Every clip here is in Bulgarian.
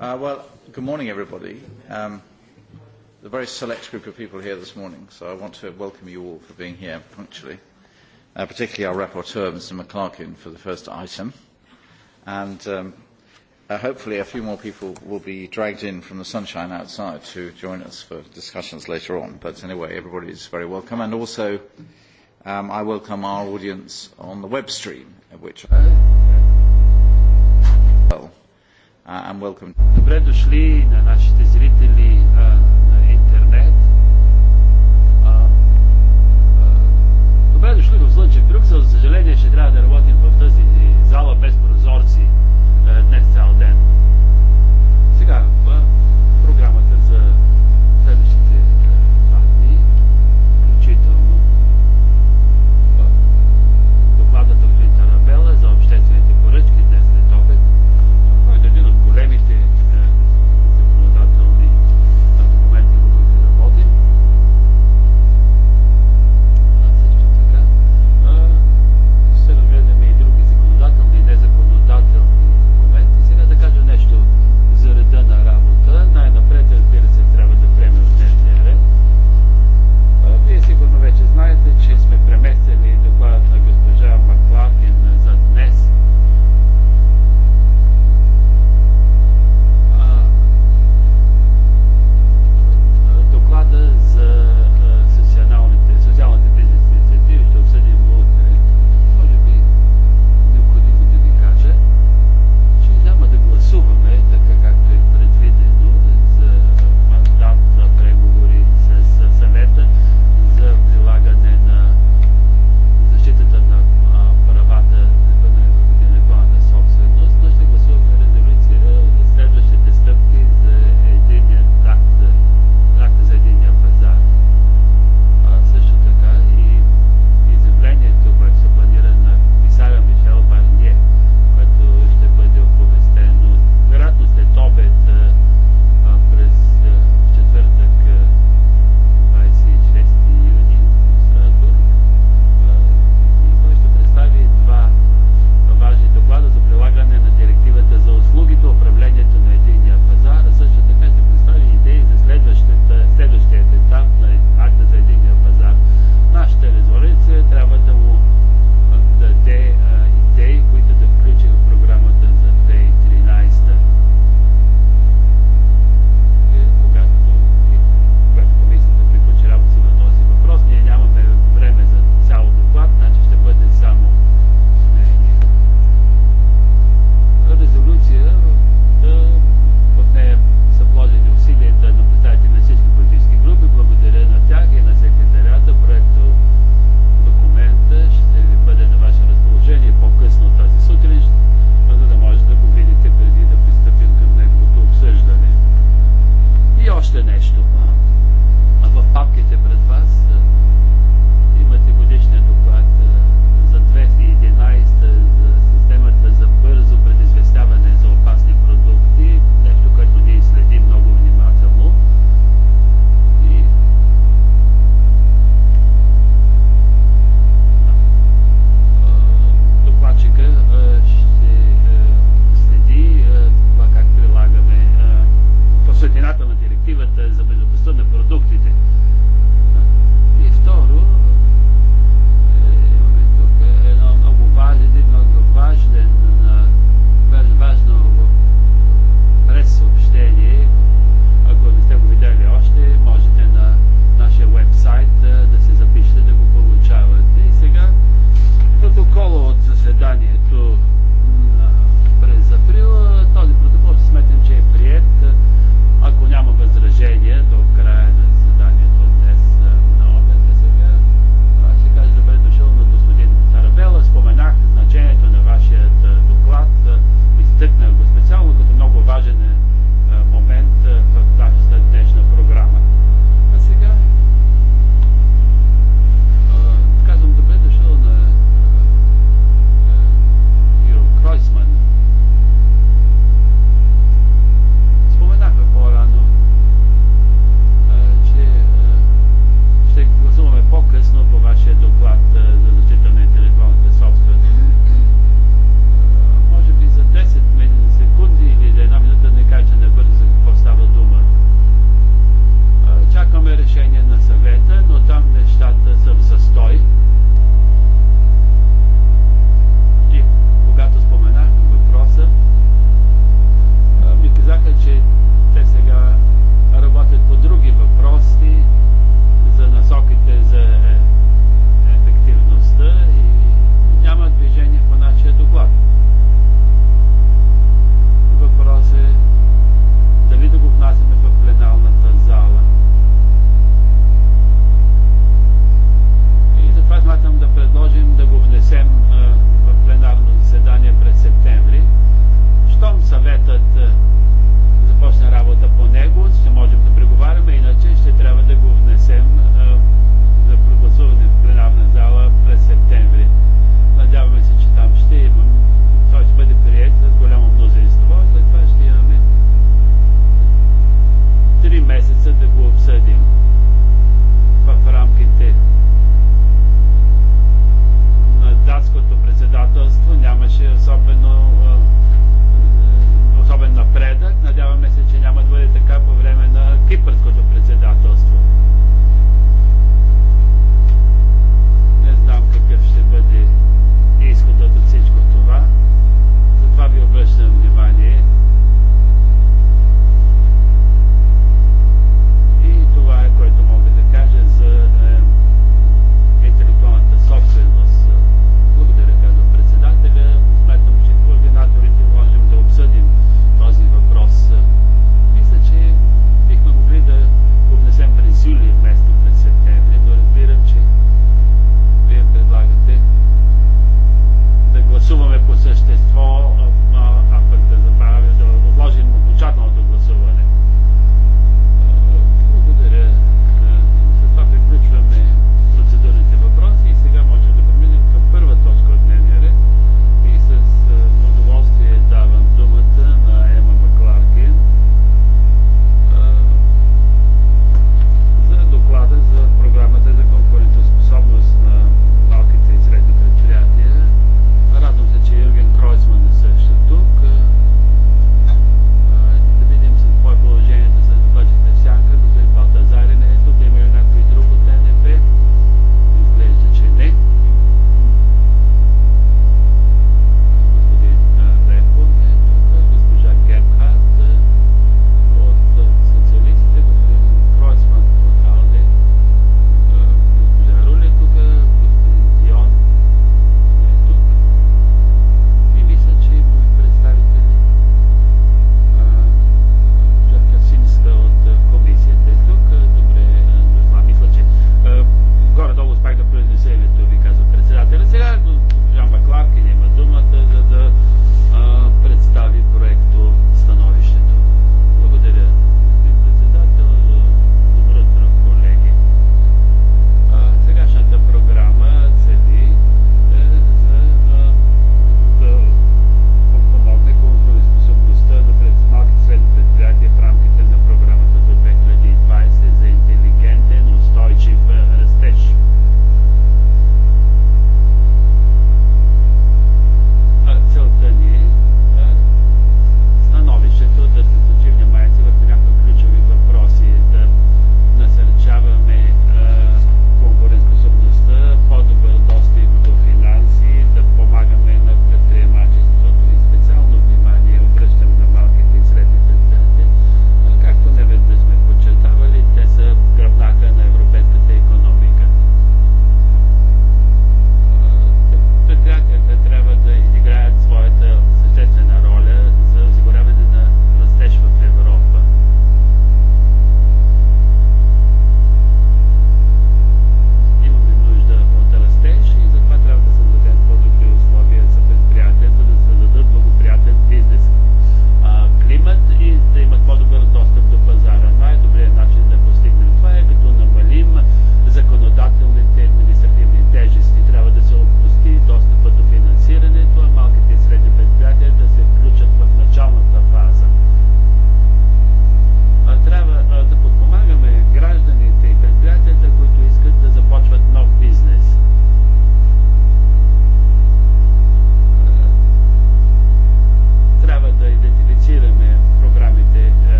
Uh, well, good morning, everybody. Um, a very select group of people here this morning, so I want to welcome you all for being here punctually, uh, particularly our rapporteur, Mr. McClarkin, for the first item. And um, uh, hopefully a few more people will be dragged in from the sunshine outside to join us for discussions later on. But anyway, everybody is very welcome. And also, um, I welcome our audience on the web stream, which... Uh, Добре дошли на нашите зрители а, на интернет. А, а, добре дошли в Слънчев Брюксел. За съжаление ще трябва да работим в тази зала без прозорци днес цял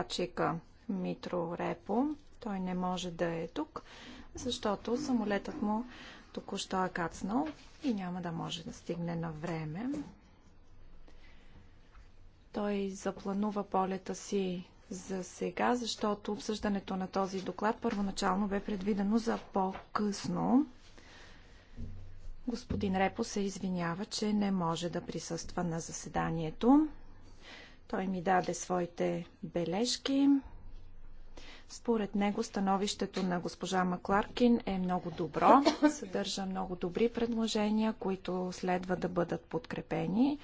доставчика Митро Репо. Той не може да е тук, защото самолетът му току-що е кацнал и няма да може да стигне на време. Той запланува полета си за сега, защото обсъждането на този доклад първоначално бе предвидено за по-късно. Господин Репо се извинява, че не може да присъства на заседанието. Той ми даде своите бележки. Според него становището на госпожа Макларкин е много добро, съдържа много добри предложения, които следва да бъдат подкрепени.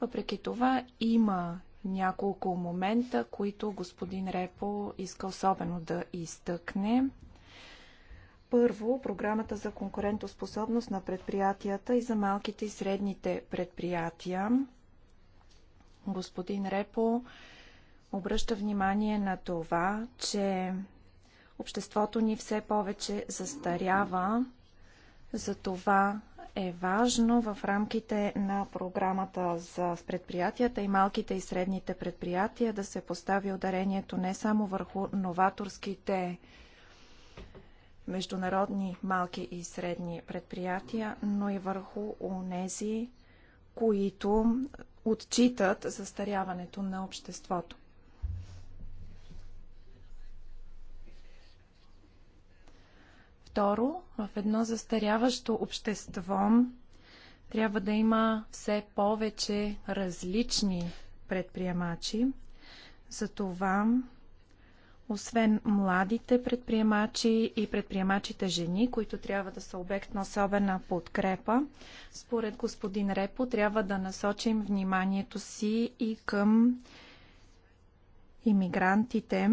Въпреки това има няколко момента, които господин Репо иска особено да изтъкне. Първо, програмата за конкурентоспособност на предприятията и за малките и средните предприятия. Господин Репо обръща внимание на това, че обществото ни все повече застарява. За това е важно в рамките на програмата за предприятията и малките и средните предприятия да се постави ударението не само върху новаторските международни малки и средни предприятия, но и върху онези, които отчитат застаряването на обществото. Второ, в едно застаряващо общество трябва да има все повече различни предприемачи. Затова освен младите предприемачи и предприемачите жени, които трябва да са обект на особена подкрепа, според господин Репо трябва да насочим вниманието си и към иммигрантите.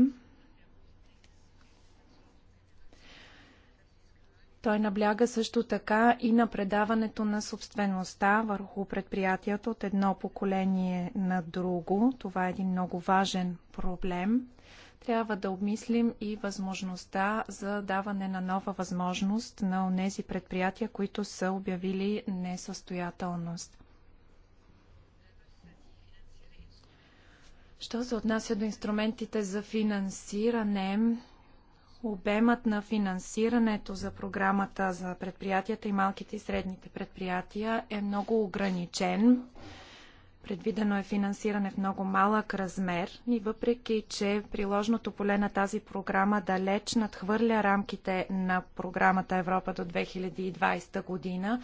Той набляга също така и на предаването на собствеността върху предприятията от едно поколение на друго. Това е един много важен проблем – трябва да обмислим и възможността за даване на нова възможност на тези предприятия, които са обявили несъстоятелност. Що се отнася до инструментите за финансиране, обемът на финансирането за програмата за предприятията и малките и средните предприятия е много ограничен. Предвидено е финансиране в много малък размер и въпреки, че приложното поле на тази програма далеч надхвърля рамките на програмата Европа до 2020 година,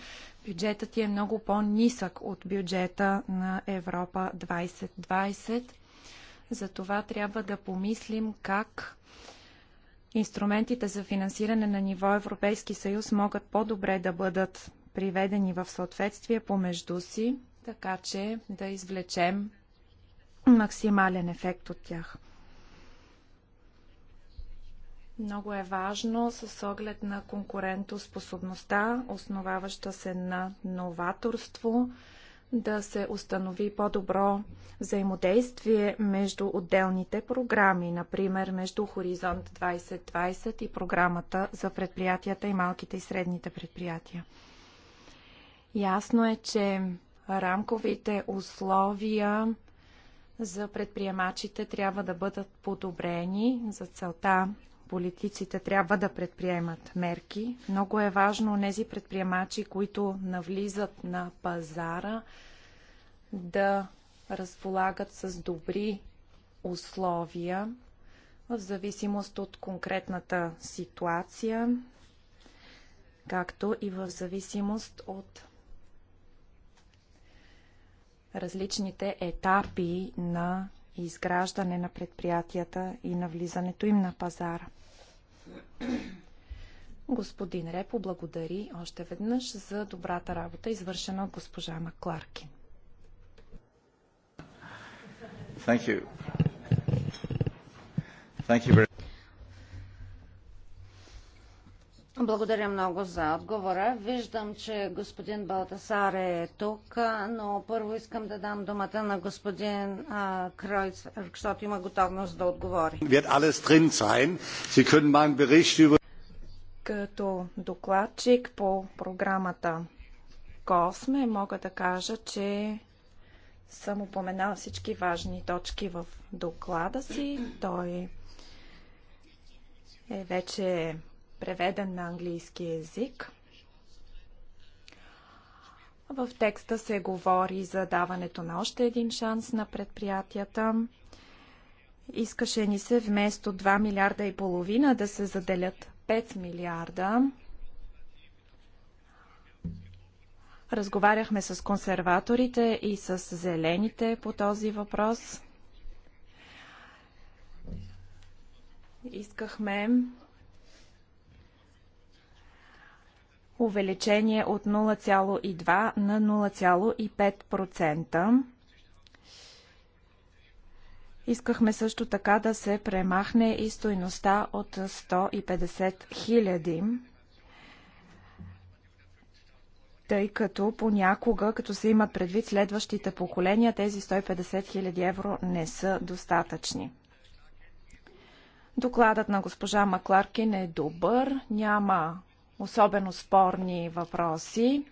бюджетът ти е много по-нисък от бюджета на Европа 2020. Затова трябва да помислим как инструментите за финансиране на ниво Европейски съюз могат по-добре да бъдат приведени в съответствие помежду си, така че да извлечем максимален ефект от тях. Много е важно с оглед на конкурентоспособността, основаваща се на новаторство, да се установи по-добро взаимодействие между отделните програми, например между Хоризонт 2020 и програмата за предприятията и малките и средните предприятия. Ясно е, че рамковите условия за предприемачите трябва да бъдат подобрени. За целта политиците трябва да предприемат мерки. Много е важно тези предприемачи, които навлизат на пазара, да разполагат с добри условия в зависимост от конкретната ситуация, както и в зависимост от различните етапи на изграждане на предприятията и на влизането им на пазара. Господин Репо благодари още веднъж за добрата работа, извършена от госпожа Макларки. Thank you. Thank you very... Благодаря много за отговора. Виждам, че господин Балтасар е тук, но първо искам да дам думата на господин Кройц, защото има готовност да отговори. Като докладчик по програмата Косме мога да кажа, че съм упоменал всички важни точки в доклада си. Той е вече преведен на английски язик. В текста се говори за даването на още един шанс на предприятията. Искаше ни се вместо 2 милиарда и половина да се заделят 5 милиарда. Разговаряхме с консерваторите и с зелените по този въпрос. Искахме увеличение от 0,2 на 0,5%. Искахме също така да се премахне и стойността от 150 хиляди, тъй като понякога, като се имат предвид следващите поколения, тези 150 хиляди евро не са достатъчни. Докладът на госпожа Макларкин е добър, няма особено спорни въпроси.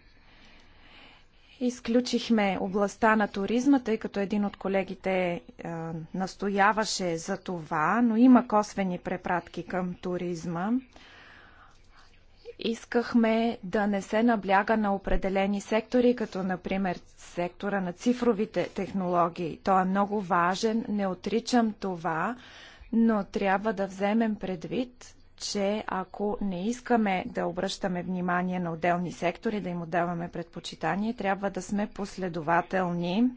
Изключихме областта на туризма, тъй като един от колегите е, настояваше за това, но има косвени препратки към туризма. Искахме да не се набляга на определени сектори, като например сектора на цифровите технологии. Той е много важен, не отричам това, но трябва да вземем предвид, че ако не искаме да обръщаме внимание на отделни сектори, да им отдаваме предпочитание, трябва да сме последователни.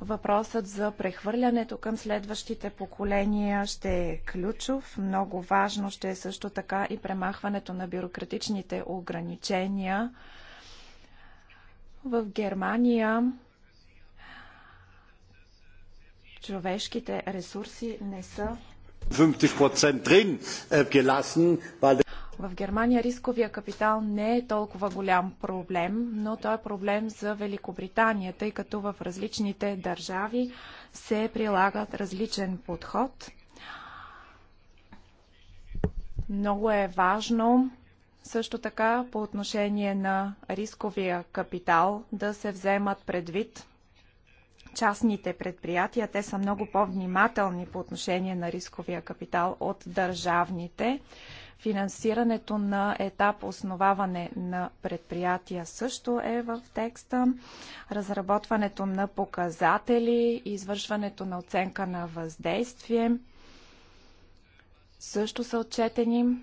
Въпросът за прехвърлянето към следващите поколения ще е ключов. Много важно ще е също така и премахването на бюрократичните ограничения. В Германия човешките ресурси не са Äh, в Германия рисковия капитал не е толкова голям проблем, но той е проблем за Великобритания, тъй като в различните държави се прилагат различен подход. Много е важно също така по отношение на рисковия капитал да се вземат предвид частните предприятия. Те са много по-внимателни по отношение на рисковия капитал от държавните. Финансирането на етап основаване на предприятия също е в текста. Разработването на показатели, извършването на оценка на въздействие също са отчетени.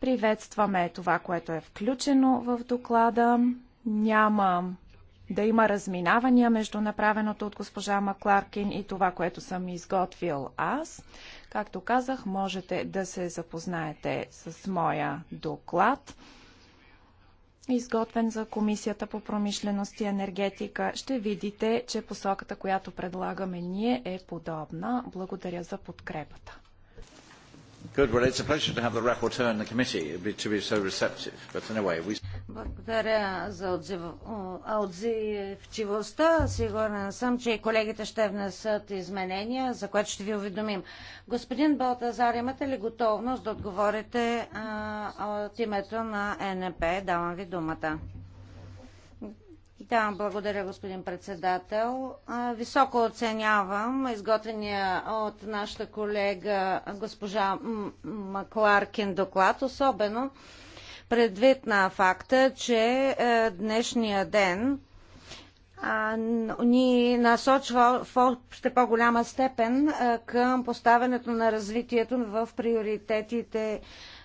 Приветстваме това, което е включено в доклада. Няма да има разминавания между направеното от госпожа Макларкин и това, което съм изготвил аз. Както казах, можете да се запознаете с моя доклад, изготвен за Комисията по промишленост и енергетика. Ще видите, че посоката, която предлагаме ние е подобна. Благодаря за подкрепата. Good. Well, it's a pleasure to have the rapporteur the committee to be so receptive. But anyway, we... Благодаря за отзив... отзивчивостта. Сигурен съм, че и колегите ще внесат изменения, за което ще ви уведомим. Господин Балтазар, имате ли готовност да отговорите а, от името на НП? Давам ви думата благодаря, господин председател. Високо оценявам изготвения от нашата колега госпожа Макларкин доклад, особено предвид на факта, че е, днешния ден ни насочва в още по-голяма степен е, към поставянето на развитието в приоритетите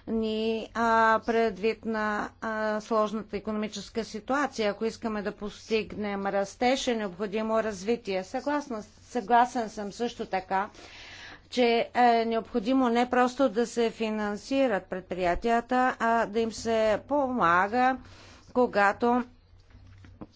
ни а, предвид на а, сложната економическа ситуация. Ако искаме да постигнем растеж, е необходимо развитие. Съгласна, съгласен съм също така, че е необходимо не просто да се финансират предприятията, а да им се помага, когато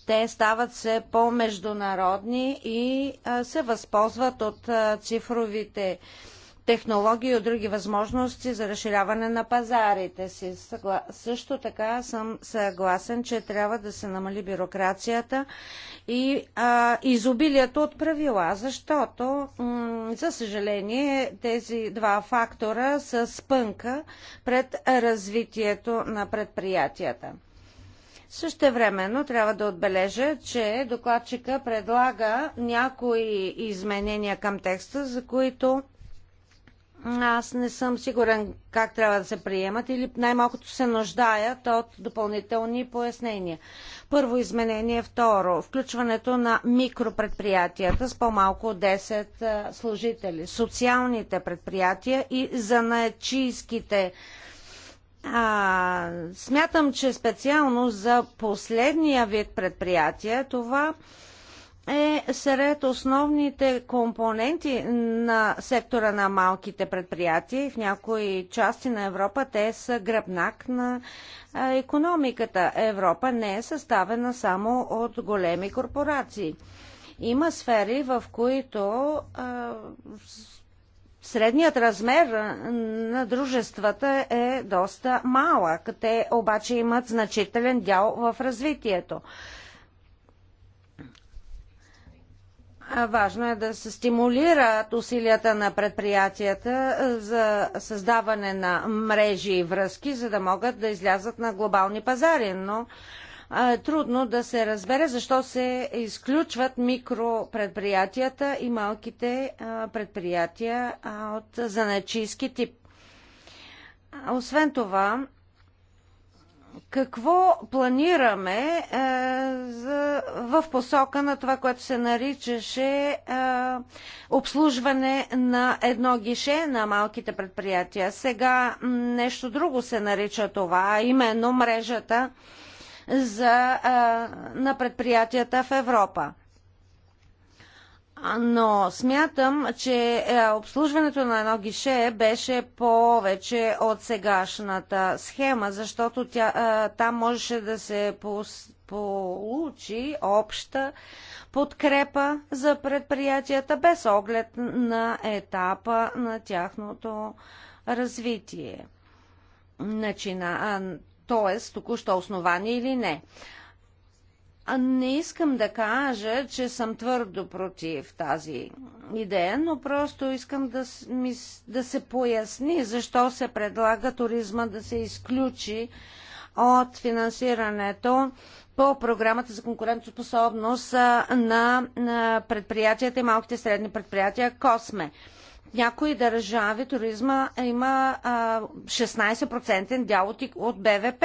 те стават се по-международни и а, се възползват от а, цифровите а, технологии и от други възможности за разширяване на пазарите си. Съгла... Също така съм съгласен, че трябва да се намали бюрокрацията и а, изобилието от правила, защото, за съжаление, тези два фактора са спънка пред развитието на предприятията. Същевременно трябва да отбележа, че докладчика предлага някои изменения към текста, за които аз не съм сигурен как трябва да се приемат или най-малкото се нуждаят от допълнителни пояснения. Първо изменение, второ, включването на микропредприятията с по-малко 10 служители, социалните предприятия и занаечийските а, смятам, че специално за последния вид предприятия това е сред основните компоненти на сектора на малките предприятия и в някои части на Европа те са гръбнак на економиката. Европа не е съставена само от големи корпорации. Има сфери, в които а, средният размер на дружествата е доста малък. Те обаче имат значителен дял в развитието. Важно е да се стимулират усилията на предприятията за създаване на мрежи и връзки, за да могат да излязат на глобални пазари, но е трудно да се разбере защо се изключват микропредприятията и малките предприятия от заначийски тип. Освен това, какво планираме е, за, в посока на това, което се наричаше е, обслужване на едно гише на малките предприятия. Сега нещо друго се нарича това, именно мрежата за, е, на предприятията в Европа но смятам, че е, обслужването на едно гише беше повече от сегашната схема, защото тя, е, там можеше да се получи обща подкрепа за предприятията без оглед на етапа на тяхното развитие. Начина, т.е. току-що основание или не. Не искам да кажа, че съм твърдо против тази идея, но просто искам да, да се поясни защо се предлага туризма да се изключи от финансирането по програмата за конкурентоспособност на, на предприятията и малките средни предприятия Косме. В някои държави туризма има а, 16% дял от, от БВП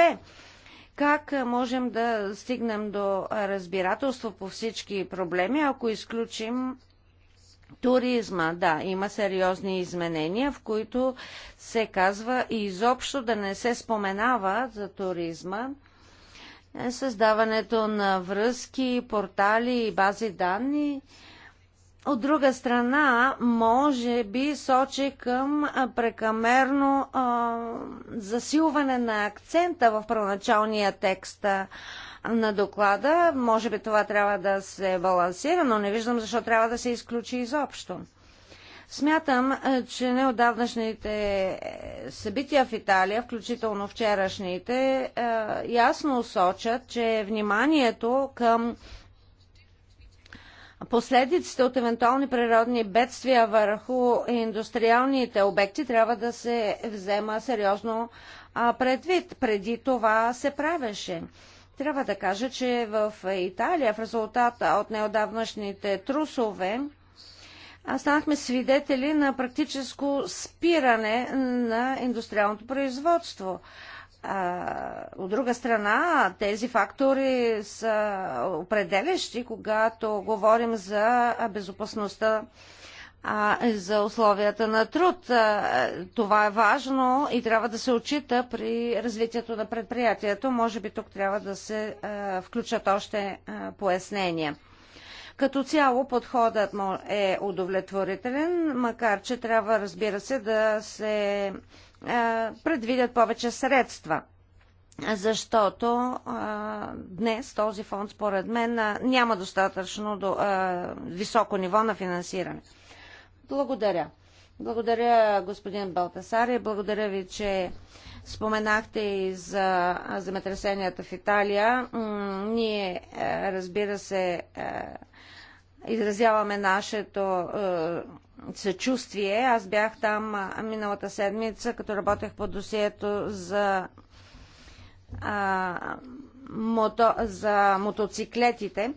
как можем да стигнем до разбирателство по всички проблеми, ако изключим туризма. Да, има сериозни изменения, в които се казва и изобщо да не се споменава за туризма. Е, създаването на връзки, портали и бази данни – от друга страна, може би сочи към прекамерно а, засилване на акцента в първоначалния текст на доклада. Може би това трябва да се балансира, но не виждам защо трябва да се изключи изобщо. Смятам, че неодавнашните е, събития в Италия, включително вчерашните, ясно сочат, че вниманието към последиците от евентуални природни бедствия върху индустриалните обекти трябва да се взема сериозно предвид. Преди това се правеше. Трябва да кажа, че в Италия в резултата от неодавнашните трусове станахме свидетели на практическо спиране на индустриалното производство. А, от друга страна, тези фактори са определящи, когато говорим за безопасността а, за условията на труд. А, това е важно и трябва да се отчита при развитието на предприятието. Може би тук трябва да се а, включат още а, пояснения. Като цяло подходът му е удовлетворителен, макар че трябва, разбира се, да се е, предвидят повече средства. Защото а, е, днес този фонд, според мен, а, е, няма достатъчно до, а, високо ниво на финансиране. Благодаря. Благодаря, господин Балтасари. Благодаря ви, че споменахте и за земетресенията в Италия. Ние, разбира се, изразяваме нашето съчувствие. Аз бях там миналата седмица, като работех по досието за, а, мото, за мотоциклетите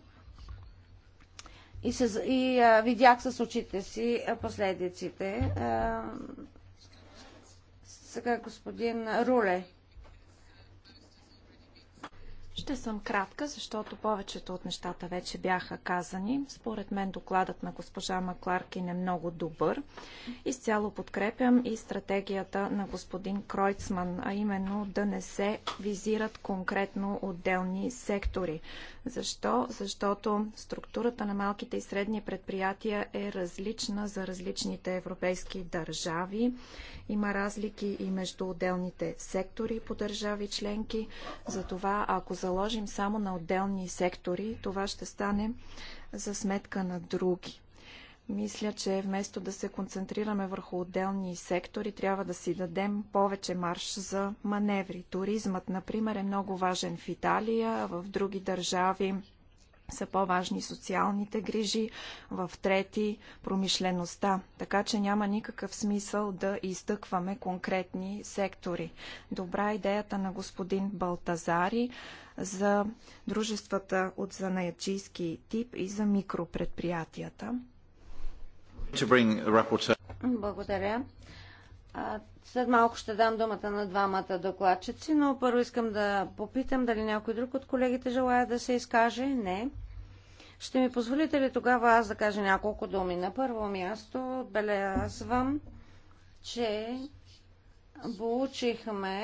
и, се, и а, видях с очите си последиците. А, сега господин Руле. Ще съм кратка, защото повечето от нещата вече бяха казани. Според мен докладът на госпожа Макларкин е много добър. Изцяло подкрепям и стратегията на господин Кройцман, а именно да не се визират конкретно отделни сектори. Защо? Защото структурата на малките и средни предприятия е различна за различните европейски държави. Има разлики и между отделните сектори по държави членки. Затова, ако заложим само на отделни сектори, това ще стане за сметка на други. Мисля, че вместо да се концентрираме върху отделни сектори, трябва да си дадем повече марш за маневри. Туризмът, например, е много важен в Италия, а в други държави са по-важни социалните грижи, в трети промишлеността. Така че няма никакъв смисъл да изтъкваме конкретни сектори. Добра идеята на господин Балтазари за дружествата от занаячийски тип и за микропредприятията. Благодаря. След малко ще дам думата на двамата докладчици, но първо искам да попитам дали някой друг от колегите желая да се изкаже. Не. Ще ми позволите ли тогава аз да кажа няколко думи? На първо място отбелязвам, че получихме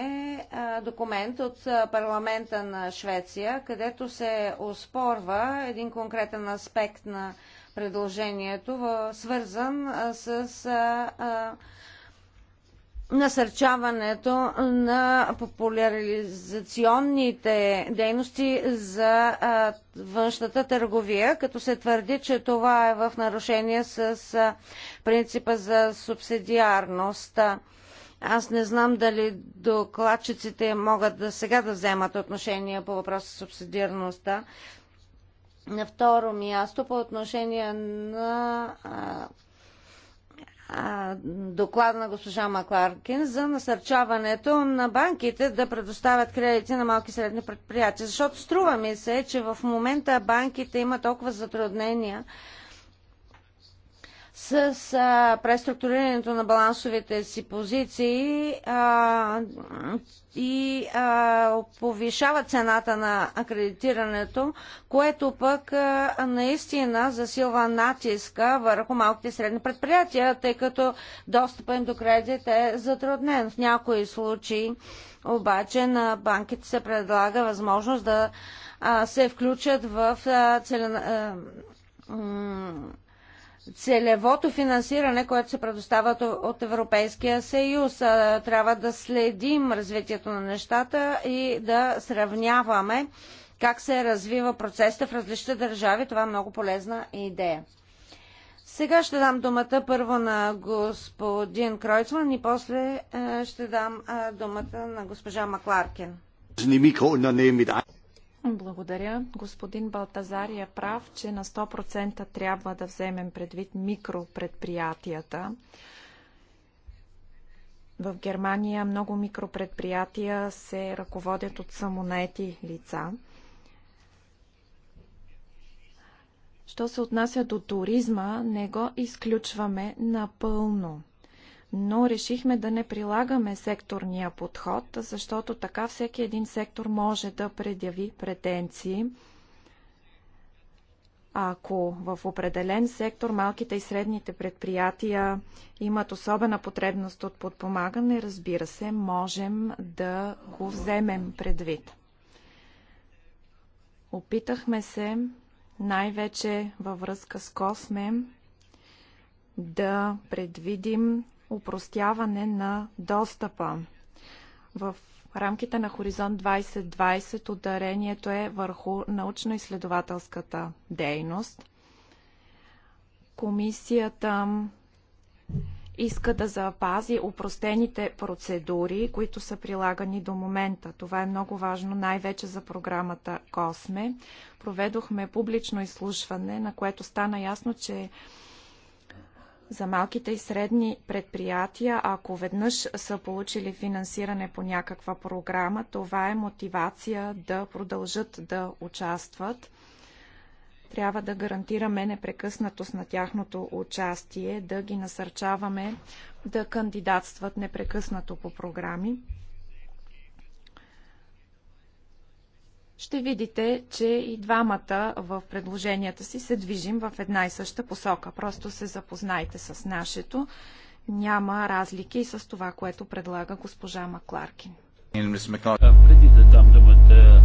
документ от парламента на Швеция, където се оспорва един конкретен аспект на предложението, свързан с насърчаването на популяризационните дейности за външната търговия, като се твърди, че това е в нарушение с принципа за субсидиарност. Аз не знам дали докладчиците могат да сега да вземат отношение по въпроса субсидиарността. На второ място по отношение на а, а, доклада на госпожа Макларкин за насърчаването на банките да предоставят кредити на малки и средни предприятия. Защото струва ми се, че в момента банките имат толкова затруднения с а, преструктурирането на балансовите си позиции а, и а, повишава цената на акредитирането, което пък а, наистина засилва натиска върху малките и средни предприятия, тъй като достъпа им до кредит е затруднен. В някои случаи обаче на банките се предлага възможност да а, се включат в а, целена, а, целевото финансиране, което се предоставя от Европейския съюз. Трябва да следим развитието на нещата и да сравняваме как се развива процесът в различните държави. Това е много полезна идея. Сега ще дам думата първо на господин Кройцман и после е, ще дам е, думата на госпожа Макларкин. Благодаря. Господин Балтазар е прав, че на 100% трябва да вземем предвид микропредприятията. В Германия много микропредприятия се ръководят от самонаети лица. Що се отнася до туризма, не го изключваме напълно но решихме да не прилагаме секторния подход, защото така всеки един сектор може да предяви претенции. Ако в определен сектор малките и средните предприятия имат особена потребност от подпомагане, разбира се, можем да го вземем предвид. Опитахме се най-вече във връзка с Косме да предвидим упростяване на достъпа. В рамките на Хоризонт 2020 ударението е върху научно-изследователската дейност. Комисията иска да запази упростените процедури, които са прилагани до момента. Това е много важно, най-вече за програмата Косме. Проведохме публично изслушване, на което стана ясно, че за малките и средни предприятия, ако веднъж са получили финансиране по някаква програма, това е мотивация да продължат да участват. Трябва да гарантираме непрекъснатост на тяхното участие, да ги насърчаваме да кандидатстват непрекъснато по програми. ще видите, че и двамата в предложенията си се движим в една и съща посока. Просто се запознайте с нашето. Няма разлики и с това, което предлага госпожа Макларкин. Преди да дам думата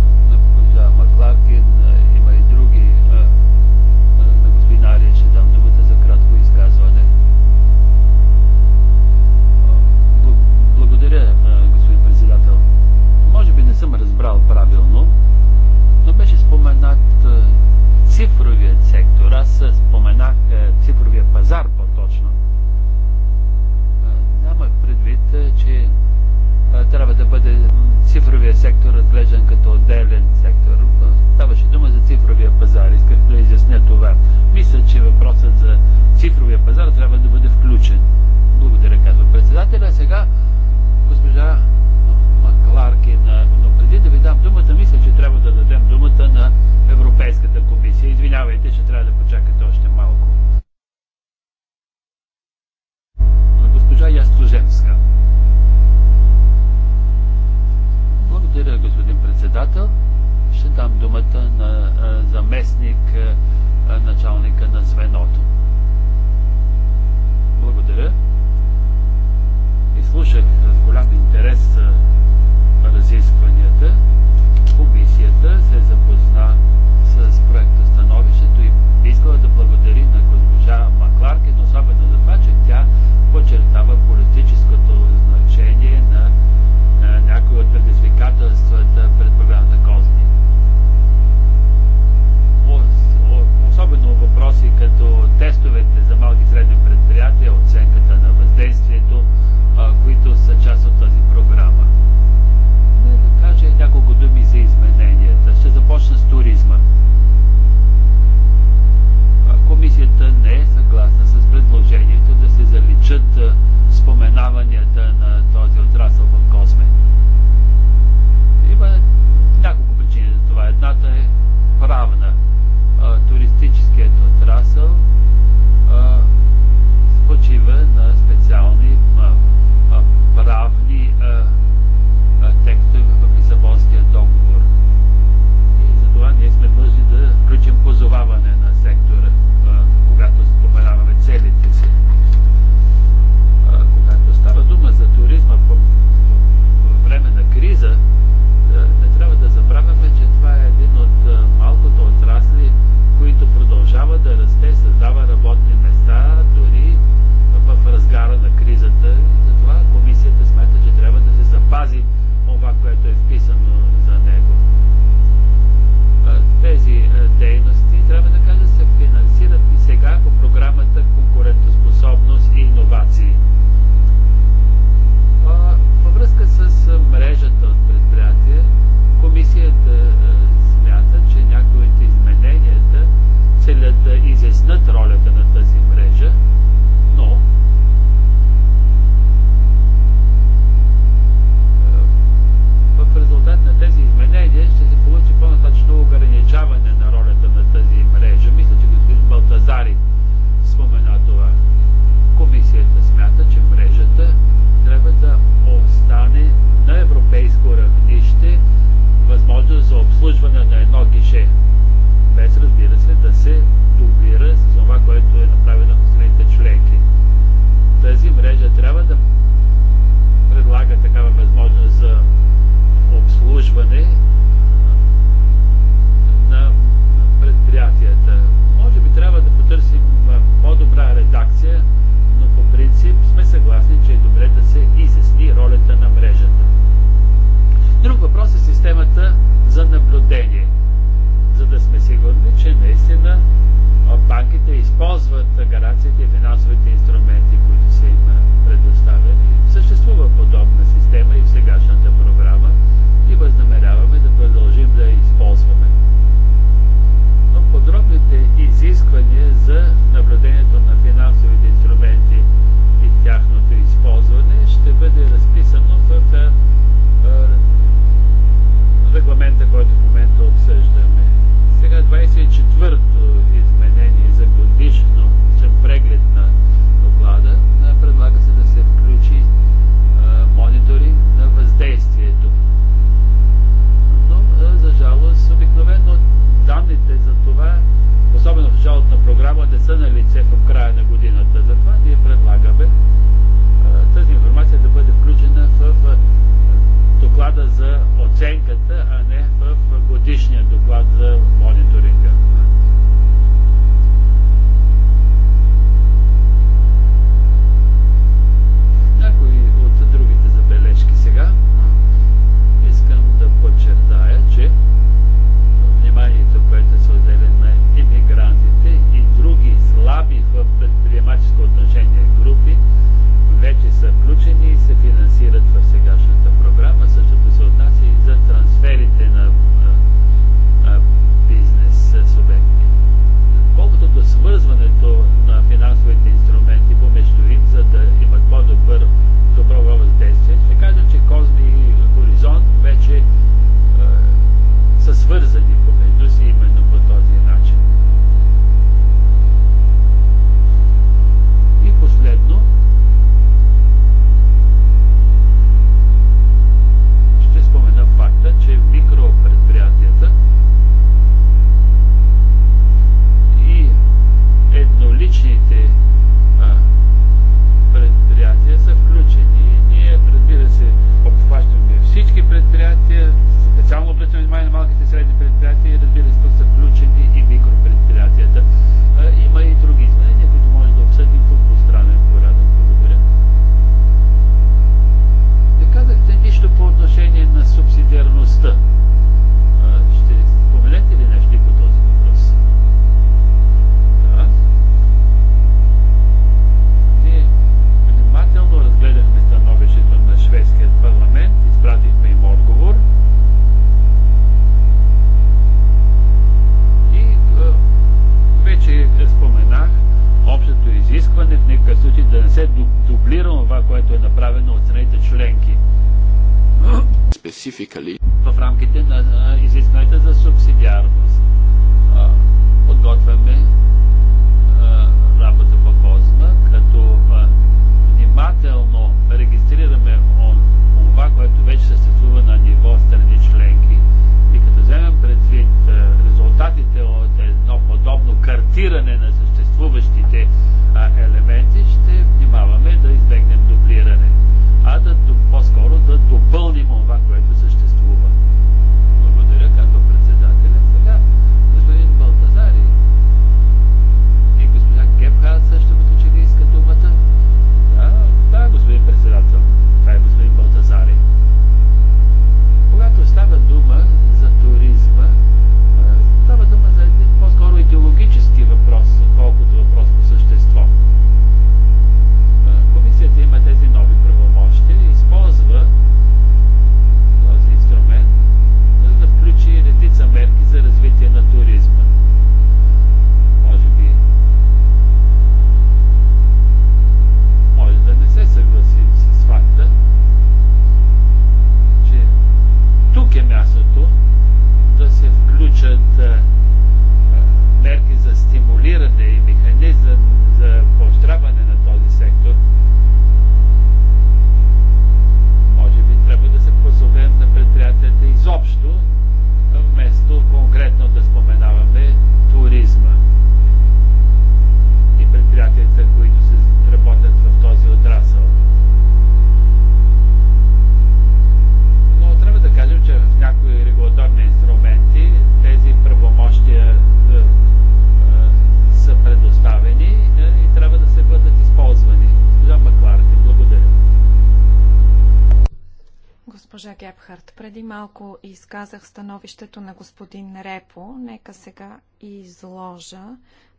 малко изказах становището на господин Репо. Нека сега изложа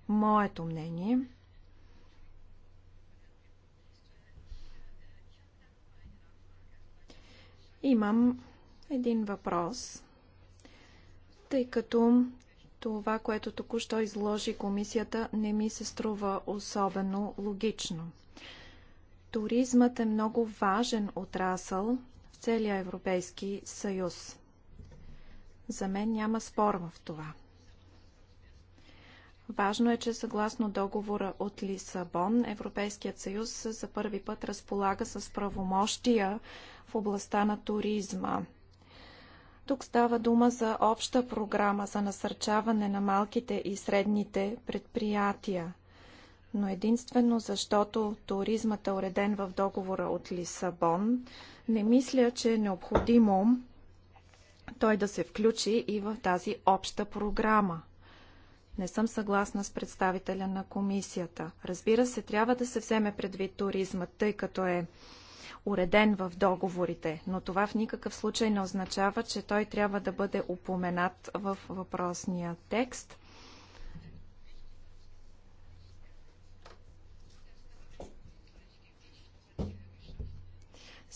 моето мнение. Имам един въпрос, тъй като това, което току-що изложи комисията, не ми се струва особено логично. Туризмът е много важен отрасъл целия Европейски съюз. За мен няма спор в това. Важно е, че съгласно договора от Лисабон, Европейският съюз за първи път разполага с правомощия в областта на туризма. Тук става дума за обща програма за насърчаване на малките и средните предприятия. Но единствено защото туризмът е уреден в договора от Лисабон, не мисля, че е необходимо той да се включи и в тази обща програма. Не съм съгласна с представителя на комисията. Разбира се, трябва да се вземе предвид туризма, тъй като е уреден в договорите, но това в никакъв случай не означава, че той трябва да бъде упоменат в въпросния текст.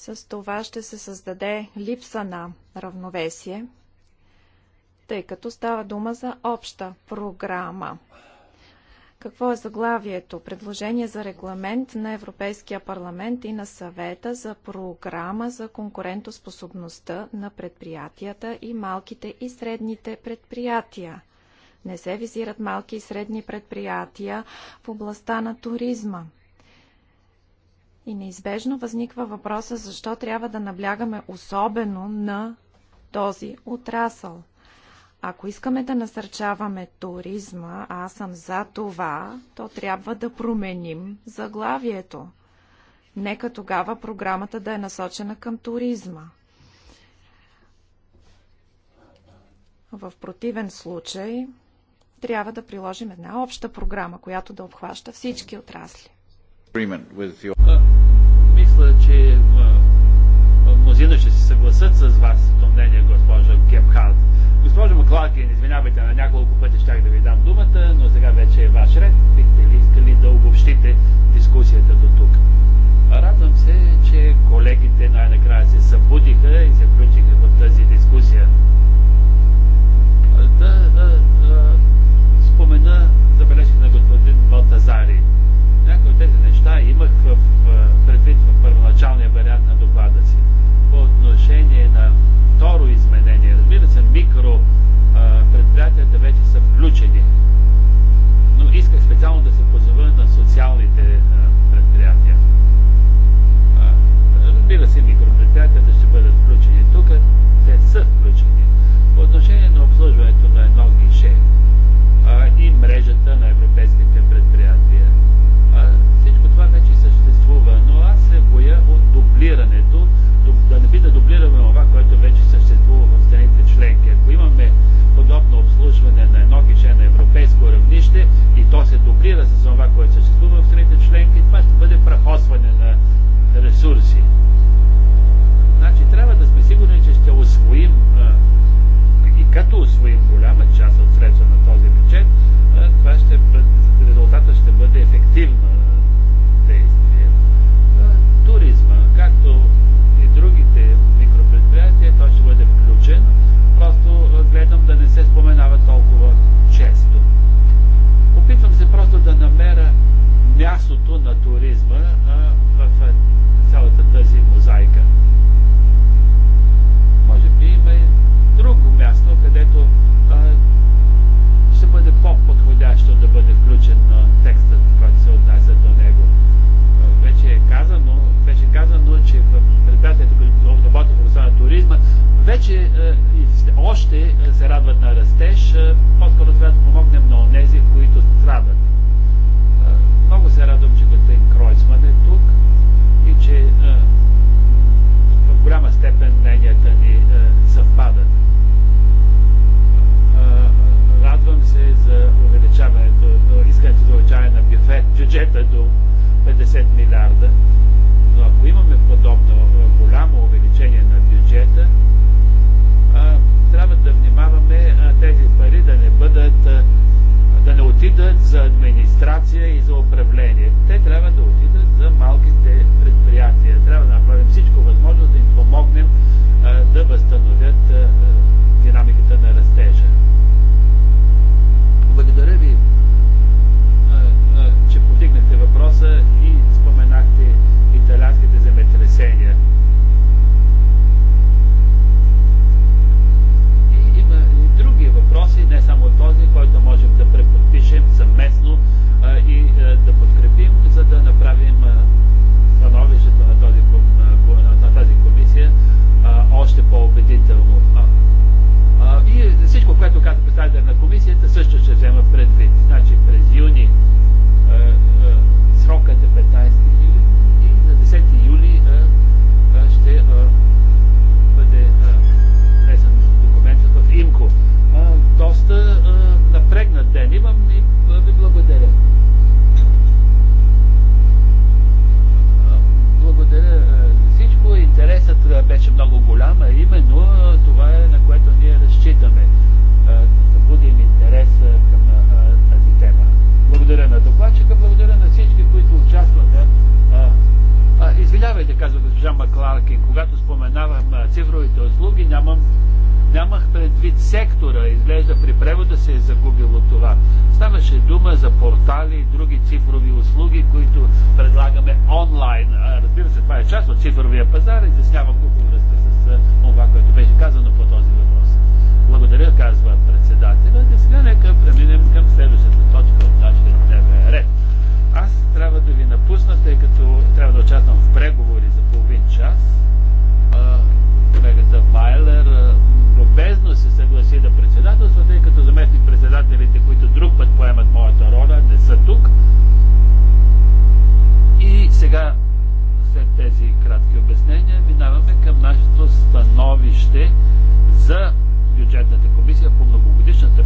С това ще се създаде липса на равновесие, тъй като става дума за обща програма. Какво е заглавието? Предложение за регламент на Европейския парламент и на съвета за програма за конкурентоспособността на предприятията и малките и средните предприятия. Не се визират малки и средни предприятия в областта на туризма. И неизбежно възниква въпроса защо трябва да наблягаме особено на този отрасъл. Ако искаме да насърчаваме туризма, а аз съм за това, то трябва да променим заглавието. Нека тогава програмата да е насочена към туризма. В противен случай трябва да приложим една обща програма, която да обхваща всички отрасли че е, е, мнозина ще се съгласат с вас вашето мнение, госпожа Гепхард. Госпожа Маклакин, извинявайте, на няколко пъти щях да ви дам думата, но сега вече е ваш ред. Бихте ли искали да обобщите дискусията до тук? Радвам се, че колегите най-накрая се събудиха и се включиха в тази дискусия. Да, да, да спомена забележка на господин Балтазари. Някои от тези неща имах в, предвид в първоначалния вариант на доклада си. По отношение на второ изменение, разбира се, микро а, предприятията вече са включени, но исках специално да се позова на социалните а, предприятия. А, разбира се, микропредприятията ще бъдат включени. Тук те са включени. По отношение на обслужването на едно гише а, и мрежата на европейските предприятия вече съществува, но аз се боя от дублирането, да не би да дублираме това, което вече съществува в страните членки. Ако имаме подобно обслужване на едно кише на европейско равнище и то се дублира с това, което съществува в страните членки, това ще бъде прахосване на ресурси. Значи трябва да сме сигурни, че ще освоим и като освоим голяма част от средства на този бюджет, това ще, резултата ще бъде ефективна въздействие. Туризма, както и другите микропредприятия, той ще бъде включен. Просто гледам да не се споменава толкова често. Опитвам се просто да намеря мястото на туризма в цялата тази мозайка. Може би има и друго място, където ще бъде по-подходящо да бъде включен а, текстът, който се отнася вече е казано, беше е казано, че в предприятието, които работят в областта на туризма, вече е, още е, се радват на растеж, е, по-скоро трябва да помогнем на онези, които страдат. Е, много се радвам, че господин Кройсман е тук и че е, в голяма степен мненията ни съвпадат. Радвам се за увеличаването, искането за увеличаване на бюджета до 50 милиарда, но ако имаме подобно е, голямо увеличение на бюджета, трябва да внимаваме тези пари да не бъдат, да не отидат за администрация и за управление. Те трябва да отидат за малките предприятия. Трябва да направим всичко възможно да им помогнем да възстановят въпроса и споменахте италянските земетресения. И има и други въпроси, не само този, който можем да преподпишем съвместно а, и а, да подкрепим, за да направим становището на, на, на тази комисия а, още по-убедително. и всичко, което каза представител на комисията, също ще взема предвид. Значи през юни срокът е 15 юли и на 10 юли а, а, ще а, бъде внесен документът в ИМКО. Доста напрегнат ден имам и ви благодаря. Благодаря за всичко. Интересът беше много голям, а именно това е на което ние разчитаме. Да събудим интерес към благодаря на докладчика, благодаря на всички, които участваха. извинявайте, казва госпожа Макларкин, когато споменавам а, цифровите услуги, нямам, нямах предвид сектора. Изглежда при превода се е загубило това. Ставаше дума за портали и други цифрови услуги, които предлагаме онлайн. А, разбира се, това е част от цифровия пазар. Изяснявам го във връзка с а, това, което беше казано по този въпрос. Благодаря, казва председателя. Да сега нека преминем към следващата точка от нашия. Аз трябва да ви напусна, тъй като трябва да участвам в преговори за половин час. Колегата Вайлер любезно се съгласи да председателства, тъй като заместник председателите, които друг път поемат моята роля, не са тук. И сега, след тези кратки обяснения, минаваме към нашето становище за бюджетната комисия по многогодишната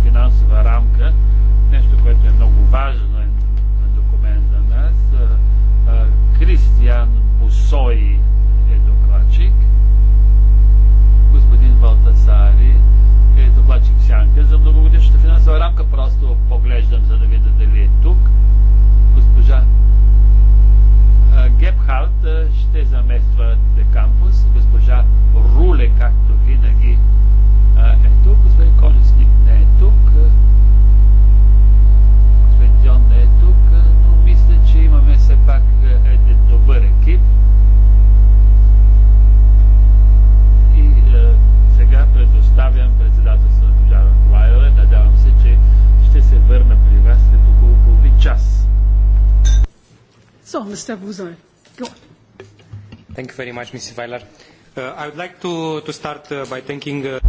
Costa Buzoi. Thank you very much, Mrs. Weiler. I would like to, start by thanking...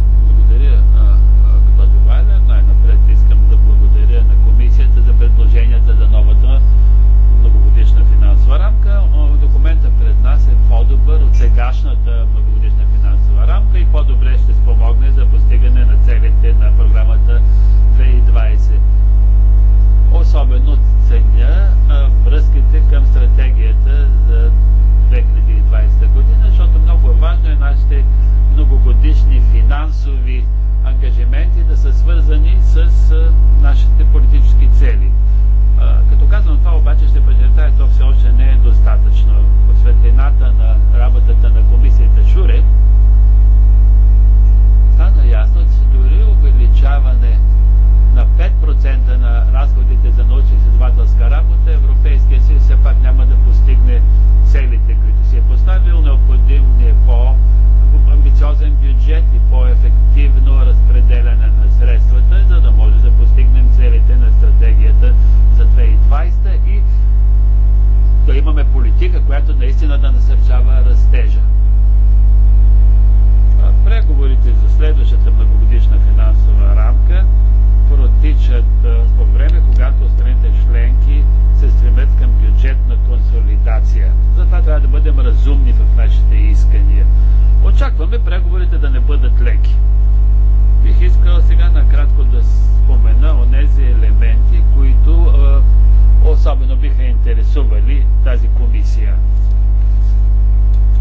особено биха интересували тази комисия.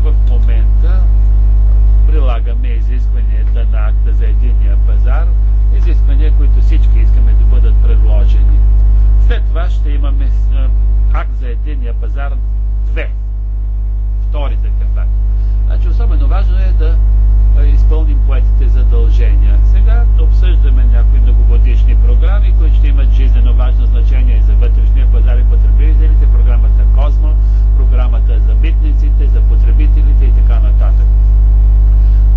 В момента прилагаме изискванията на акта за единия пазар, изисквания, които всички искаме да бъдат предложени. След това ще имаме акт за единия пазар 2. Втори такъв акт. Значи особено важно е да изпълним поетите задължения. Сега обсъждаме някои многогодишни програми, които ще имат жизненно важно значение за вътрешния пазар и потребителите, програмата Космо, програмата за митниците, за потребителите и така нататък.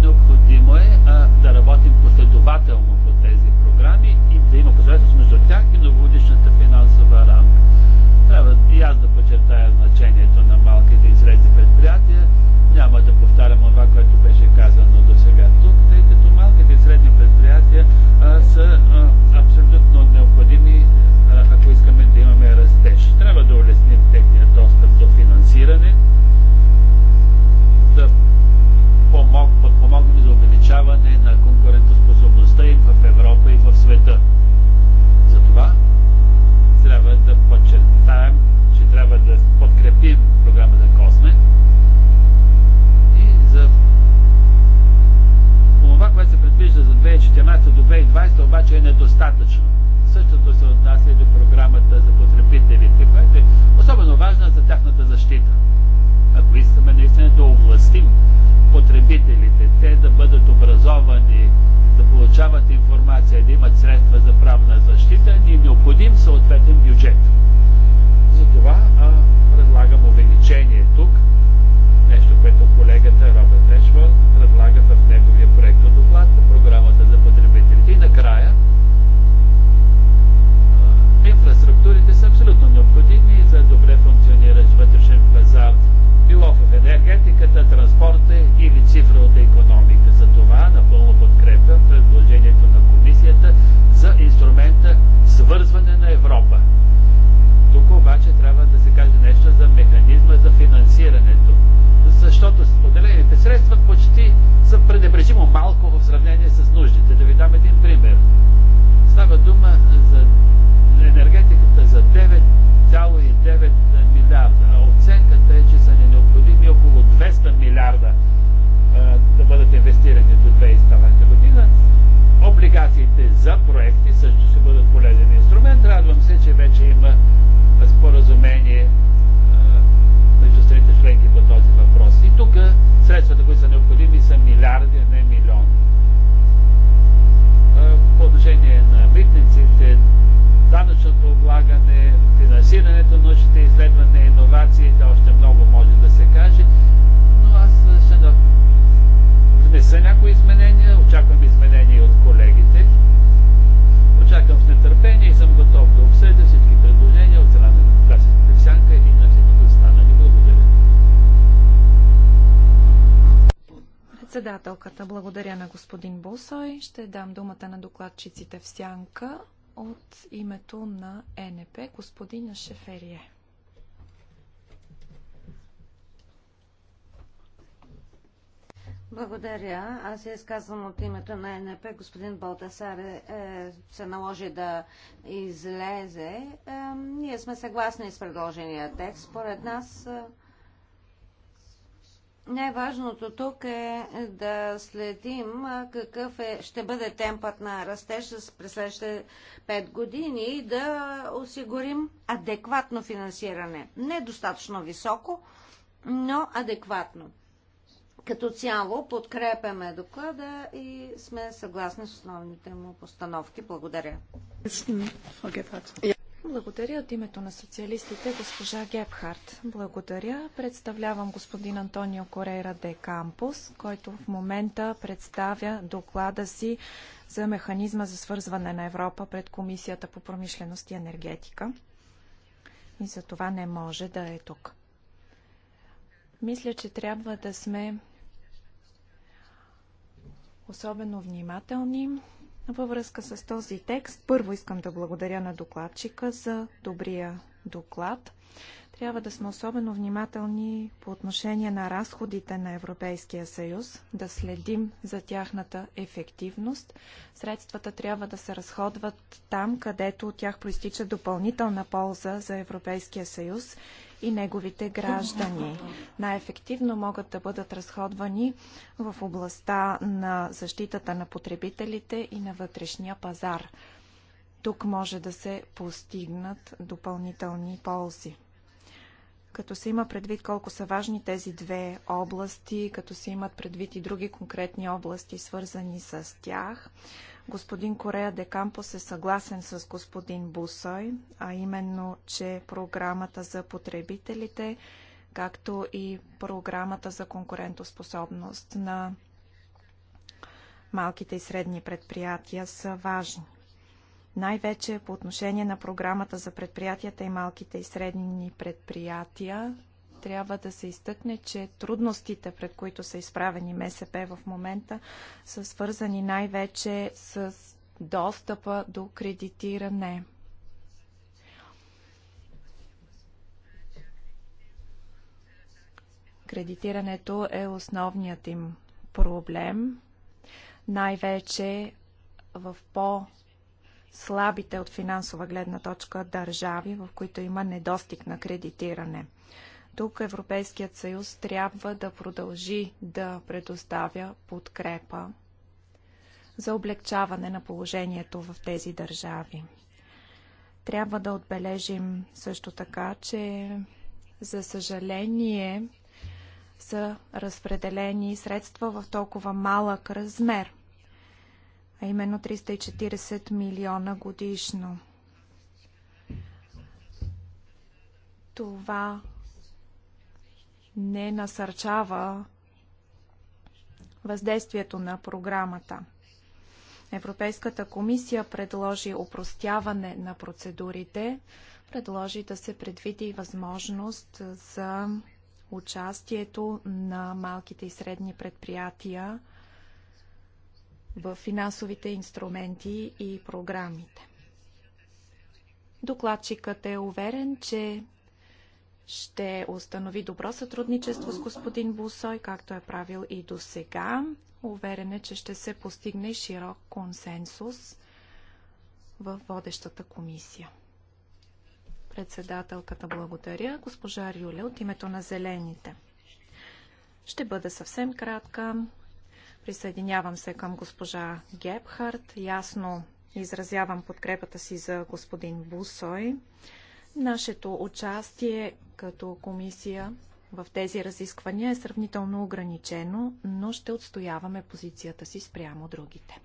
Необходимо е а, да работим последователно по тези програми и да има последователност между тях и многогодишната финансова рамка. Трябва и аз да подчертая значението на малките и средни предприятия. Няма да повтарям повишаване на конкурентоспособността и в Европа, и в света. Затова трябва да подчертаем, че трябва да подкрепим програмата Косме и за това, което се предвижда за 2014 до 2020, обаче е недостатъчно. Същото се отнася и до програмата за потребителите, която е особено важна за тяхната защита. Ако искаме наистина да овластим потребителите, те да бъдат образовани, да получават информация, да имат средства за правна защита, ни е необходим съответен бюджет. Затова а, предлагам увеличение тук, нещо, което колегата Робърт Ешвър предлага в неговия проект доклад по програмата за потребителите. И накрая, а, инфраструктурите са абсолютно необходими за добре функциониращ вътрешен пазар било в енергетиката, транспорта или цифровата економика. За това напълно подкрепям предложението на комисията за инструмента свързване на Европа. Тук обаче трябва да се каже нещо за механизма за финансирането, защото споделените средства почти са пренебрежимо малко в сравнение с нуждите. Да ви дам един пример. Става дума за енергетиката за 9,9 милиарда, милиарда да бъдат инвестирани до 2020 година. Облигациите за проекти също ще бъдат полезен инструмент. Радвам се, че вече има споразумение между страните членки по този въпрос. И тук средствата, които са необходими, са милиарди, а не милиони. По отношение на митниците, данъчното облагане, финансирането на научните изследвания, иновациите, още много Ще са някои изменения, очаквам изменения от колегите. Очаквам с нетърпение и съм готов да обсъдя всички предложения от страна на Класическата сянка и на всички останали. Благодаря. Председателката, благодаря на господин Босой. Ще дам думата на докладчиците в сянка от името на НП, господина Шеферие. Благодаря. Аз се изказвам от името на НП. Господин Балтасар е, се наложи да излезе. Е, ние сме съгласни с предложения текст. Според нас е, най-важното тук е да следим е, какъв е, ще бъде темпът на растеж през следващите 5 години и да осигурим адекватно финансиране. Не достатъчно високо, но адекватно. Като цяло подкрепяме доклада и сме съгласни с основните му постановки. Благодаря. Благодаря от името на социалистите госпожа Гепхарт. Благодаря. Представлявам господин Антонио Корейра де Кампус, който в момента представя доклада си за механизма за свързване на Европа пред Комисията по промишленост и енергетика. И за това не може да е тук. Мисля, че трябва да сме особено внимателни. Във връзка с този текст, първо искам да благодаря на докладчика за добрия доклад. Трябва да сме особено внимателни по отношение на разходите на Европейския съюз, да следим за тяхната ефективност. Средствата трябва да се разходват там, където от тях проистича допълнителна полза за Европейския съюз и неговите граждани. Най-ефективно могат да бъдат разходвани в областта на защитата на потребителите и на вътрешния пазар. Тук може да се постигнат допълнителни ползи. Като се има предвид колко са важни тези две области, като се имат предвид и други конкретни области, свързани с тях, господин Корея Де Кампос е съгласен с господин Бусой, а именно, че програмата за потребителите, както и програмата за конкурентоспособност на малките и средни предприятия са важни най-вече по отношение на програмата за предприятията и малките и средни предприятия, трябва да се изтъкне, че трудностите, пред които са изправени МСП в момента, са свързани най-вече с достъпа до кредитиране. Кредитирането е основният им проблем, най-вече в по- слабите от финансова гледна точка държави, в които има недостиг на кредитиране. Тук Европейският съюз трябва да продължи да предоставя подкрепа за облегчаване на положението в тези държави. Трябва да отбележим също така, че за съжаление са разпределени средства в толкова малък размер а именно 340 милиона годишно. Това не насърчава въздействието на програмата. Европейската комисия предложи упростяване на процедурите, предложи да се предвиди възможност за участието на малките и средни предприятия в финансовите инструменти и програмите. Докладчикът е уверен, че ще установи добро сътрудничество с господин Бусой, както е правил и до сега. Уверен е, че ще се постигне широк консенсус в водещата комисия. Председателката благодаря, госпожа Рюля от името на Зелените. Ще бъда съвсем кратка. Присъединявам се към госпожа Гебхарт. Ясно изразявам подкрепата си за господин Бусой. Нашето участие като комисия в тези разисквания е сравнително ограничено, но ще отстояваме позицията си спрямо другите.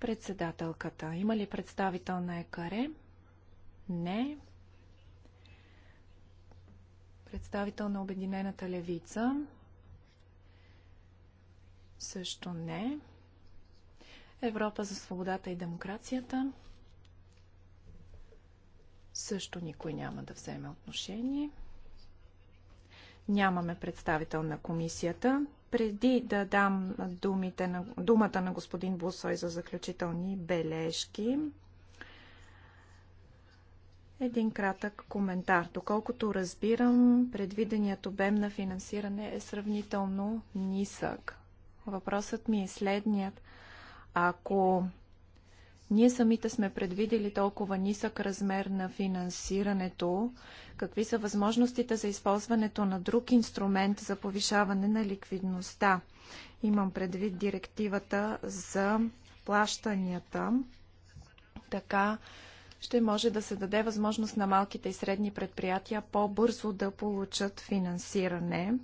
Председателката. Има ли представител на ЕКАРЕ? Не. Представител на Обединената левица? Също не. Европа за свободата и демокрацията. Също никой няма да вземе отношение. Нямаме представител на комисията. Преди да дам думите на, думата на господин Бусой за заключителни бележки, един кратък коментар. Доколкото разбирам, предвиденият обем на финансиране е сравнително нисък. Въпросът ми е следният. Ако ние самите сме предвидели толкова нисък размер на финансирането, какви са възможностите за използването на друг инструмент за повишаване на ликвидността? Имам предвид директивата за плащанията. Така ще може да се даде възможност на малките и средни предприятия по-бързо да получат финансиране.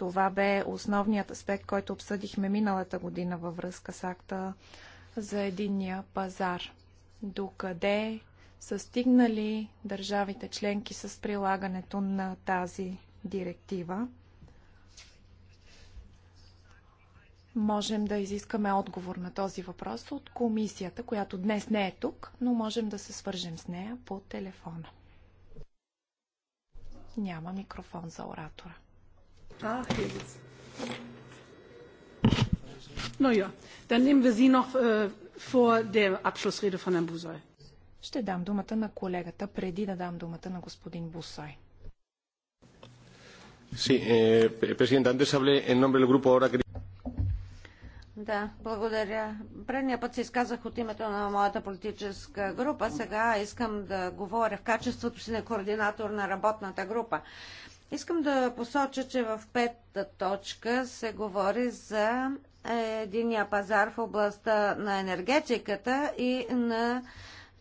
Това бе основният аспект, който обсъдихме миналата година във връзка с акта за единния пазар. Докъде са стигнали държавите членки с прилагането на тази директива? Можем да изискаме отговор на този въпрос от комисията, която днес не е тук, но можем да се свържем с нея по телефона. Няма микрофон за оратора. Ah, hier ist Naja, dann nehmen wir Sie noch äh, vor der Abschlussrede von Herrn Busay. Ще дам думата на колегата, преди да дам думата на господин Бусай. Sí, eh, antes hablé en nombre del grupo ahora que... Да, благодаря. Предния път се изказах от името на моята политическа група. Сега искам да говоря в качеството си на координатор на работната група. Искам да посоча, че в петта точка се говори за единия пазар в областта на енергетиката и на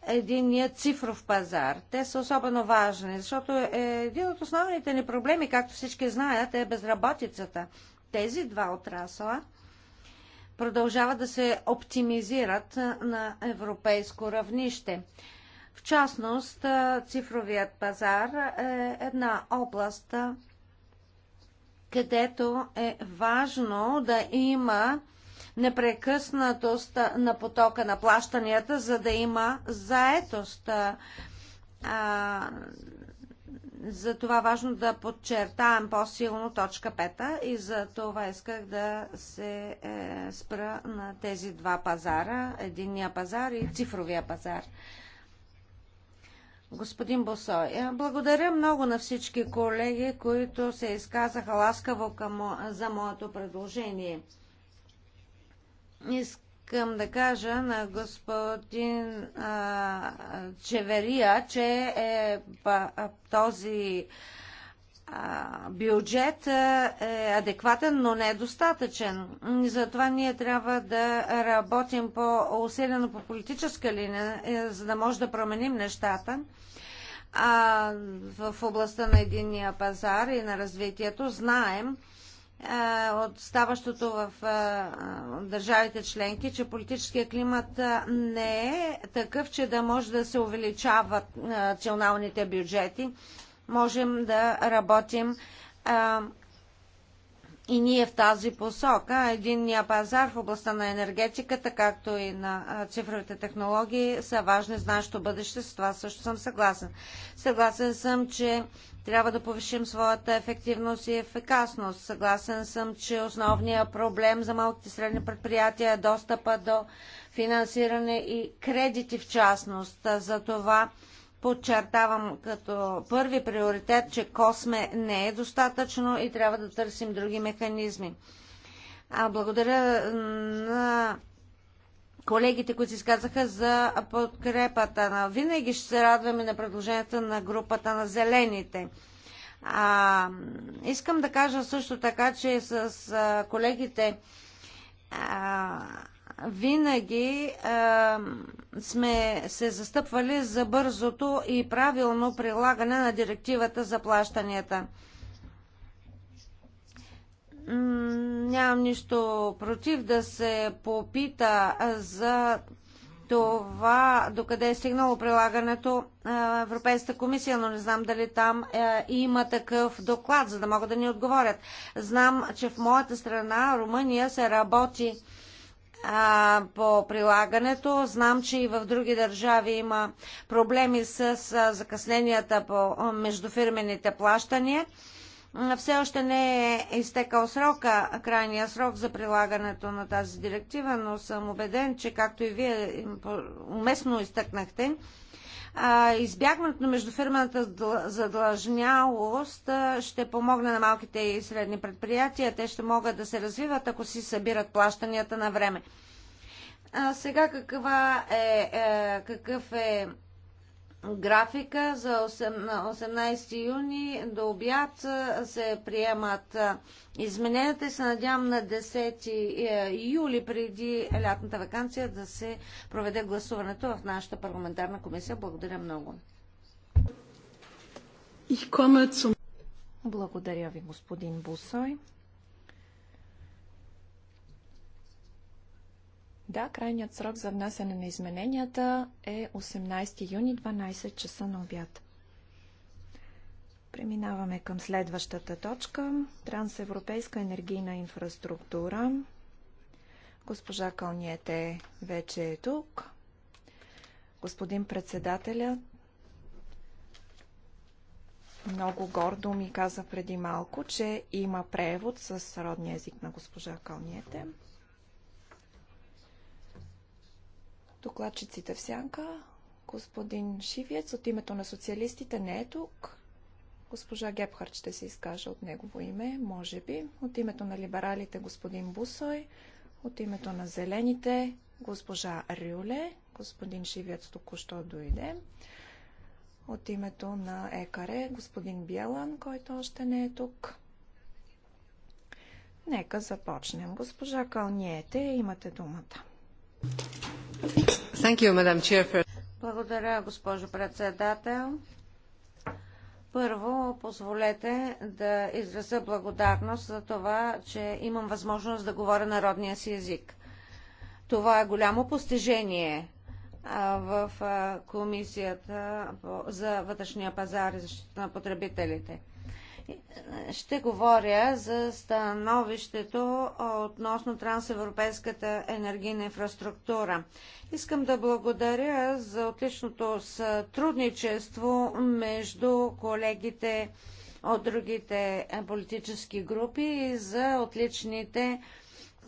единия цифров пазар. Те са особено важни, защото един от основните ни проблеми, както всички знаят, е безработицата. Тези два отрасла продължават да се оптимизират на европейско равнище. В частност, цифровият пазар е една област, където е важно да има непрекъснатост на потока на плащанията, за да има заетост. за това важно да подчертаем по-силно точка 5 и за това исках да се е, спра на тези два пазара, единния пазар и цифровия пазар господин Босой. Е, благодаря много на всички колеги, които се изказаха ласкаво към, за моето предложение. Искам да кажа на господин а, Чеверия, че е, па, този бюджет е адекватен, но не е достатъчен. Затова ние трябва да работим по-усилено по политическа линия, е, за да може да променим нещата а, в областта на единния пазар и на развитието. Знаем а, от ставащото в а, държавите членки, че политическия климат не е такъв, че да може да се увеличават националните бюджети. Можем да работим а, и ние в тази посока. Единния пазар в областта на енергетиката, както и на цифровите технологии, са важни за нашето бъдеще. С това също съм съгласен. Съгласен съм, че трябва да повишим своята ефективност и ефикасност. Съгласен съм, че основният проблем за малките и средни предприятия е достъпа до финансиране и кредити в частност. За това Подчертавам като първи приоритет, че Косме не е достатъчно и трябва да търсим други механизми. А благодаря на колегите, които изказаха за подкрепата на. Винаги ще се радваме на предложенията на групата на зелените. А, искам да кажа също така, че с а, колегите а, винаги а, сме се застъпвали за бързото и правилно прилагане на директивата за плащанията. Нямам нищо против да се попита за това докъде е стигнало прилагането а, Европейската комисия, но не знам дали там е, има такъв доклад, за да могат да ни отговорят. Знам, че в моята страна, Румъния, се работи а, по прилагането. Знам, че и в други държави има проблеми с а, закъсненията по междуфирмените плащания. Все още не е изтекал срока, крайния срок за прилагането на тази директива, но съм убеден, че както и вие уместно изтъкнахте, избягването на междуфирмената задлъжнялост ще помогне на малките и средни предприятия. Те ще могат да се развиват, ако си събират плащанията на време. А сега каква е, е, какъв е графика за 18 юни до обяд се приемат измененията и се надявам на 10 е, юли преди лятната вакансия да се проведе гласуването в нашата парламентарна комисия. Благодаря много. Благодаря ви, господин Бусой. Да, крайният срок за внасяне на измененията е 18 юни 12 часа на обяд. Преминаваме към следващата точка трансевропейска енергийна инфраструктура. Госпожа Кълниете вече е тук. Господин председателя, много гордо ми каза преди малко, че има превод с родния език на госпожа Кълниете. Докладчиците в сянка. Господин Шивиец от името на социалистите не е тук. Госпожа Гепхард ще се изкаже от негово име, може би. От името на либералите господин Бусой, от името на зелените госпожа Рюле, господин Шивиец току-що дойде. От името на ЕКАРЕ господин Бялан, който още не е тук. Нека започнем. Госпожа Калниете, имате думата. Благодаря, госпожо председател. Първо, позволете да изразя благодарност за това, че имам възможност да говоря народния си език. Това е голямо постижение в Комисията за вътрешния пазар и защита на потребителите. Ще говоря за становището относно трансевропейската енергийна инфраструктура. Искам да благодаря за отличното сътрудничество между колегите от другите политически групи и за отличните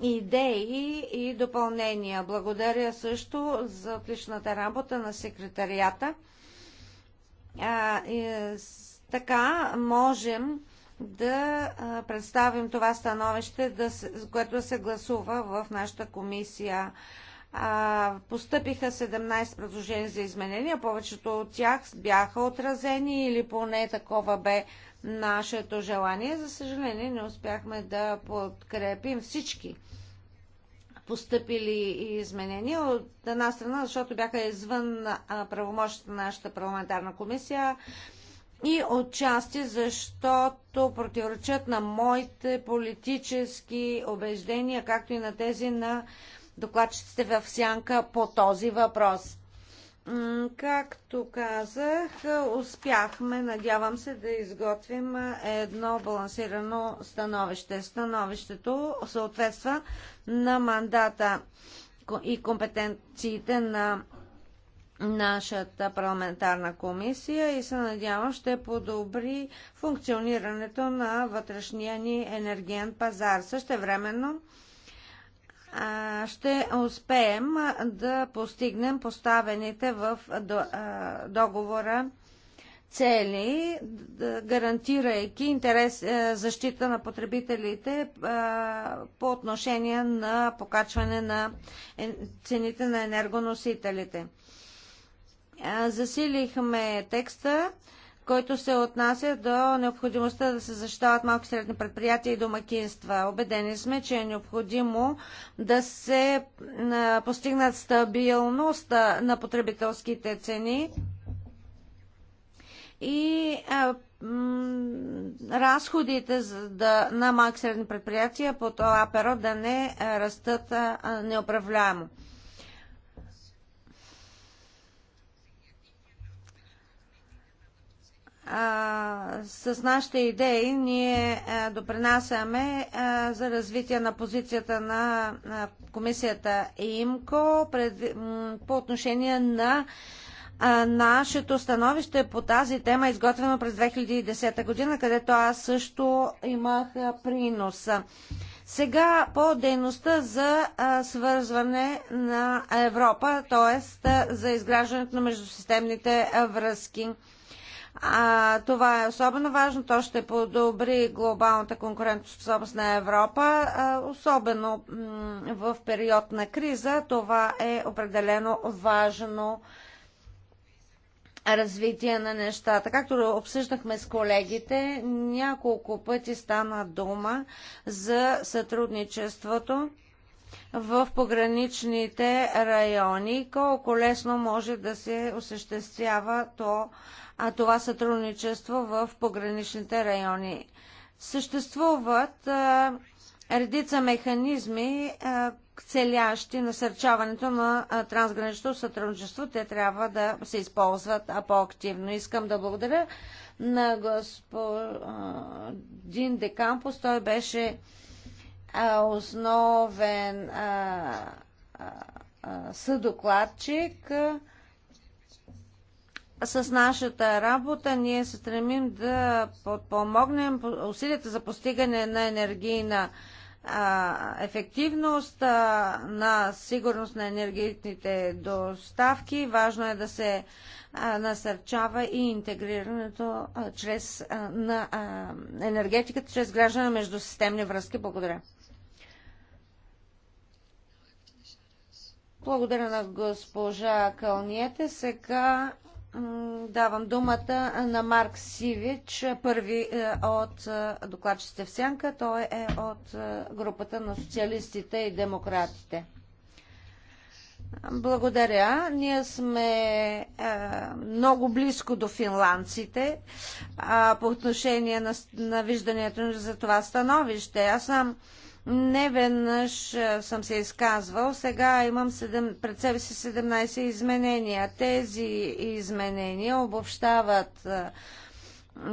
идеи и допълнения. Благодаря също за отличната работа на секретарията. А, и, така можем да представим това становище, което се гласува в нашата комисия. постъпиха 17 предложения за изменения, повечето от тях бяха отразени или поне такова бе нашето желание. За съжаление не успяхме да подкрепим всички постъпили изменения. От една страна, защото бяха извън правомощите на нашата парламентарна комисия, и отчасти защото противоречат на моите политически убеждения, както и на тези на докладчиците в сянка по този въпрос. Както казах, успяхме, надявам се, да изготвим едно балансирано становище. Становището съответства на мандата и компетенциите на нашата парламентарна комисия и се надявам ще подобри функционирането на вътрешния ни енергиен пазар. времено ще успеем да постигнем поставените в договора цели, гарантирайки интерес, е, защита на потребителите по отношение на покачване на цените на енергоносителите засилихме текста, който се отнася до необходимостта да се защитават малки и средни предприятия и домакинства. Обедени сме, че е необходимо да се постигнат стабилност на потребителските цени и разходите на малки и средни предприятия по това перо да не растат неуправляемо. с нашите идеи ние допринасяме за развитие на позицията на комисията ИМКО по отношение на нашето становище по тази тема, изготвено през 2010 година, където аз също имах принос. Сега по дейността за свързване на Европа, т.е. за изграждането на междусистемните връзки. А, това е особено важно. То ще подобри глобалната конкурентоспособност на Европа, а, особено в период на криза. Това е определено важно развитие на нещата. Както обсъждахме с колегите, няколко пъти стана дума за сътрудничеството в пограничните райони, колко лесно може да се осъществява то а това сътрудничество в пограничните райони. Съществуват а, редица механизми, а, целящи насърчаването на трансгранично сътрудничество. Те трябва да се използват по-активно. Искам да благодаря на господин Декампус. Той беше а, основен съдокладчик с нашата работа ние се стремим да подпомогнем усилията за постигане на енергийна ефективност, на сигурност на енергийните доставки. Важно е да се насърчава и интегрирането чрез, на енергетиката чрез граждане на междусистемни връзки. Благодаря. Благодаря на госпожа Кълниете. Сега Давам думата на Марк Сивич, първи е, от е, докладчите в Сянка. Той е от е, групата на социалистите и демократите. Благодаря. Ние сме е, много близко до финландците а, по отношение на, на виждането за това становище. Аз съм не веднъж е, съм се изказвал. Сега имам 7, пред себе си 17 изменения. Тези изменения обобщават е,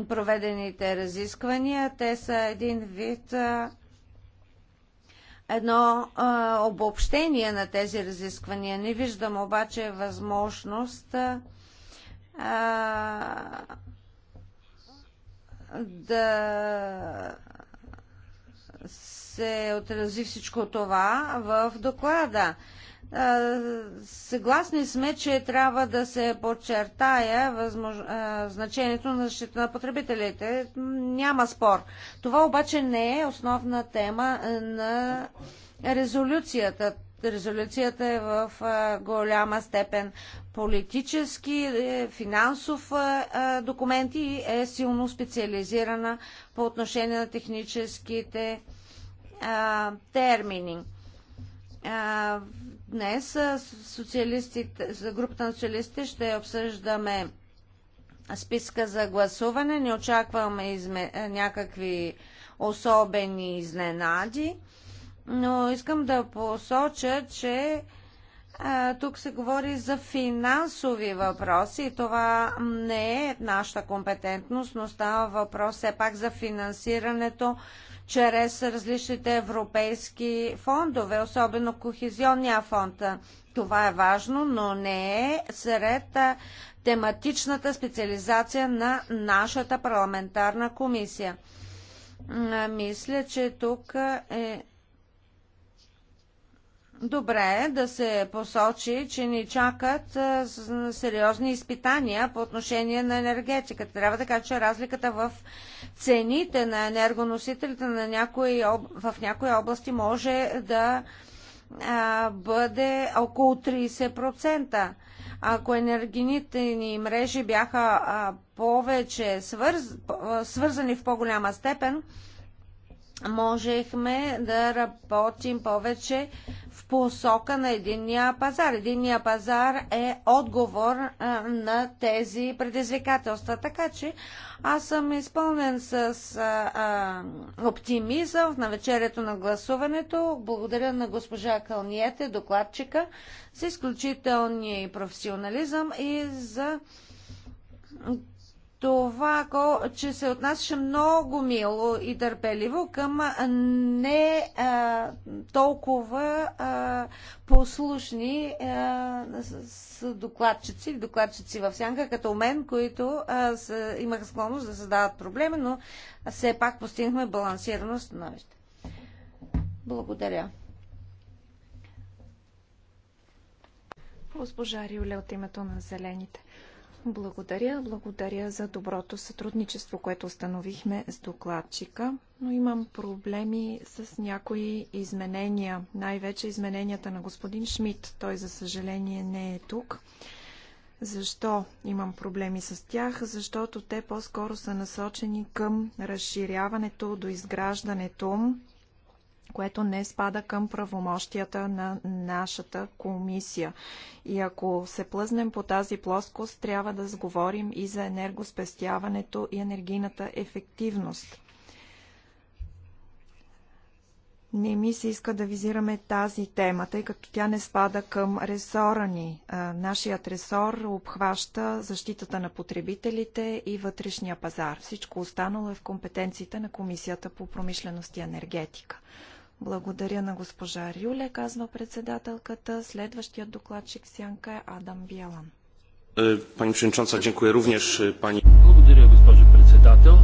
проведените разисквания. Те са един вид е, едно а, обобщение на тези разисквания. Не виждам обаче възможност а, да се отрази всичко това в доклада. Съгласни сме, че трябва да се подчертая възмож... значението на защита на потребителите. Няма спор. Това обаче не е основна тема на резолюцията. Резолюцията е в голяма степен политически, е, финансов документ и е силно специализирана по отношение на техническите а, термини. А, днес социалистите, за групата на социалистите ще обсъждаме списка за гласуване. Не очакваме изме... някакви особени изненади, но искам да посоча, че а, тук се говори за финансови въпроси и това не е нашата компетентност, но става въпрос все пак за финансирането чрез различните европейски фондове, особено Кохезионния фонд. Това е важно, но не е сред тематичната специализация на нашата парламентарна комисия. Мисля, че тук е Добре е да се посочи, че ни чакат а, сериозни изпитания по отношение на енергетиката. Трябва да кажа, че разликата в цените на енергоносителите на някои, в някои области може да а, бъде около 30%. Ако енергийните ни мрежи бяха а, повече свърз, свързани в по-голяма степен, можехме да работим повече в посока на единния пазар. Единния пазар е отговор на тези предизвикателства. Така че аз съм изпълнен с а, а, оптимизъм в навечерието на гласуването. Благодаря на госпожа Кълниете, докладчика, с изключителния професионализъм и за това, че се отнасяше много мило и търпеливо към не а, толкова а, послушни а, с докладчици, докладчици в сянка, като мен, които а, с, имаха склонност да създават проблеми, но все пак постигнахме балансирано становище. Благодаря. Госпожа Риоле от името на Зелените. Благодаря. Благодаря за доброто сътрудничество, което установихме с докладчика, но имам проблеми с някои изменения, най-вече измененията на господин Шмидт. Той, за съжаление, не е тук. Защо имам проблеми с тях? Защото те по-скоро са насочени към разширяването до изграждането което не спада към правомощията на нашата комисия. И ако се плъзнем по тази плоскост, трябва да сговорим и за енергоспестяването и енергийната ефективност. Не ми се иска да визираме тази тема, тъй като тя не спада към ресора ни. Нашият ресор обхваща защитата на потребителите и вътрешния пазар. Всичко останало е в компетенциите на Комисията по промишленост и енергетика. Благодаря на госпожа Рюле, казва председателката. Следващият докладчик сянка е Адам Бялан. Пани Przewodnicząca, dziękuję również Pani. Благодаря, госпожо председател.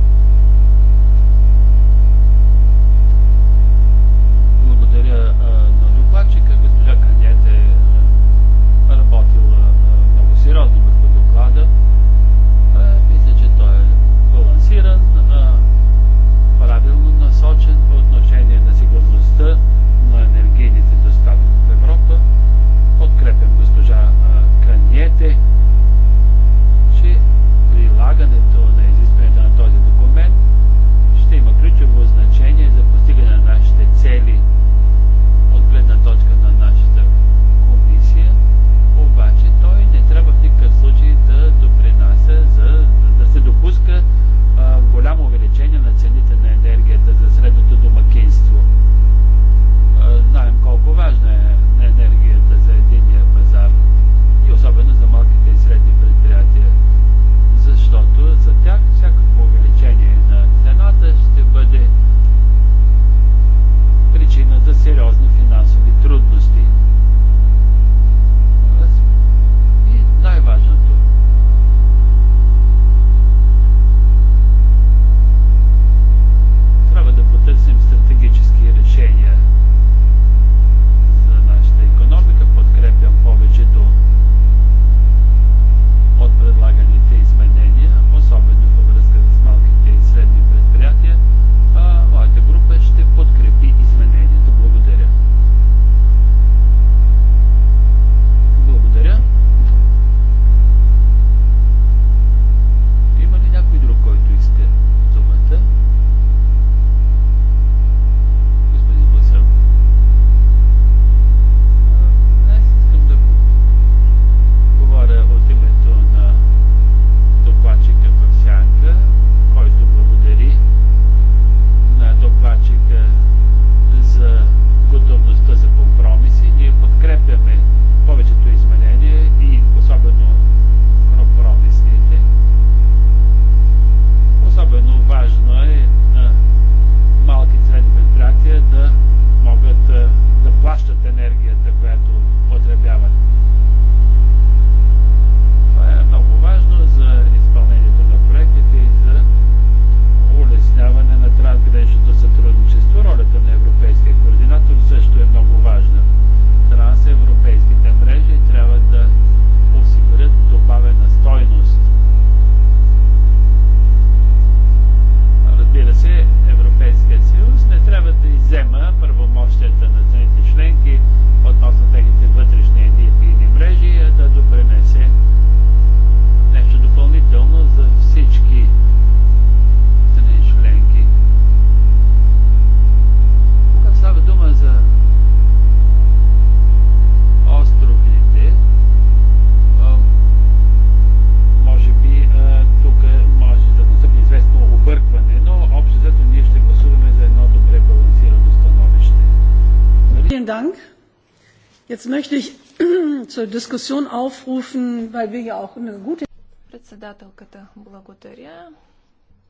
Jetzt möchte ich zur Diskussion aufrufen, weil wir ja auch eine gute Председателката, благодаря.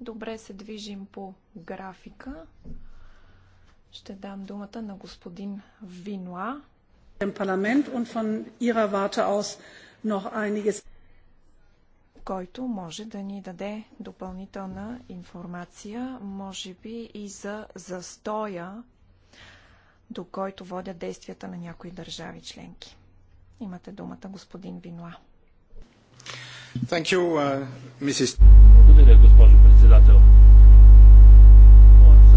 Добре се движим по графика. Ще дам думата на господин Винуа. Парламент und von ihrer Warte aus noch einiges който може да ни даде допълнителна информация, може би и за застоя до който водят действията на някои държави членки. Имате думата, господин Бинуа. You, uh, Благодаря, госпожо председател.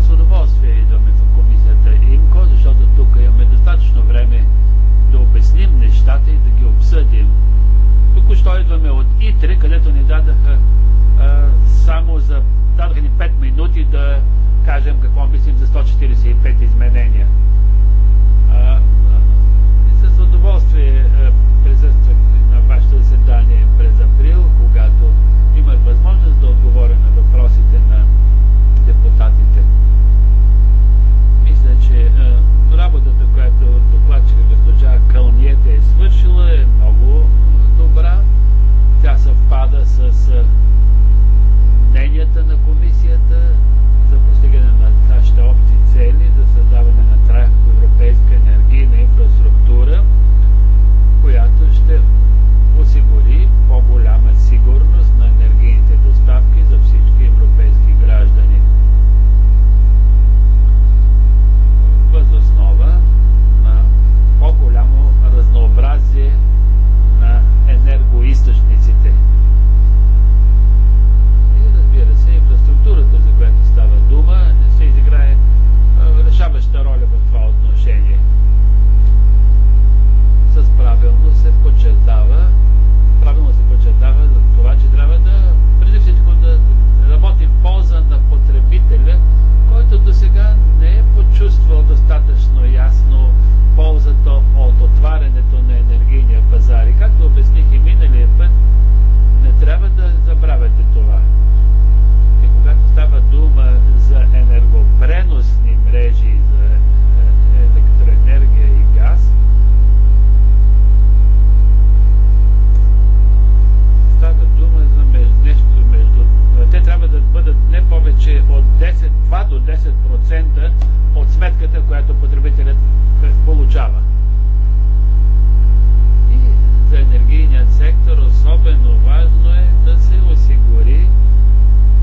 С удоволствие идваме в комисията ИМКО, защото тук имаме достатъчно време да обясним нещата и да ги обсъдим. Току-що идваме от Итри, където ни дадаха а, само за... дадаха ни 5 минути да кажем какво мислим за 145 изменения. С удоволствие е, присъствах на вашето заседание през април, когато имах възможност да отговоря на въпросите на депутатите. Мисля, че е, работата, която докладчика госпожа Кълниете е свършила е много е, добра. Тя съвпада с мненията на комисията за постигане на нашите общи цели, ще осигури по-голяма сигурност чувствал достатъчно ясно ползата от отварянето на енергийния пазар. И както обясних и миналия път, не трябва да забравяте това. И когато става дума за енергопреносни повече от 10, 2 до 10% от сметката, която потребителят получава. И за енергийният сектор особено важно е да се осигури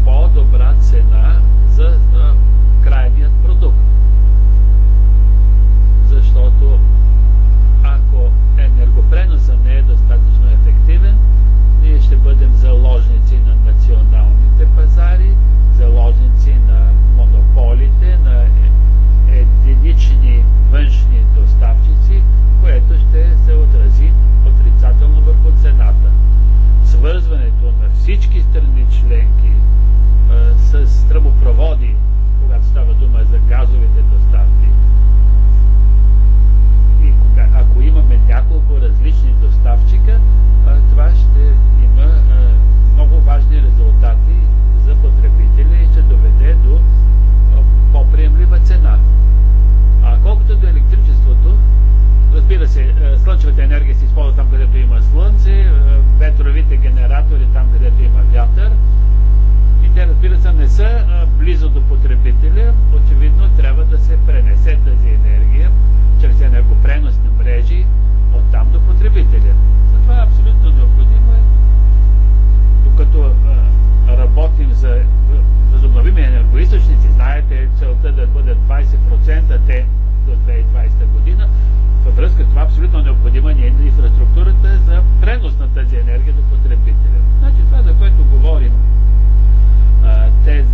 по-добра цена за различни външни доставчици, което ще се отрази отрицателно върху цената. Свързването на всички страни членки е, с тръбопроводи, когато става дума за газовите доставки, и кога, ако имаме няколко различни доставчика, е, това ще има е, много важни резултати за потребителя и ще доведе до по-приемлива цена. Колкото до електричеството, разбира се, е, слънчевата енергия се използва там, където има слънце, е, ветровите генератори там, където има вятър. И те, разбира се, не са е, близо до потребителя. Очевидно трябва да се пренесе тази енергия чрез на мрежи от там до потребителя. Затова е абсолютно необходимо е, докато работим за възобновими енергоисточници, знаете целта да бъдат 20% те 2020 година. Във връзка с това абсолютно необходима ни е инфраструктурата за пренос на тази енергия до потребителя. Значи това, за което говорим,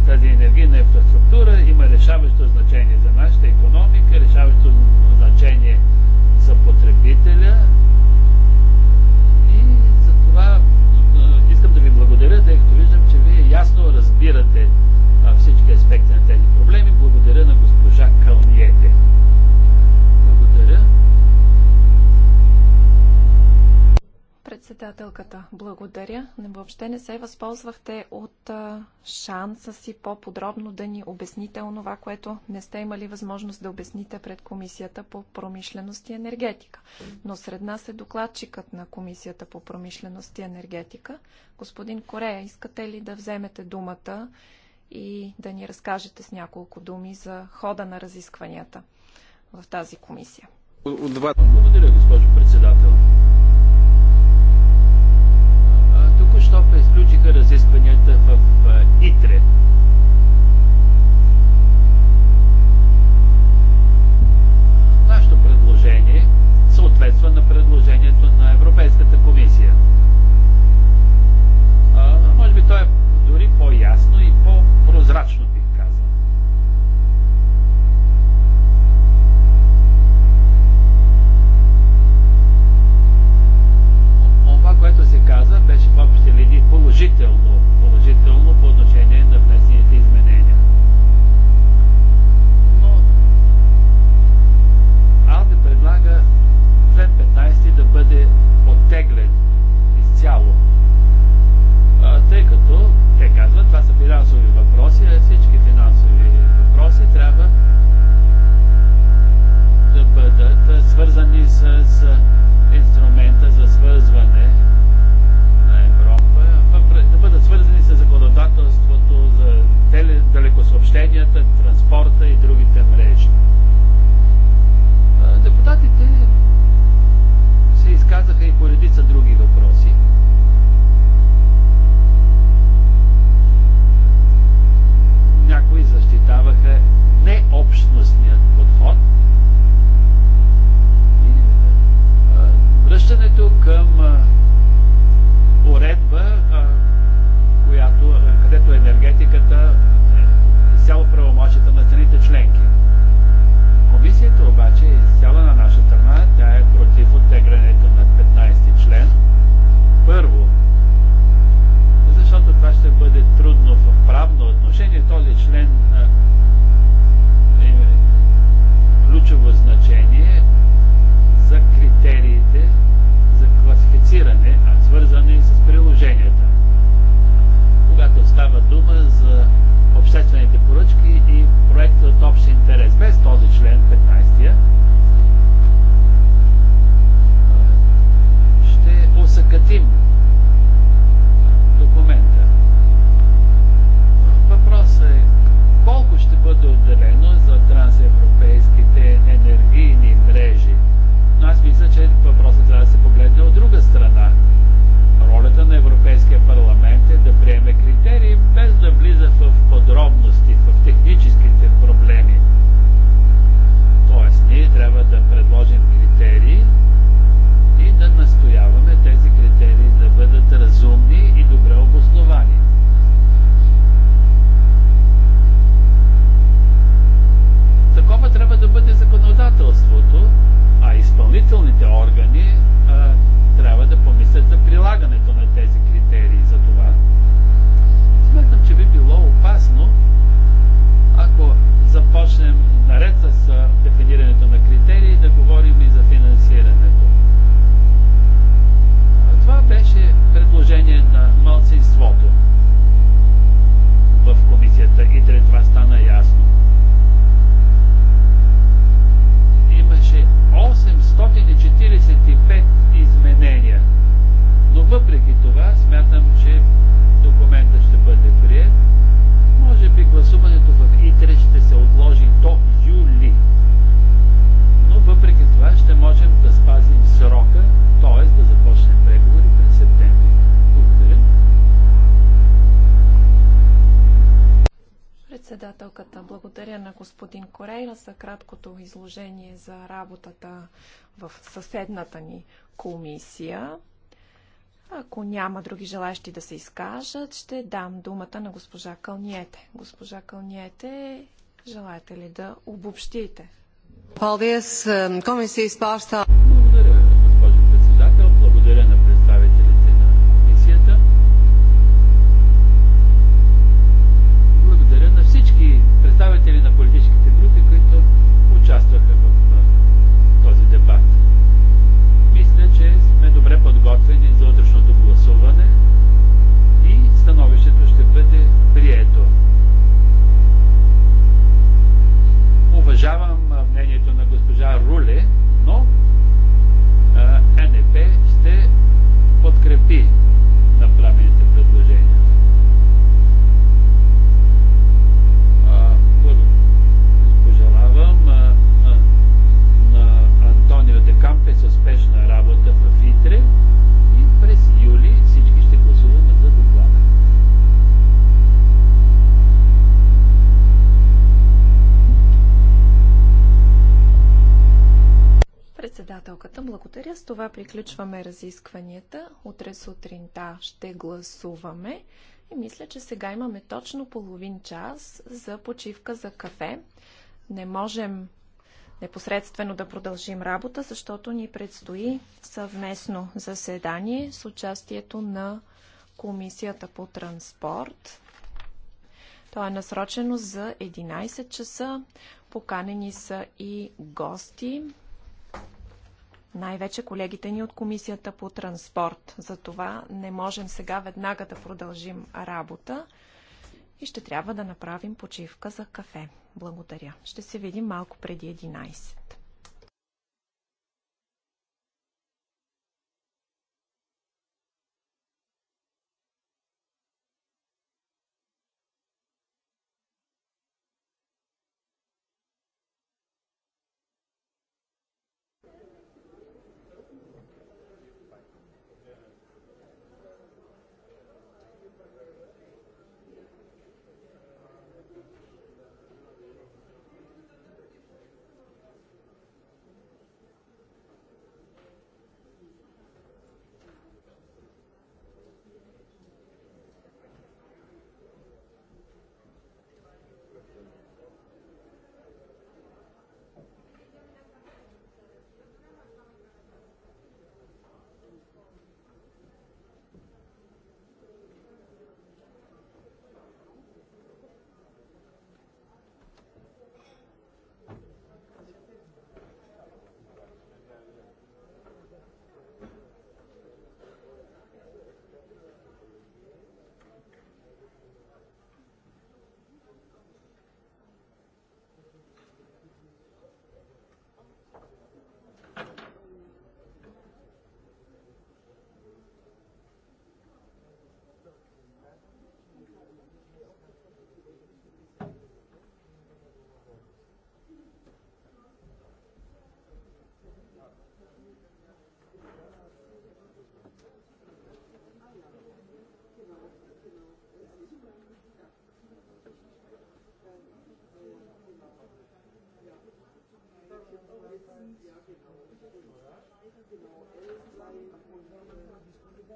тази енергийна инфраструктура има решаващо значение за нашата економика, решаващо значение за потребителя и за това искам да ви благодаря, тъй като виждам, че вие ясно разбирате всички аспекти на тези проблеми. Благодаря на госпожа Кълниете. Благодаря. Председателката, благодаря. Не въобще не се възползвахте от а, шанса си по-подробно да ни обясните онова, което не сте имали възможност да обясните пред Комисията по промишленост и енергетика. Но сред нас е докладчикът на Комисията по промишленост и енергетика. Господин Корея, искате ли да вземете думата и да ни разкажете с няколко думи за хода на разискванията? в тази комисия. Благодаря, госпожо председател. Току-що изключиха разискванията в ИТРЕ. в съседната ни комисия. Ако няма други желащи да се изкажат, ще дам думата на госпожа Кълниете. Госпожа Кълниете, желаете ли да обобщите? Благодаря, комисия изпаща. това приключваме разискванията. Утре сутринта ще гласуваме. И мисля, че сега имаме точно половин час за почивка за кафе. Не можем непосредствено да продължим работа, защото ни предстои съвместно заседание с участието на Комисията по транспорт. То е насрочено за 11 часа. Поканени са и гости най-вече колегите ни от Комисията по транспорт. Затова не можем сега веднага да продължим работа и ще трябва да направим почивка за кафе. Благодаря. Ще се видим малко преди 11.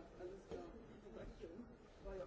gemacht. Alles klar. Danke. War ja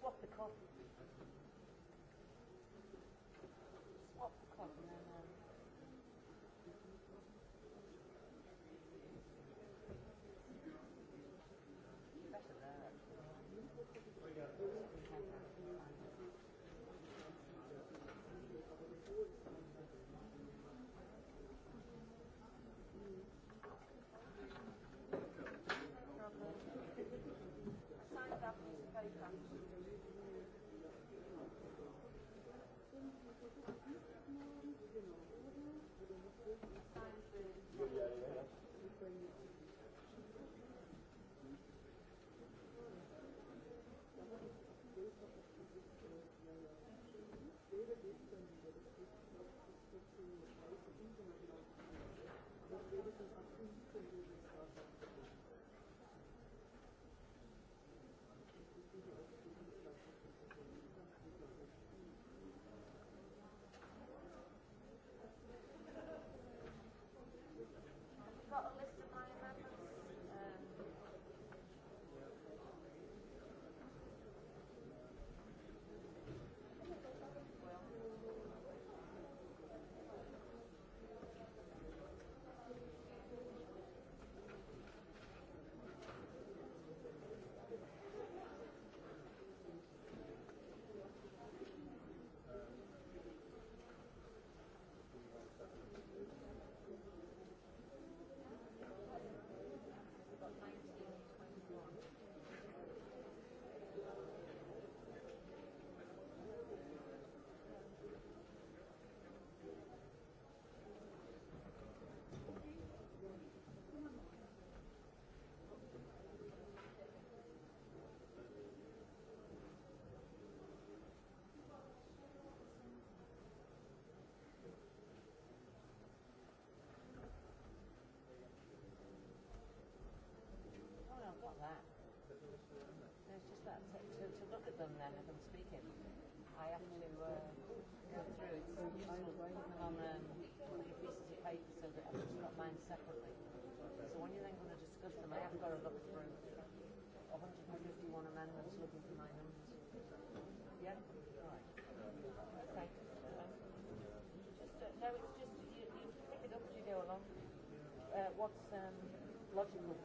swap the coffee. to go through. It's useful on um, your pieces of paper so that got mine separately. So when you're then going to discuss them, I have got to look through 151 amendments looking for my numbers. Yeah? Right. Okay. Just, uh, no, it's just you, you pick it up as you go along. Uh, what's um, logical?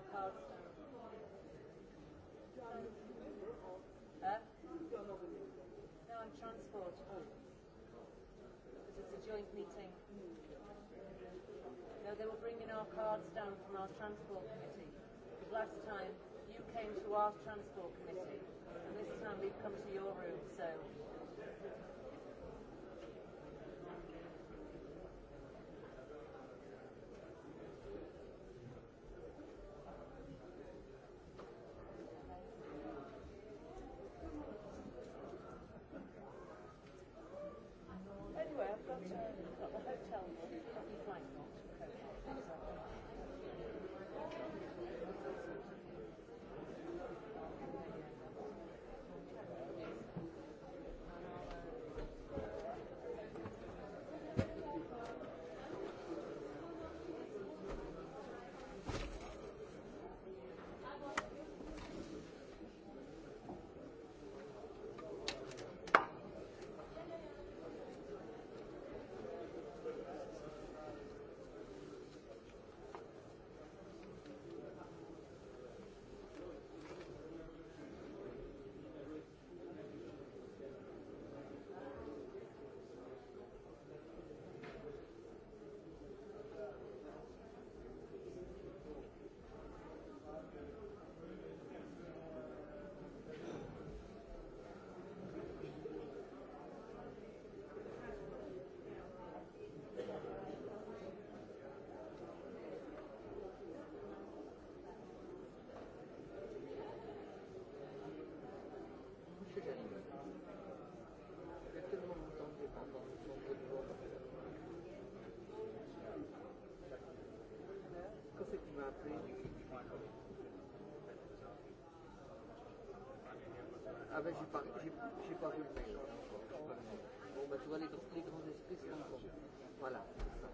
joint meeting. No, they were bringing our cards down from our transport committee. Because last time you came to our transport committee, and this time we've come to your room, so Ah ben j'ai pas, j'ai, pas vu le mail. Bon ben tu vois les, les grands esprits c'est encore. Voilà, c'est ça.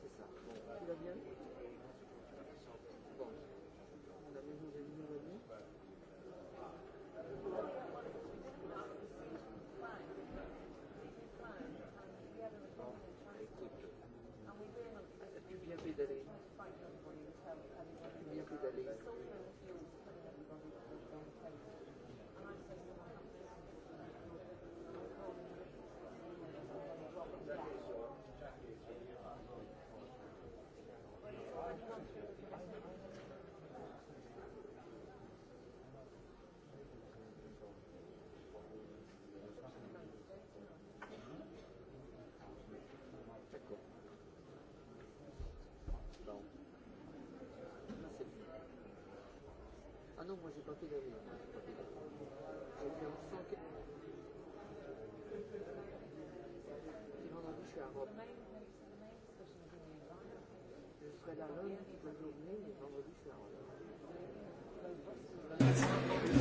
C'est ça. Bon. Tu l'as bien vu Bon. La maison des numéros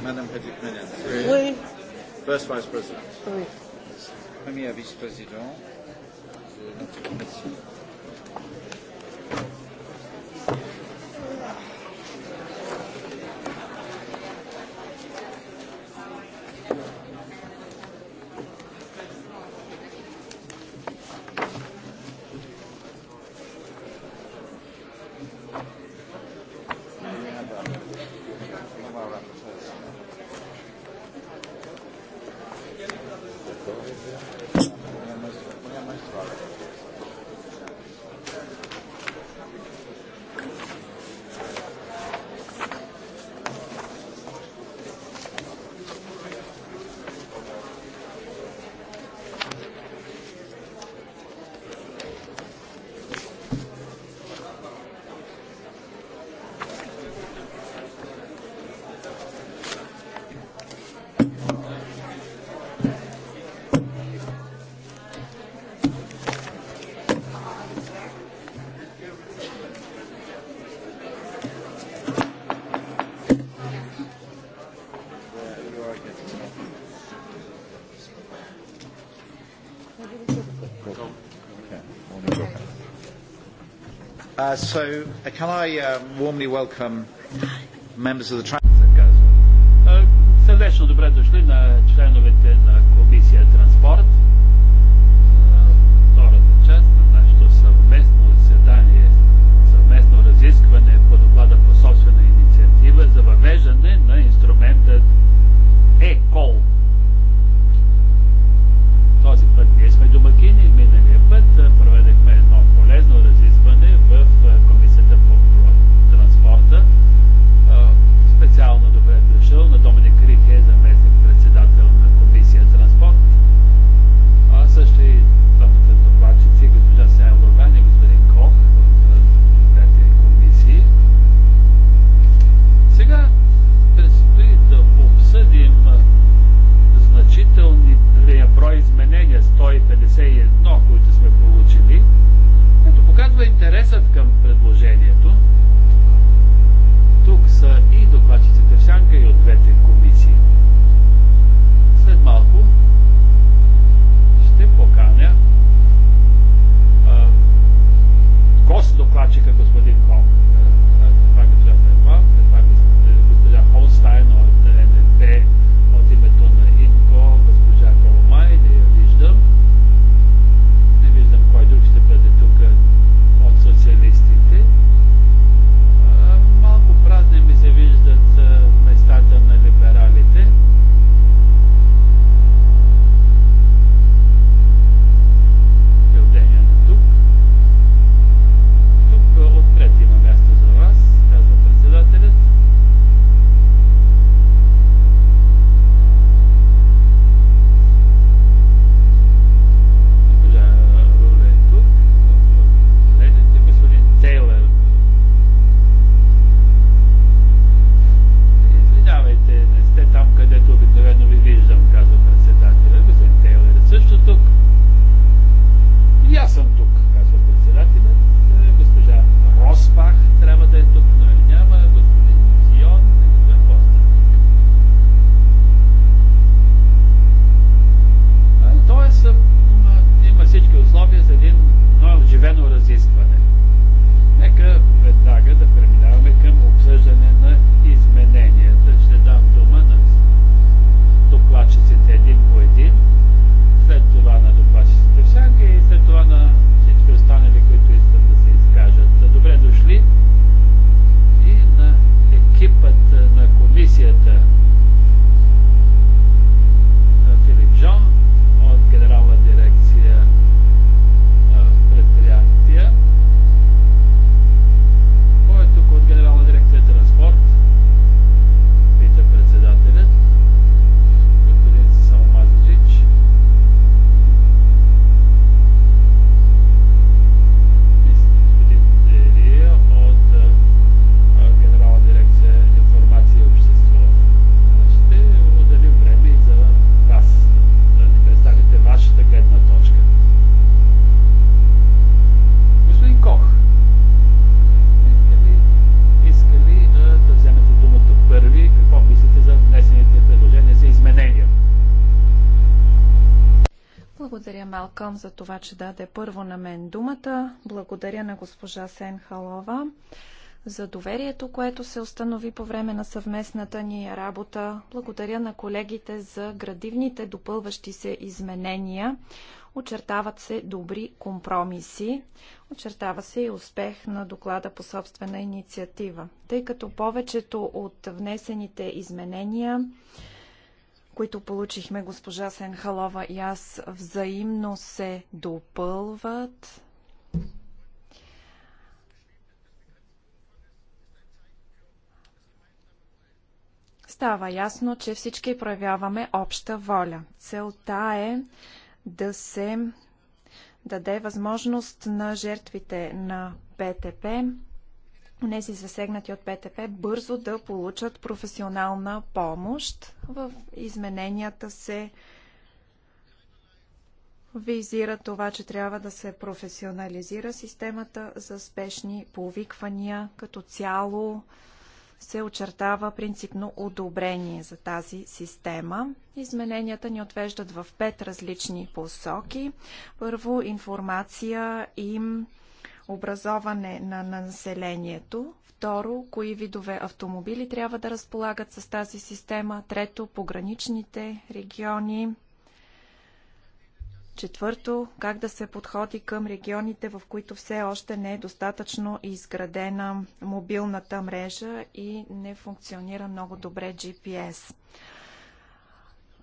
Madame Petit-Menin. Oui. First Vice President. Oui. Premier vice-président de Uh so uh can I uh warmly welcome members of the за това, че даде първо на мен думата. Благодаря на госпожа Сенхалова за доверието, което се установи по време на съвместната ни работа. Благодаря на колегите за градивните допълващи се изменения. Очертават се добри компромиси. Очертава се и успех на доклада по собствена инициатива, тъй като повечето от внесените изменения които получихме госпожа Сенхалова и аз, взаимно се допълват. Става ясно, че всички проявяваме обща воля. Целта е да се даде възможност на жертвите на ПТП Унези засегнати от ПТП бързо да получат професионална помощ. В измененията се визира това, че трябва да се професионализира системата за спешни повиквания. Като цяло се очертава принципно одобрение за тази система. Измененията ни отвеждат в пет различни посоки. Първо, информация им образоване на, на населението. Второ, кои видове автомобили трябва да разполагат с тази система. Трето, пограничните региони. Четвърто, как да се подходи към регионите, в които все още не е достатъчно изградена мобилната мрежа и не функционира много добре GPS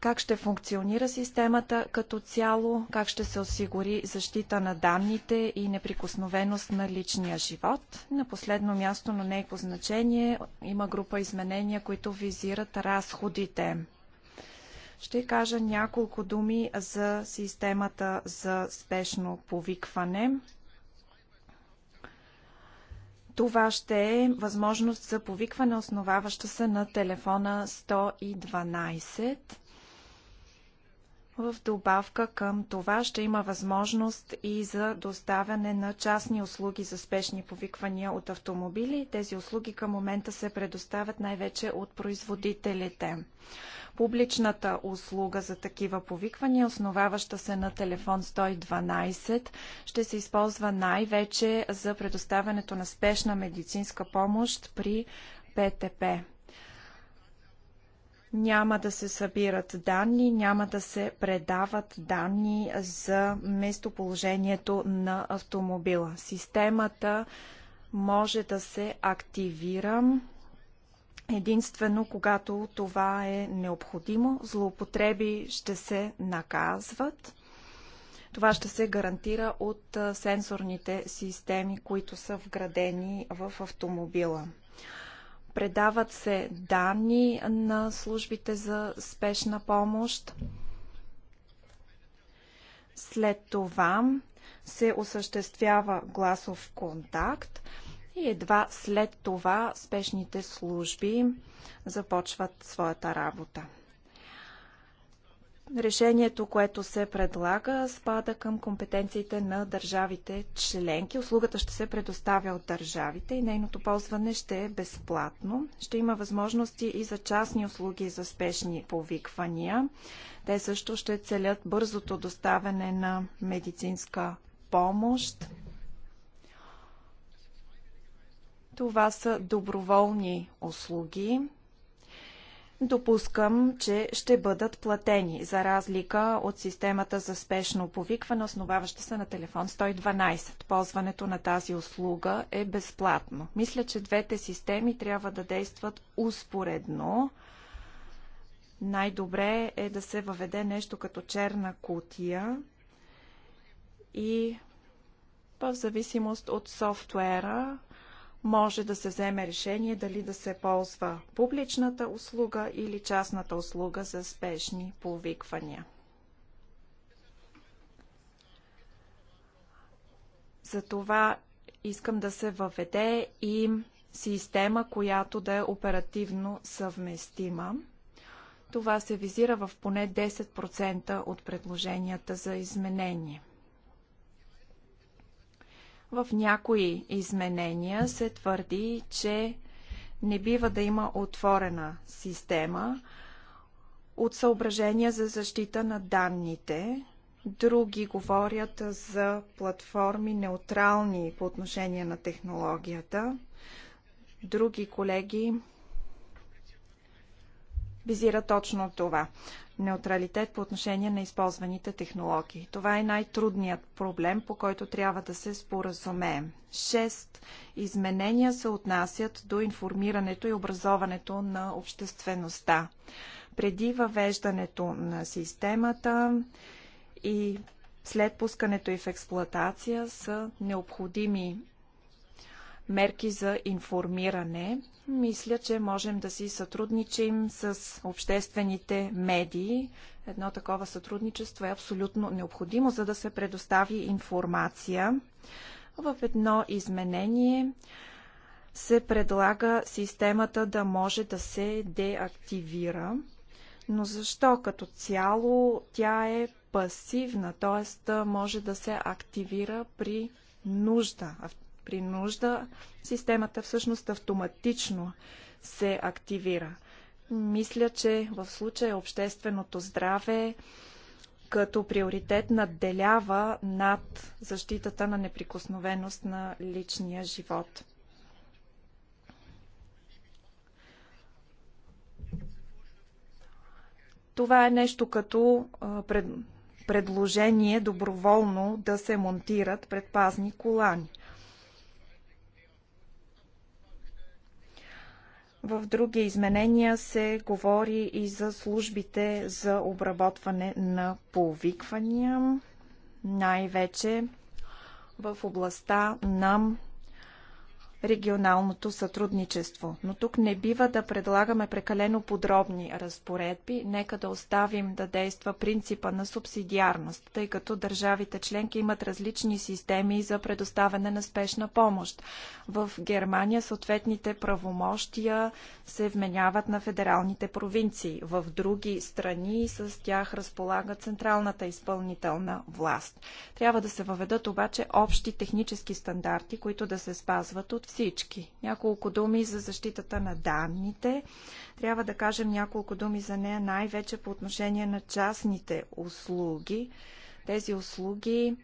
как ще функционира системата като цяло, как ще се осигури защита на данните и неприкосновеност на личния живот. На последно място, но не е по значение, има група изменения, които визират разходите. Ще кажа няколко думи за системата за спешно повикване. Това ще е възможност за повикване, основаваща се на телефона 112 в добавка към това ще има възможност и за доставяне на частни услуги за спешни повиквания от автомобили. Тези услуги към момента се предоставят най-вече от производителите. Публичната услуга за такива повиквания, основаваща се на телефон 112, ще се използва най-вече за предоставянето на спешна медицинска помощ при ПТП. Няма да се събират данни, няма да се предават данни за местоположението на автомобила. Системата може да се активира единствено когато това е необходимо. Злоупотреби ще се наказват. Това ще се гарантира от сенсорните системи, които са вградени в автомобила. Предават се данни на службите за спешна помощ. След това се осъществява гласов контакт и едва след това спешните служби започват своята работа. Решението, което се предлага, спада към компетенциите на държавите членки. Услугата ще се предоставя от държавите и нейното ползване ще е безплатно. Ще има възможности и за частни услуги за спешни повиквания. Те също ще целят бързото доставяне на медицинска помощ. Това са доброволни услуги, допускам, че ще бъдат платени, за разлика от системата за спешно повикване, основаваща се на телефон 112. Ползването на тази услуга е безплатно. Мисля, че двете системи трябва да действат успоредно. Най-добре е да се въведе нещо като черна кутия и в зависимост от софтуера може да се вземе решение дали да се ползва публичната услуга или частната услуга за спешни повиквания. Затова искам да се въведе и система, която да е оперативно съвместима. Това се визира в поне 10% от предложенията за изменение. В някои изменения се твърди, че не бива да има отворена система от съображения за защита на данните. Други говорят за платформи неутрални по отношение на технологията. Други колеги визира точно това неутралитет по отношение на използваните технологии. Това е най-трудният проблем, по който трябва да се споразумеем. Шест изменения се отнасят до информирането и образоването на обществеността. Преди въвеждането на системата и след пускането и в експлоатация са необходими мерки за информиране. Мисля, че можем да си сътрудничим с обществените медии. Едно такова сътрудничество е абсолютно необходимо, за да се предостави информация. В едно изменение се предлага системата да може да се деактивира. Но защо като цяло тя е пасивна, т.е. може да се активира при нужда. При нужда системата всъщност автоматично се активира. Мисля, че в случая общественото здраве като приоритет надделява над защитата на неприкосновеност на личния живот. Това е нещо като пред, предложение доброволно да се монтират предпазни колани. В други изменения се говори и за службите за обработване на повиквания, най-вече в областта на регионалното сътрудничество. Но тук не бива да предлагаме прекалено подробни разпоредби. Нека да оставим да действа принципа на субсидиарност, тъй като държавите членки имат различни системи за предоставяне на спешна помощ. В Германия съответните правомощия се вменяват на федералните провинции. В други страни с тях разполага централната изпълнителна власт. Трябва да се въведат обаче общи технически стандарти, които да се спазват от всички всички. Няколко думи за защитата на данните. Трябва да кажем няколко думи за нея най-вече по отношение на частните услуги. Тези услуги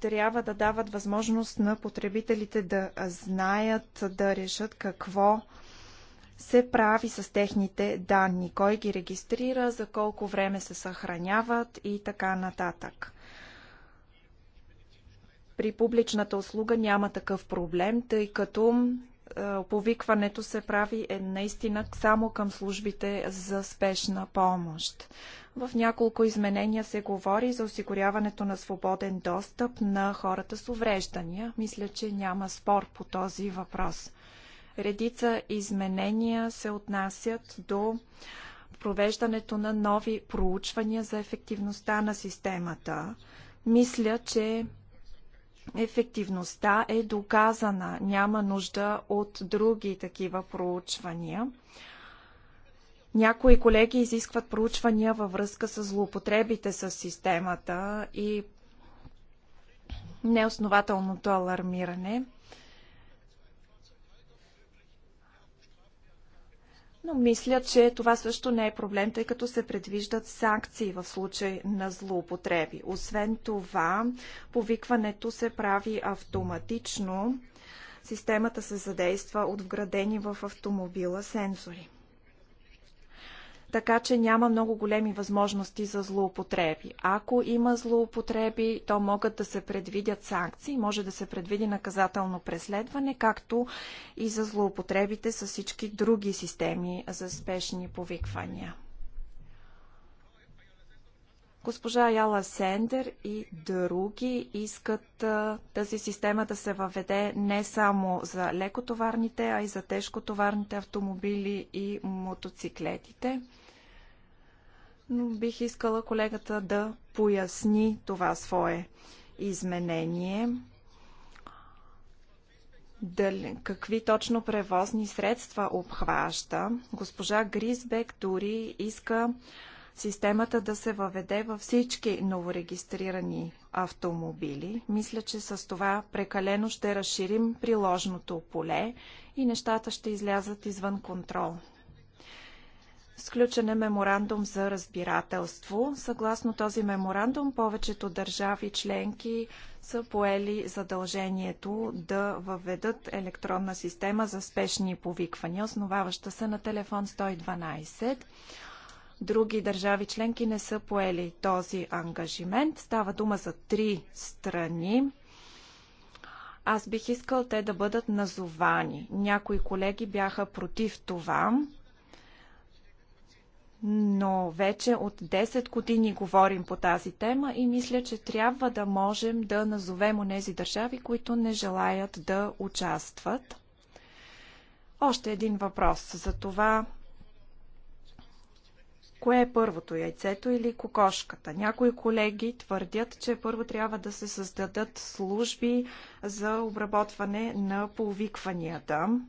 трябва да дават възможност на потребителите да знаят, да решат какво се прави с техните данни, кой ги регистрира, за колко време се съхраняват и така нататък. При публичната услуга няма такъв проблем, тъй като е, повикването се прави е наистина само към службите за спешна помощ. В няколко изменения се говори за осигуряването на свободен достъп на хората с увреждания. Мисля, че няма спор по този въпрос. Редица изменения се отнасят до провеждането на нови проучвания за ефективността на системата. Мисля, че Ефективността е доказана. Няма нужда от други такива проучвания. Някои колеги изискват проучвания във връзка с злоупотребите с системата и неоснователното алармиране. но мисля, че това също не е проблем, тъй като се предвиждат санкции в случай на злоупотреби. Освен това, повикването се прави автоматично. Системата се задейства от вградени в автомобила сензори така че няма много големи възможности за злоупотреби. Ако има злоупотреби, то могат да се предвидят санкции, може да се предвиди наказателно преследване, както и за злоупотребите с всички други системи за спешни повиквания. Госпожа Яла Сендер и други искат тази система да се въведе не само за лекотоварните, а и за тежкотоварните автомобили и мотоциклетите. Но бих искала колегата да поясни това свое изменение. Дали, какви точно превозни средства обхваща. Госпожа Гризбек дори иска системата да се въведе във всички новорегистрирани автомобили. Мисля, че с това прекалено ще разширим приложното поле и нещата ще излязат извън контрол. Сключен е меморандум за разбирателство. Съгласно този меморандум, повечето държави членки са поели задължението да въведат електронна система за спешни повиквания, основаваща се на телефон 112. Други държави членки не са поели този ангажимент. Става дума за три страни. Аз бих искал те да бъдат назовани. Някои колеги бяха против това, но вече от 10 години говорим по тази тема и мисля, че трябва да можем да назовем онези държави, които не желаят да участват. Още един въпрос за това Кое е първото, яйцето или кокошката? Някои колеги твърдят, че първо трябва да се създадат служби за обработване на повикванията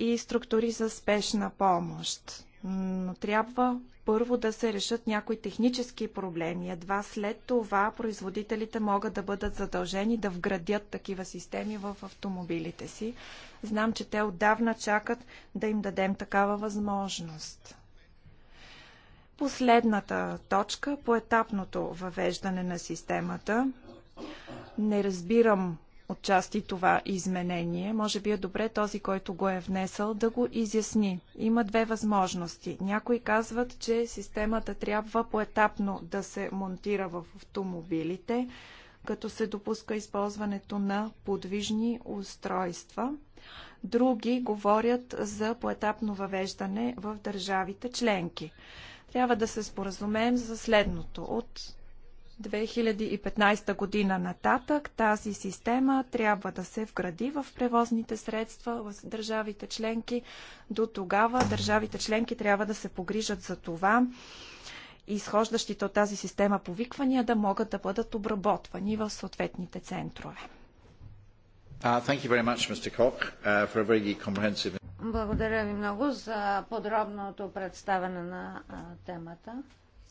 и структури за спешна помощ но трябва първо да се решат някои технически проблеми. Едва след това производителите могат да бъдат задължени да вградят такива системи в автомобилите си. Знам, че те отдавна чакат да им дадем такава възможност. Последната точка по етапното въвеждане на системата. Не разбирам отчасти това изменение. Може би е добре този, който го е внесъл, да го изясни. Има две възможности. Някои казват, че системата трябва поетапно да се монтира в автомобилите, като се допуска използването на подвижни устройства. Други говорят за поетапно въвеждане в държавите членки. Трябва да се споразумеем за следното. От 2015 година нататък тази система трябва да се вгради в превозните средства в държавите членки. До тогава държавите членки трябва да се погрижат за това изхождащите от тази система повиквания да могат да бъдат обработвани в съответните центрове. Uh, uh, Благодаря ви много за подробното представяне на темата.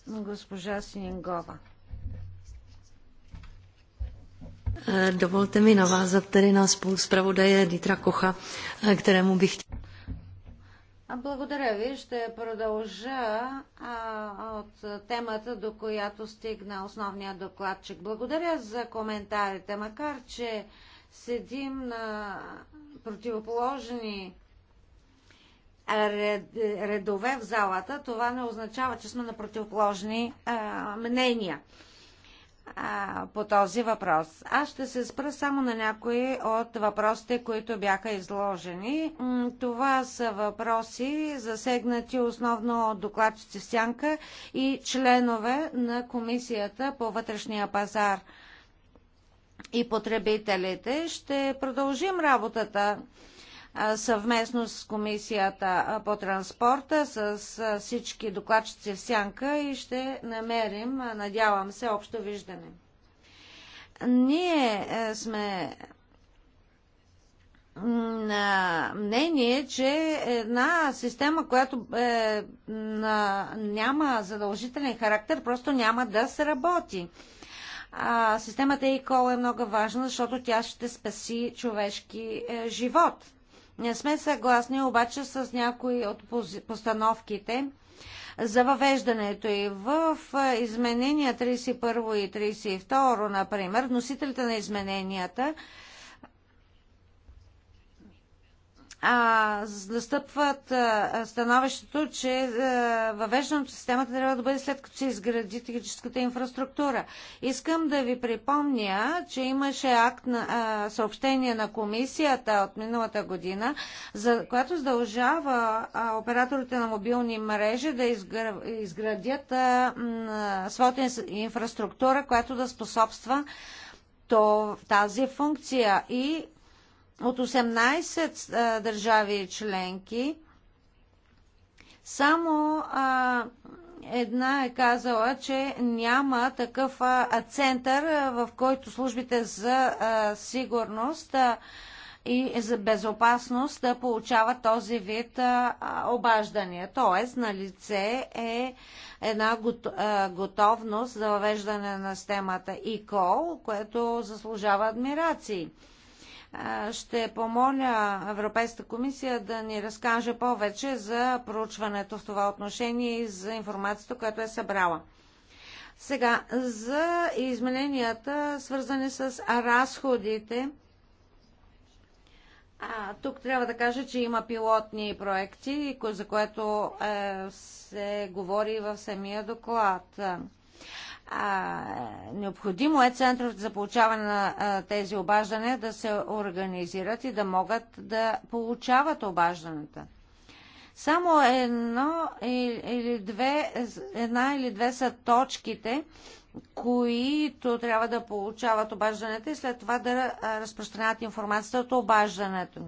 Госпожа Синингова. Доволте ми навázat tedy на справодая Дитра Коха, kterému bych chtěl. Благодаря ви. Ще продължа а, от темата, до която стигна основния докладчик. Благодаря за коментарите, макар че седим на противоположни ред, редове в залата, това не означава, че сме на противоположни а, мнения а, по този въпрос. Аз ще се спра само на някои от въпросите, които бяха изложени. Това са въпроси, засегнати основно от докладчици в Сянка и членове на Комисията по вътрешния пазар и потребителите. Ще продължим работата съвместно с комисията по транспорта, с всички докладчици в сянка и ще намерим, надявам се, общо виждане. Ние е, сме на мнение, че една система, която е, на, няма задължителен характер, просто няма да се работи. А, системата ECOL е много важна, защото тя ще спаси човешки е, живот. Не сме съгласни обаче с някои от постановките за въвеждането и в изменения 31 и 32, например, носителите на измененията а, застъпват а, становището, че а, въвеждането в системата трябва да бъде след като се изгради техническата инфраструктура. Искам да ви припомня, че имаше акт на а, съобщение на комисията от миналата година, за, която задължава а, операторите на мобилни мрежи да изградят а, своята инфраструктура, която да способства то, тази функция и от 18 държави членки, само а, една е казала, че няма такъв а, център, в който службите за а, сигурност а, и за безопасност да получават този вид а, обаждания. Тоест, на лице е една готовност за въвеждане на системата ИКО, което заслужава адмирации ще помоля Европейската комисия да ни разкаже повече за проучването в това отношение и за информацията, която е събрала. Сега, за измененията, свързани с разходите, а, тук трябва да кажа, че има пилотни проекти, за което е, се говори в самия доклад. А, необходимо е центровете за получаване на а, тези обаждания да се организират и да могат да получават обажданата. Само едно или две, една или две са точките, които трябва да получават обаждането и след това да разпространяват информацията от обаждането.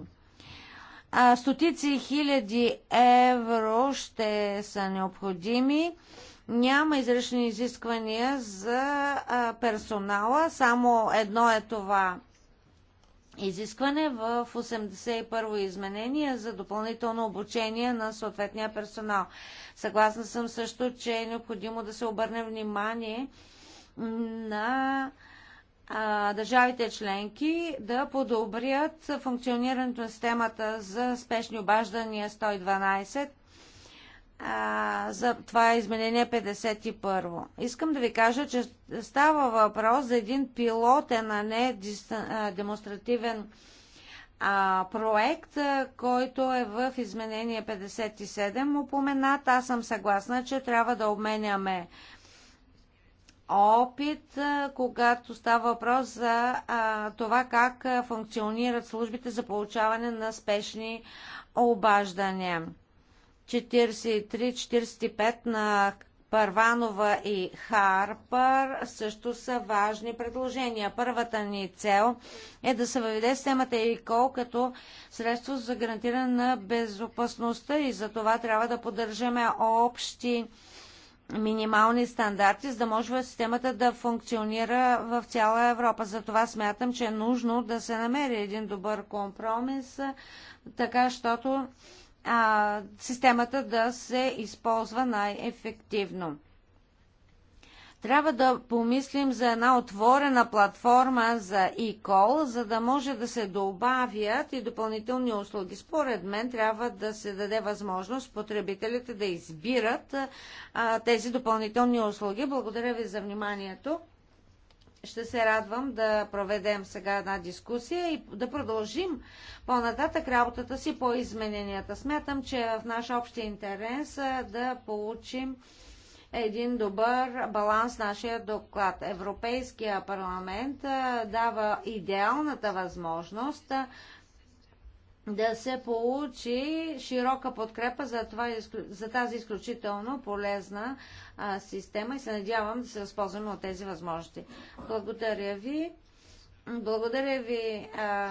стотици хиляди евро ще са необходими няма изрешни изисквания за персонала, само едно е това изискване в 81-во изменение за допълнително обучение на съответния персонал. Съгласна съм също, че е необходимо да се обърне внимание на държавите членки да подобрят функционирането на системата за спешни обаждания 112 а, за това е изменение 51. Искам да ви кажа, че става въпрос за един пилотен, а не демонстративен а, проект, а, който е в изменение 57 упоменат. Аз съм съгласна, че трябва да обменяме опит, а, когато става въпрос за а, това как функционират службите за получаване на спешни обаждания. 43-45 на Парванова и Харпар също са важни предложения. Първата ни цел е да се въведе системата ЕКОЛ като средство за гарантиране на безопасността и за това трябва да поддържаме общи минимални стандарти, за да може системата да функционира в цяла Европа. Затова смятам, че е нужно да се намери един добър компромис, така, щото а, системата да се използва най-ефективно. Трябва да помислим за една отворена платформа за e-call, за да може да се добавят и допълнителни услуги. Според мен трябва да се даде възможност потребителите да избират а, тези допълнителни услуги. Благодаря ви за вниманието ще се радвам да проведем сега една дискусия и да продължим по-нататък работата си по измененията. Смятам, че в наш общ интерес да получим един добър баланс нашия доклад. Европейския парламент дава идеалната възможност да се получи широка подкрепа за, това, за тази изключително полезна а, система и се надявам да се възползваме от тези възможности. Благодаря ви. Благодаря ви а,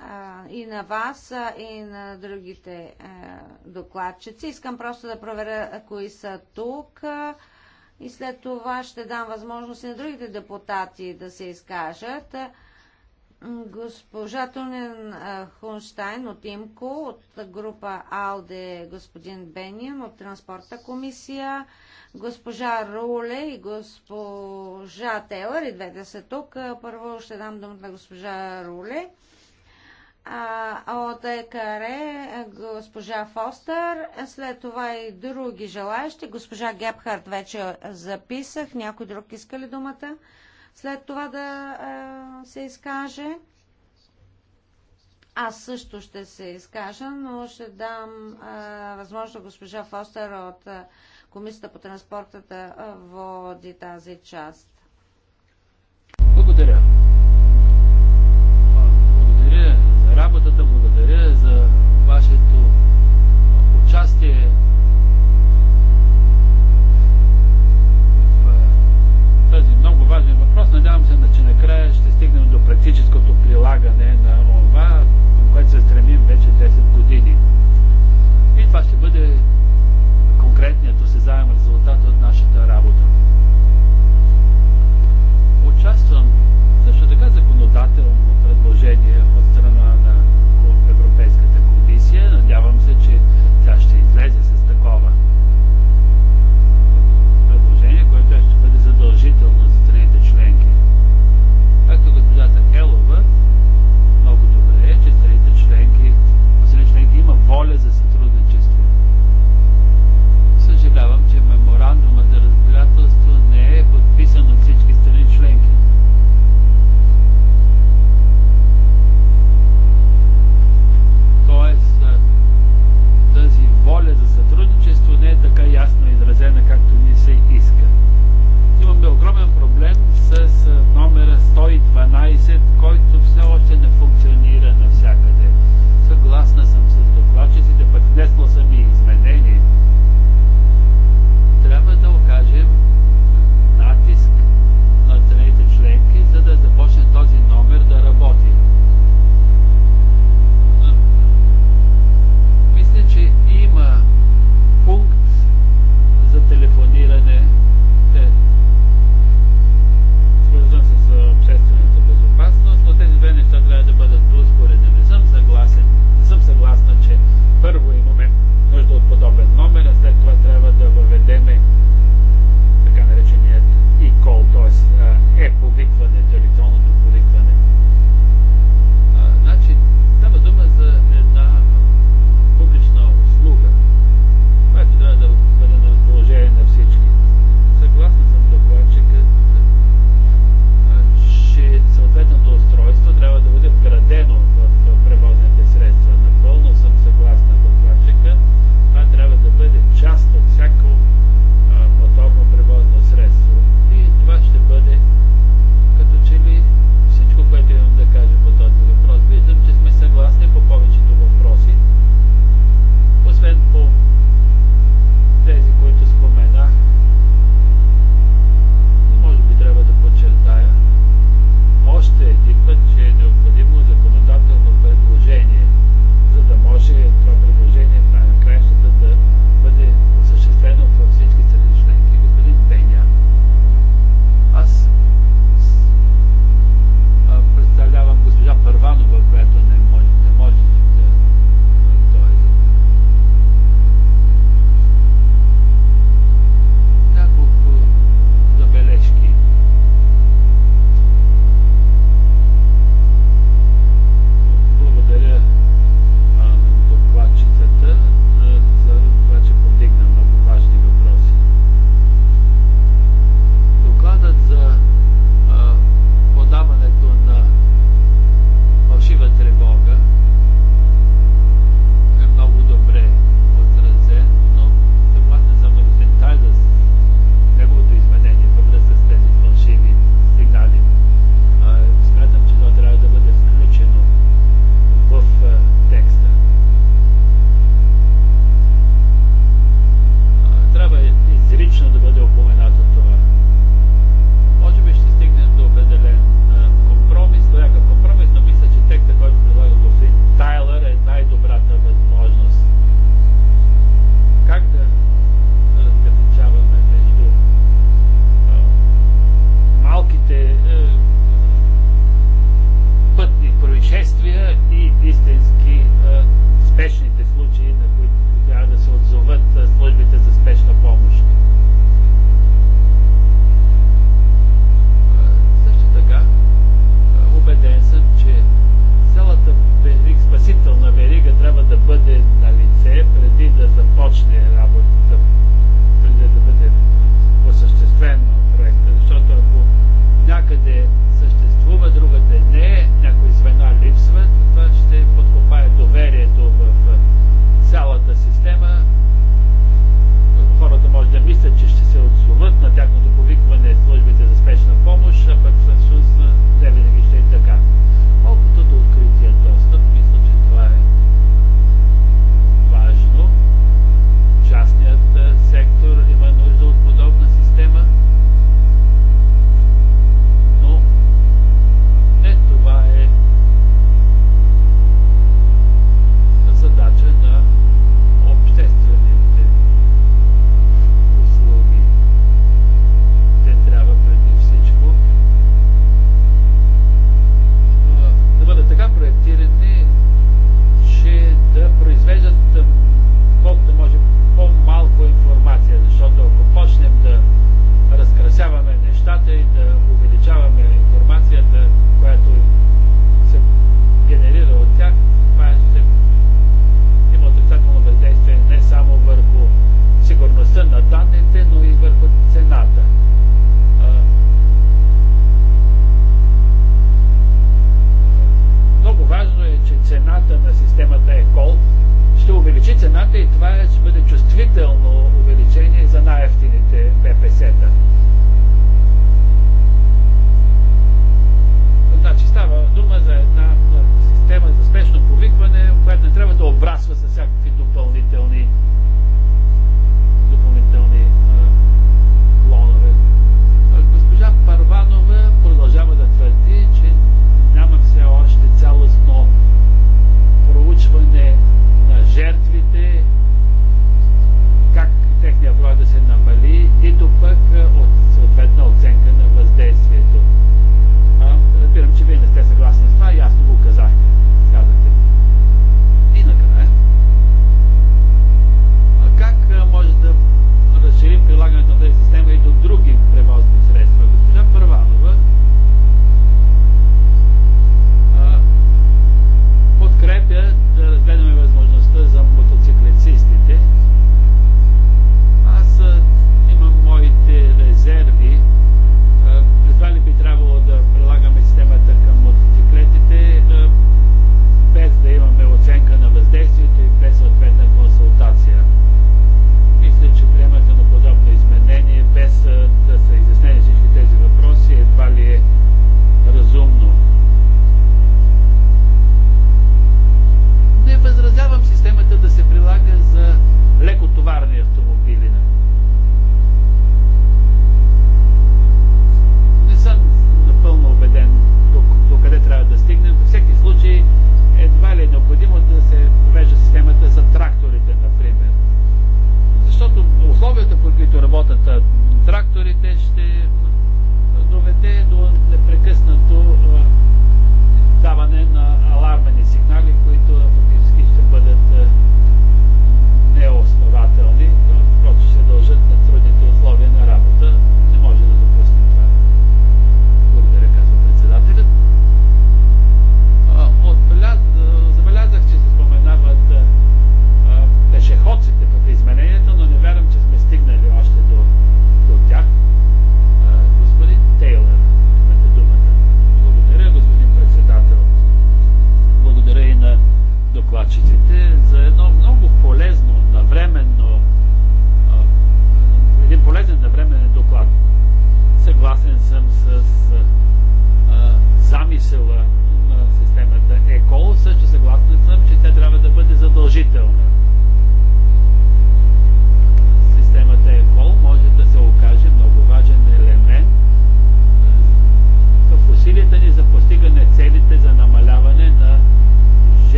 а, и на вас, а, и на другите а, докладчици. Искам просто да проверя кои са тук. А, и след това ще дам възможност и на другите депутати да се изкажат. А, Госпожа Тунен Хунштайн от ИМКО, от група АЛДЕ господин Бенин, от Транспорта комисия, госпожа Руле и госпожа Телър, и двете са тук. Първо ще дам думата на госпожа Руле. А, от ЕКАРЕ госпожа Фостър, след това и други желаящи. Госпожа Гепхард вече записах. Някой друг иска ли думата? след това да се изкаже. Аз също ще се изкажа, но ще дам възможност госпожа Фостер от Комисията по транспорта да води тази част. Благодаря. Благодаря за работата.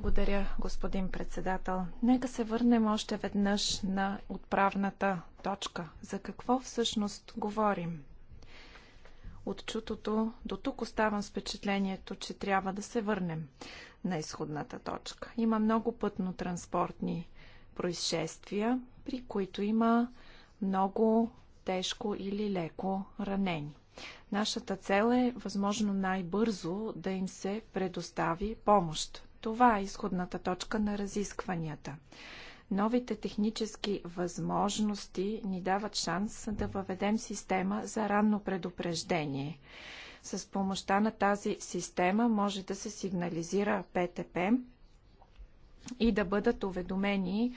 Благодаря, господин председател. Нека се върнем още веднъж на отправната точка. За какво всъщност говорим? От чутото до тук оставам с впечатлението, че трябва да се върнем на изходната точка. Има много пътно-транспортни происшествия, при които има много тежко или леко ранени. Нашата цел е възможно най-бързо да им се предостави помощ. Това е изходната точка на разискванията. Новите технически възможности ни дават шанс да въведем система за ранно предупреждение. С помощта на тази система може да се сигнализира ПТП и да бъдат уведомени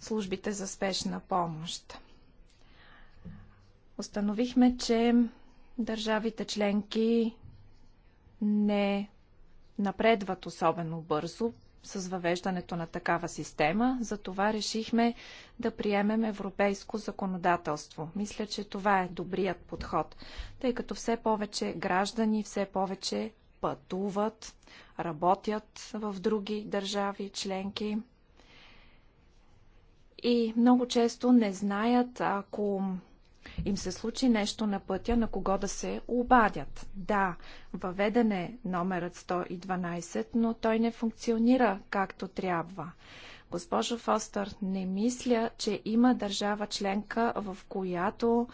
службите за спешна помощ. Установихме, че държавите членки не напредват особено бързо с въвеждането на такава система. Затова решихме да приемем европейско законодателство. Мисля, че това е добрият подход, тъй като все повече граждани, все повече пътуват, работят в други държави членки и много често не знаят, ако им се случи нещо на пътя, на кого да се обадят. Да, въведен е номерът 112, но той не функционира както трябва. Госпожо Фостър, не мисля, че има държава членка, в която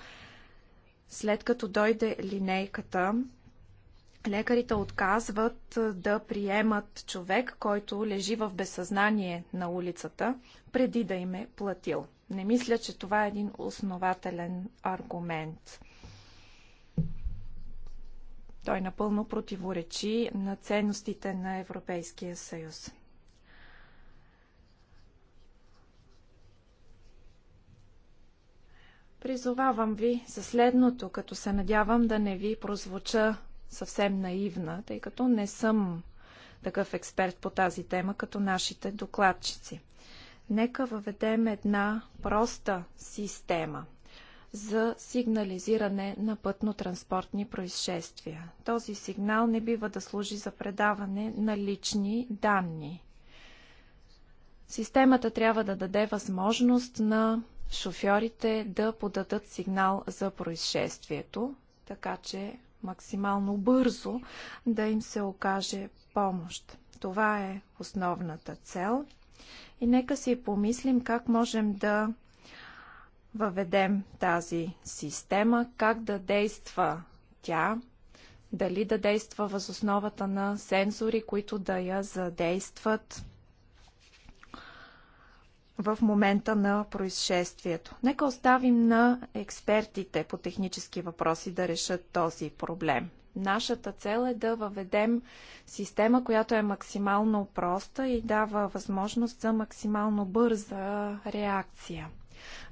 след като дойде линейката, лекарите отказват да приемат човек, който лежи в безсъзнание на улицата, преди да им е платил. Не мисля, че това е един основателен аргумент. Той напълно противоречи на ценностите на Европейския съюз. Призовавам ви за следното, като се надявам да не ви прозвуча съвсем наивна, тъй като не съм такъв експерт по тази тема, като нашите докладчици. Нека въведем една проста система за сигнализиране на пътно-транспортни происшествия. Този сигнал не бива да служи за предаване на лични данни. Системата трябва да даде възможност на шофьорите да подадат сигнал за происшествието, така че максимално бързо да им се окаже помощ. Това е основната цел – и нека си помислим как можем да въведем тази система, как да действа тя, дали да действа въз основата на сензори, които да я задействат в момента на происшествието. Нека оставим на експертите по технически въпроси да решат този проблем. Нашата цел е да въведем система, която е максимално проста и дава възможност за максимално бърза реакция.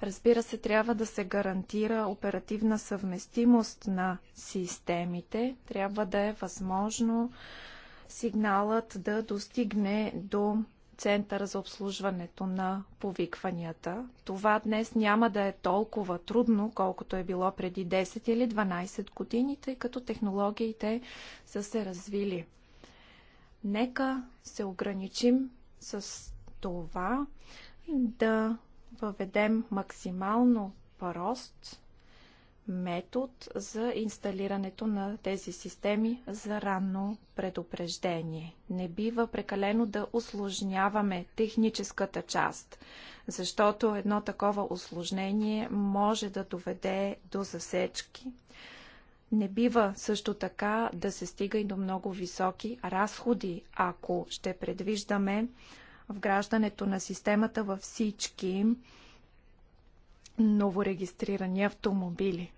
Разбира се, трябва да се гарантира оперативна съвместимост на системите. Трябва да е възможно сигналът да достигне до център за обслужването на повикванията. Това днес няма да е толкова трудно, колкото е било преди 10 или 12 години, тъй като технологиите са се развили. Нека се ограничим с това да въведем максимално прост метод за инсталирането на тези системи за ранно предупреждение. Не бива прекалено да осложняваме техническата част, защото едно такова осложнение може да доведе до засечки. Не бива също така да се стига и до много високи разходи, ако ще предвиждаме вграждането на системата във всички новорегистрирани автомобили.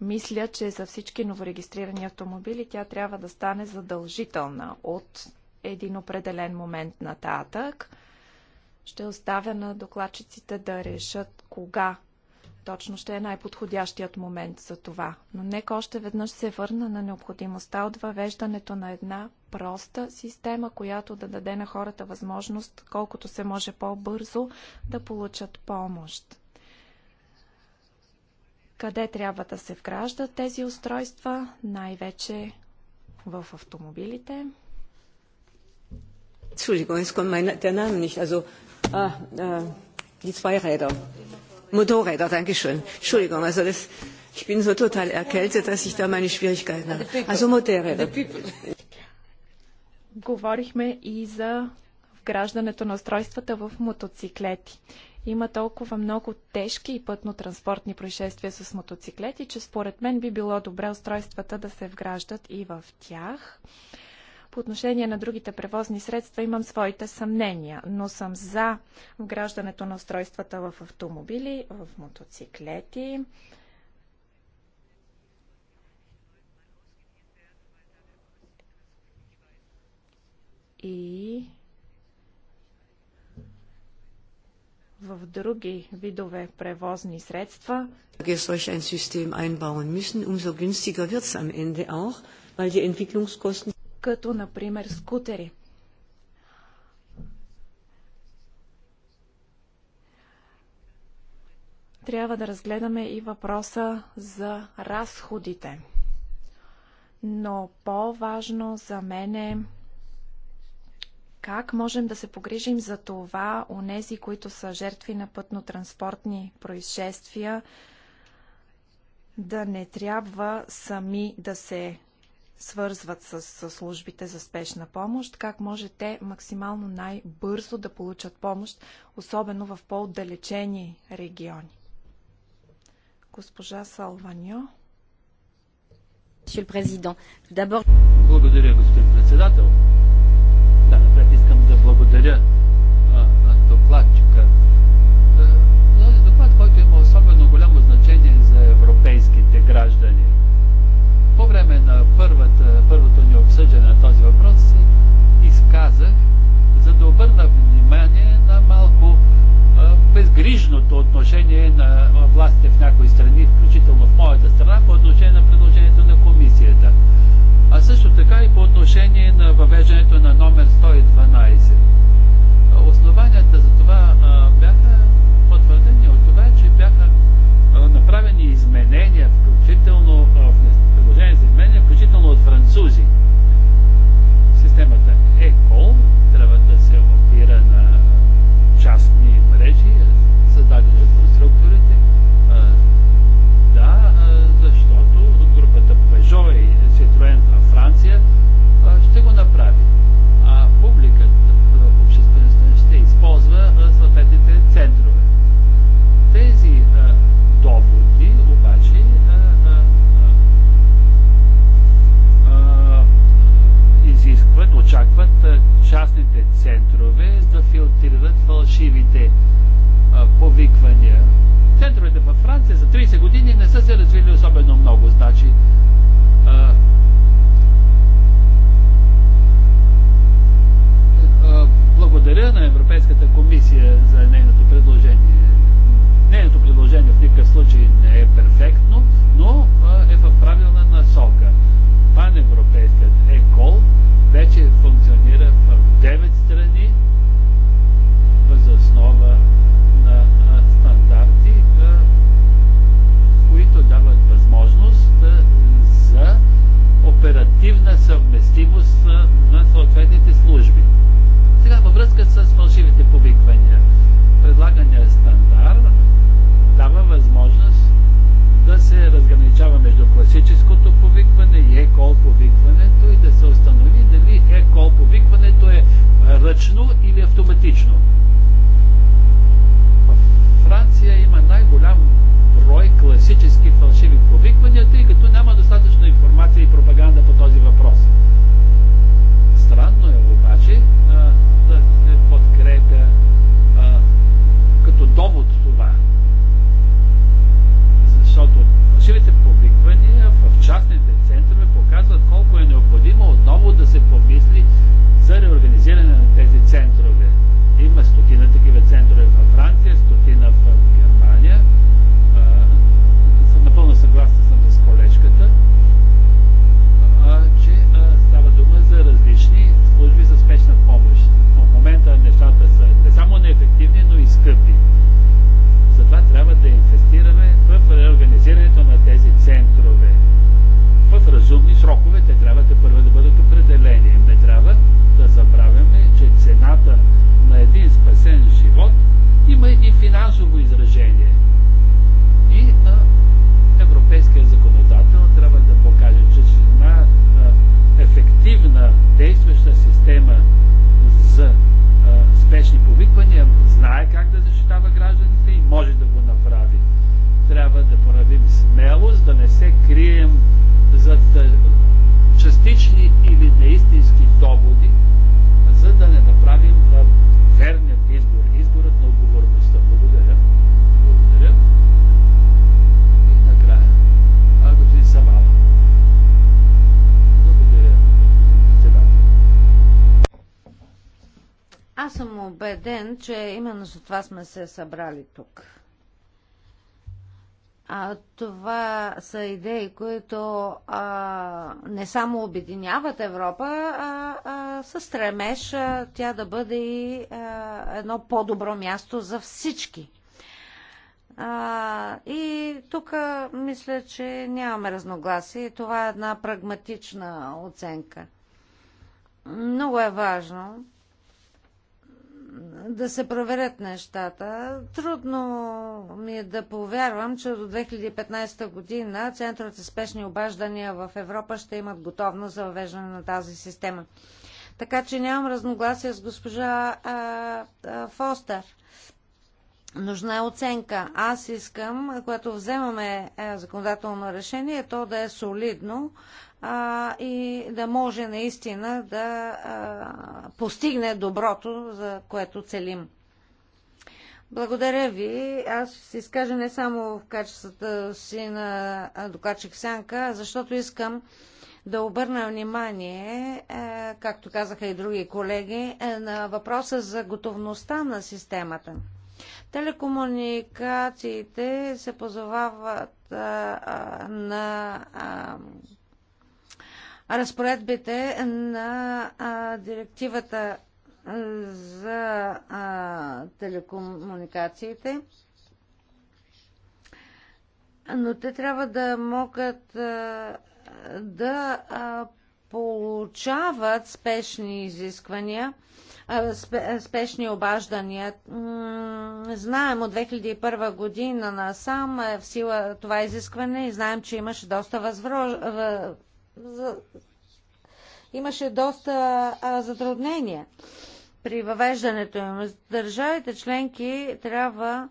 Мисля, че за всички новорегистрирани автомобили тя трябва да стане задължителна от един определен момент нататък. Ще оставя на докладчиците да решат кога точно ще е най-подходящият момент за това. Но нека още веднъж се върна на необходимостта от въвеждането на една проста система, която да даде на хората възможност колкото се може по-бързо да получат помощ. Къде трябва да се вграждат тези устройства? Най-вече в автомобилите. Entschuldigung, jetzt kommt mein, der Name nicht. Also ah, äh, die Zweiräder. Motorräder, danke schön. Entschuldigung, also das, ich bin so total erkältet, dass ich da meine Schwierigkeiten habe. Also Motorräder. Говорихме и за вграждането на устройствата в мотоциклети. Има толкова много тежки и пътно-транспортни происшествия с мотоциклети, че според мен би било добре устройствата да се вграждат и в тях. По отношение на другите превозни средства имам своите съмнения, но съм за вграждането на устройствата в автомобили, в мотоциклети. И в други видове превозни средства. като например скутери. Трябва да разгледаме и въпроса за разходите. Но по-важно за мен е как можем да се погрижим за това у нези, които са жертви на пътно-транспортни происшествия, да не трябва сами да се свързват с, с службите за спешна помощ, как може те максимално най-бързо да получат помощ, особено в по-отдалечени региони. Госпожа Салваньо. Благодаря, господин председател благодаря на докладчика. Е, този доклад, който има особено голямо значение за европейските граждани. По време на първата, първото ни обсъждане на този въпрос си изказах, за да обърна внимание на малко безгрижното отношение на властите в някои страни, включително в моята страна, по отношение на предложението на комисията. А също така и по отношение на въвеждането на номер 112. Основанията за това бяха потвърдени от това, че бяха направени изменения, включително в предложение за изменения, включително от французи. сме се събрали тук. А, това са идеи, които а, не само обединяват Европа, а, а са стремеж а, тя да бъде и а, едно по-добро място за всички. А, и тук мисля, че нямаме разногласие. Това е една прагматична оценка. Много е важно да се проверят нещата. Трудно ми е да повярвам, че до 2015 година центровете спешни обаждания в Европа ще имат готовност за въвеждане на тази система. Така че нямам разногласие с госпожа а, а, Фостер. Нужна е оценка. Аз искам, когато вземаме законодателно решение, то да е солидно, а, и да може наистина да а, постигне доброто, за което целим. Благодаря ви. Аз се изкажа не само в качеството си на докачих Сянка, защото искам да обърна внимание, е, както казаха и други колеги, е, на въпроса за готовността на системата. Телекомуникациите се позовават на разпоредбите на а, директивата за а, телекомуникациите, но те трябва да могат а, да а, получават спешни изисквания, а, спешни обаждания. Знаем от 2001 година насам е в сила това изискване и знаем, че имаше доста възвръж за... имаше доста а, затруднения при въвеждането им. Държавите членки трябва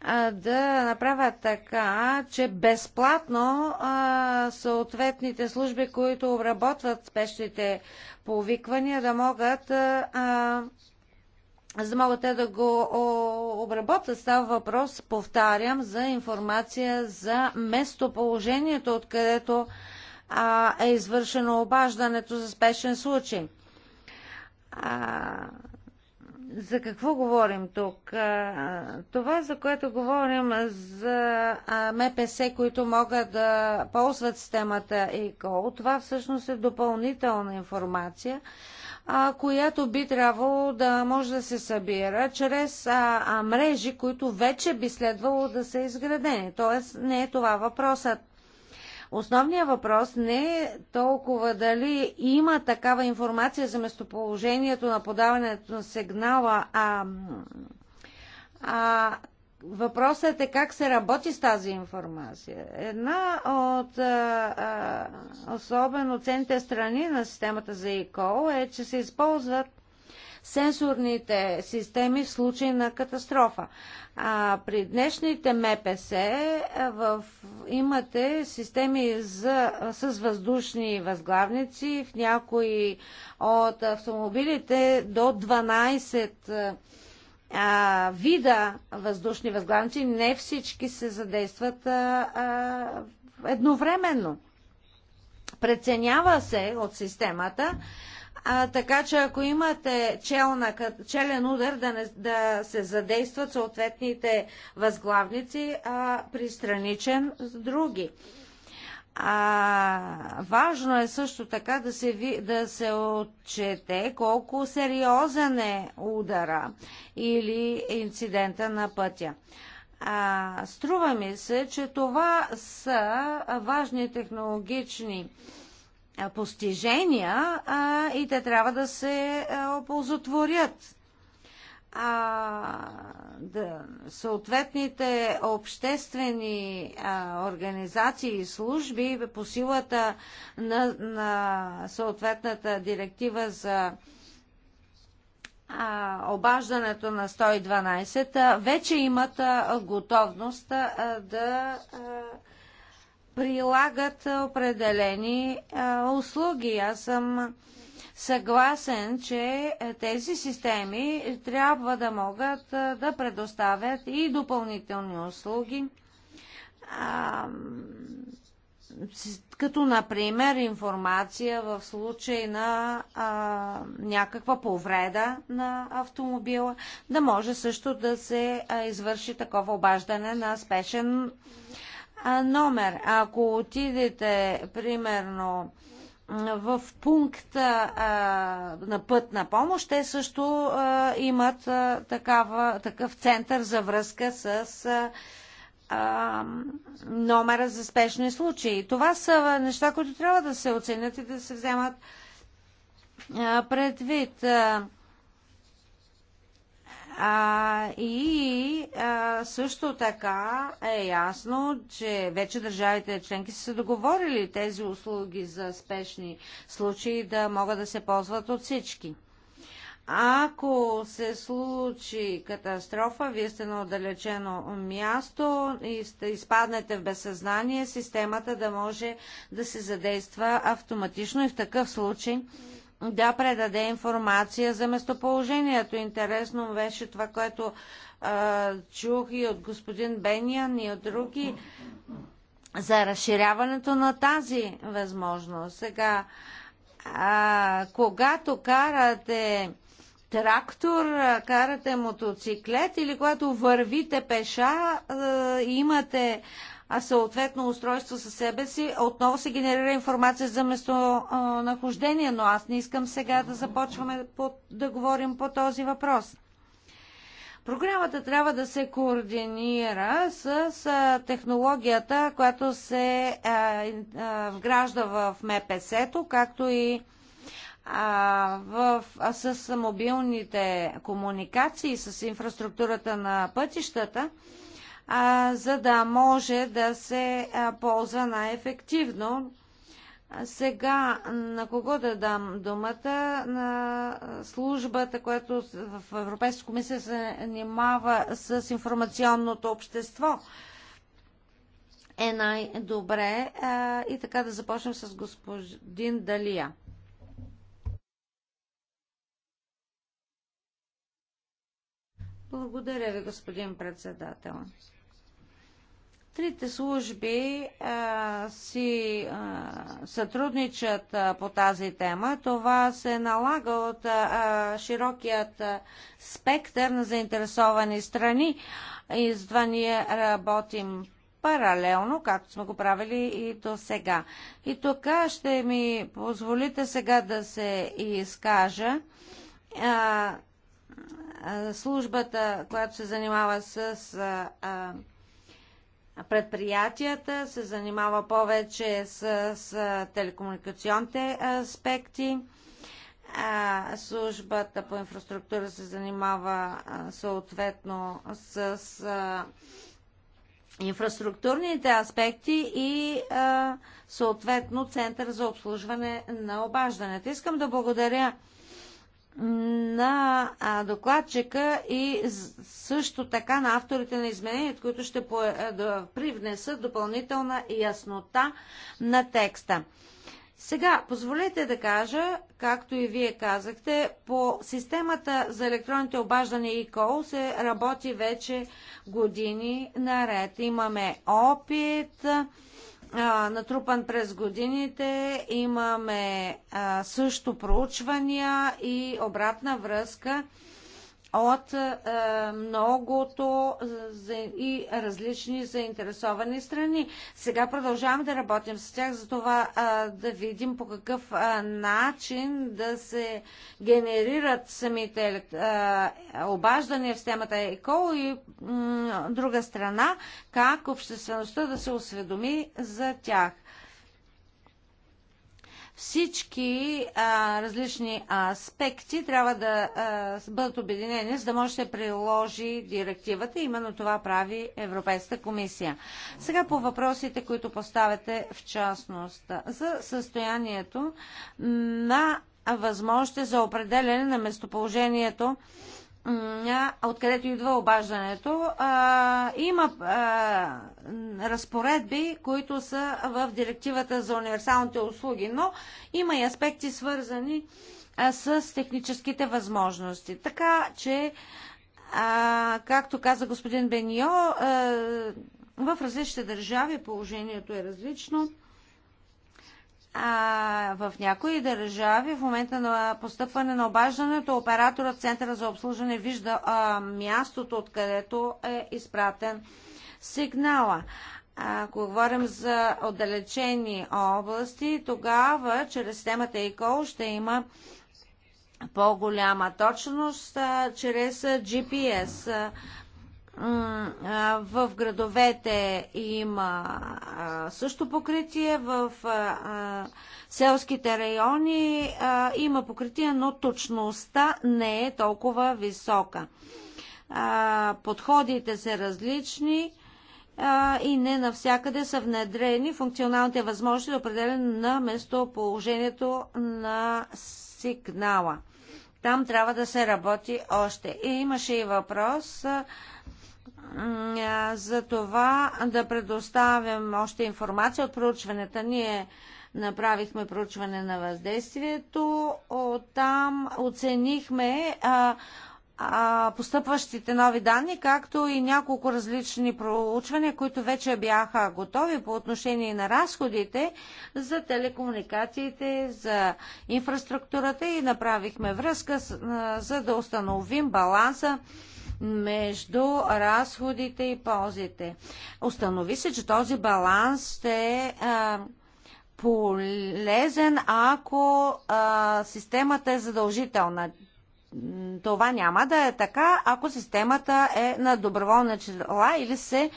а, да направят така, че безплатно а, съответните служби, които обработват спешните повиквания, да могат а, за да могат те да го обработят. Става въпрос, повтарям, за информация за местоположението, откъдето а, е извършено обаждането за спешен случай. А, за какво говорим тук? А, това, за което говорим за МПС, които могат да ползват системата ECOL, това всъщност е допълнителна информация, а, която би трябвало да може да се събира чрез а, а, мрежи, които вече би следвало да са изградени. Тоест не е това въпросът. Основният въпрос не е толкова дали има такава информация за местоположението на подаването на сигнала, а, а Въпросът е как се работи с тази информация. Една от а, а, особено ценните страни на системата за ИКОЛ е, че се използват сенсорните системи в случай на катастрофа. А при днешните МПС в, имате системи за, с въздушни възглавници в някои от автомобилите до 12 а, вида въздушни възглавници, не всички се задействат а, а, едновременно. Преценява се от системата, а, така че ако имате челна, челен удар, да, не, да се задействат съответните възглавници а, при страничен с други. А, а, важно е също така да се, ви, да се отчете колко сериозен е удара или инцидента на пътя. А, струва ми се, че това са важни технологични постижения а, и те трябва да се оползотворят а, да, съответните обществени а, организации и служби по силата на, на съответната директива за а, обаждането на 112 вече имат а, готовност а, да а, прилагат определени а, услуги. Аз съм а, съгласен, че е, тези системи трябва да могат е, да предоставят и допълнителни услуги, като например информация в случай на а, някаква повреда на автомобила, да може също да се а, извърши такова обаждане на спешен а, номер. Ако отидете примерно в пункта на път на помощ, те също а, имат а, такава, такъв център за връзка с а, номера за спешни случаи. Това са неща, които трябва да се оценят и да се вземат предвид. А, и а, също така е ясно, че вече държавите членки са договорили тези услуги за спешни случаи да могат да се ползват от всички. Ако се случи катастрофа, вие сте на отдалечено място и сте, изпаднете в безсъзнание, системата да може да се задейства автоматично и в такъв случай да предаде информация за местоположението. Интересно беше това, което а, чух и от господин Бениан и от други за разширяването на тази възможност. Сега, а, когато карате трактор, карате мотоциклет или когато вървите пеша, имате а съответно устройство със себе си, отново се генерира информация за местонахождение, но аз не искам сега да започваме по, да говорим по този въпрос. Програмата трябва да се координира с, с технологията, която се а, а, вгражда в МПС-то, както и а, в, а с мобилните комуникации, с инфраструктурата на пътищата. А, а, за да може да се а, ползва най-ефективно. Сега на кого да дам думата? На службата, която в Европейската комисия се занимава с информационното общество е най-добре и така да започнем с господин Далия. Благодаря ви, господин председател. Трите служби а, си а, сътрудничат а, по тази тема. Това се налага от а, широкият а, спектър на заинтересовани страни и това ние работим паралелно, както сме го правили и до сега. И тук ще ми позволите сега да се изкажа. А, службата, която се занимава с а, предприятията, се занимава повече с, с телекомуникационните аспекти. А, службата по инфраструктура се занимава а, съответно с а, инфраструктурните аспекти и съответно Център за обслужване на обаждането. Искам да благодаря на докладчика и също така на авторите на изменението, които ще привнесат допълнителна яснота на текста. Сега, позволете да кажа, както и вие казахте, по системата за електронните обаждания и кол се работи вече години наред. Имаме опит, а, натрупан през годините. Имаме а, също проучвания и обратна връзка от е, многото е, и различни заинтересовани страни. Сега продължавам да работим с тях, за това е, да видим по какъв начин да се генерират самите обаждания в системата ЕКО и друга страна, как обществеността да се осведоми за тях всички а, различни аспекти трябва да а, бъдат обединени, за да може да се приложи директивата. Именно това прави Европейската комисия. Сега по въпросите, които поставяте в частност за състоянието на възможности за определене на местоположението откъдето идва обаждането, а, има а, разпоредби, които са в директивата за универсалните услуги, но има и аспекти свързани а, с техническите възможности. Така че, а, както каза господин Бенио, а, в различните държави положението е различно а, в някои държави в момента на постъпване на обаждането операторът в центъра за обслужване вижда а, мястото, откъдето е изпратен сигнала. Ако говорим за отдалечени области, тогава чрез системата ECOL ще има по-голяма точност а, чрез GPS. В градовете има също покритие, в селските райони има покритие, но точността не е толкова висока. Подходите са различни и не навсякъде са внедрени функционалните възможности за определен на местоположението на сигнала. Там трябва да се работи още. И имаше и въпрос за това да предоставям още информация от проучването. Ние направихме проучване на въздействието. там оценихме постъпващите нови данни, както и няколко различни проучвания, които вече бяха готови по отношение на разходите за телекомуникациите, за инфраструктурата и направихме връзка, за да установим баланса между разходите и ползите. Установи се, че този баланс ще е полезен, ако а, системата е задължителна. Това няма да е така, ако системата е на доброволна чела или се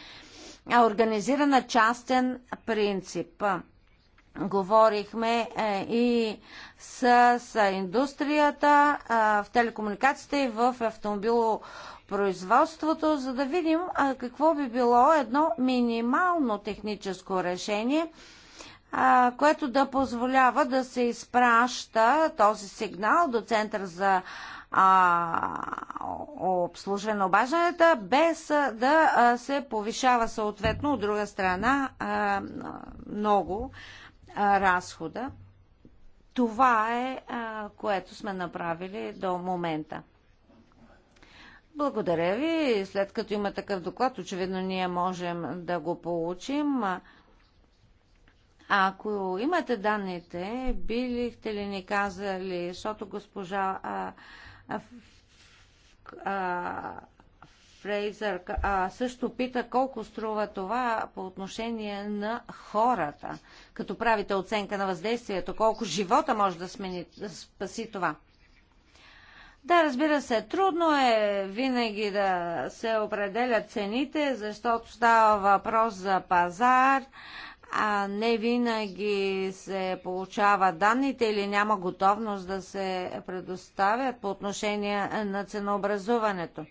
организира на частен принцип. Говорихме е, и с, с индустрията а, в телекомуникациите и в автомобило производството, за да видим а, какво би било едно минимално техническо решение, а, което да позволява да се изпраща този сигнал до Център за а, обслужване на обажданията, без да се повишава съответно от друга страна а, много а, разхода. Това е, а, което сме направили до момента. Благодаря ви. След като има такъв доклад, очевидно ние можем да го получим. А ако имате данните, бихте ли ни казали, защото госпожа а, а, а, Фрейзър а, също пита колко струва това по отношение на хората, като правите оценка на въздействието, колко живота може да смени, да спаси това. Да, разбира се, трудно е винаги да се определят цените, защото става въпрос за пазар, а не винаги се получават данните или няма готовност да се предоставят по отношение на ценообразуването.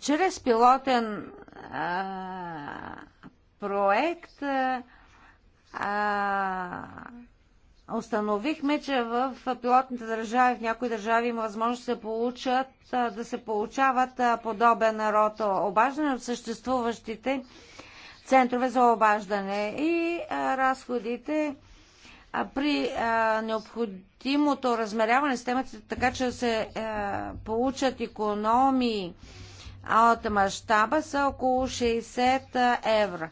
Чрез пилотен а, проект а, установихме, че в пилотните държави, в някои държави има възможност да се получат, да се получават подобен род обаждане от съществуващите центрове за обаждане и разходите при необходимото размеряване на системата, така че да се получат економии от мащаба са около 60 евро.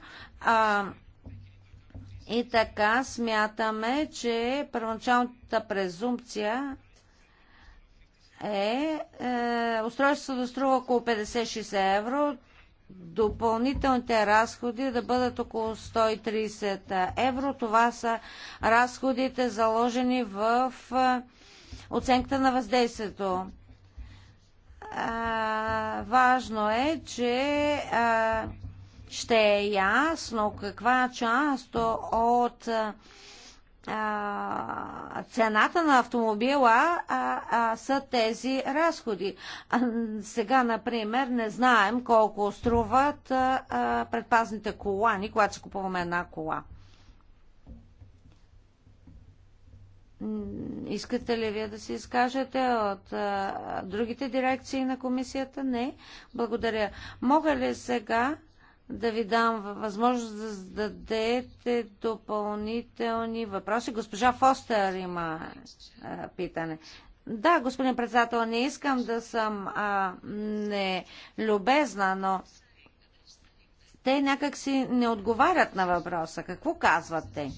И така смятаме, че първоначалната презумпция е, е устройството да струва около 50-60 евро, допълнителните разходи да бъдат около 130 евро. Това са разходите заложени в е, оценката на въздействието. А, важно е, че а, ще е ясно каква част от цената на автомобила а, а, са тези разходи. А, сега, например, не знаем колко струват а, а, предпазните колани, когато си купуваме една кола. Искате ли вие да се изкажете от а, другите дирекции на комисията? Не. Благодаря. Мога ли сега да ви дам възможност да зададете допълнителни въпроси. Госпожа Фостер има а, питане. Да, господин председател, не искам да съм а, любезна, но те някак си не отговарят на въпроса. Какво казват те?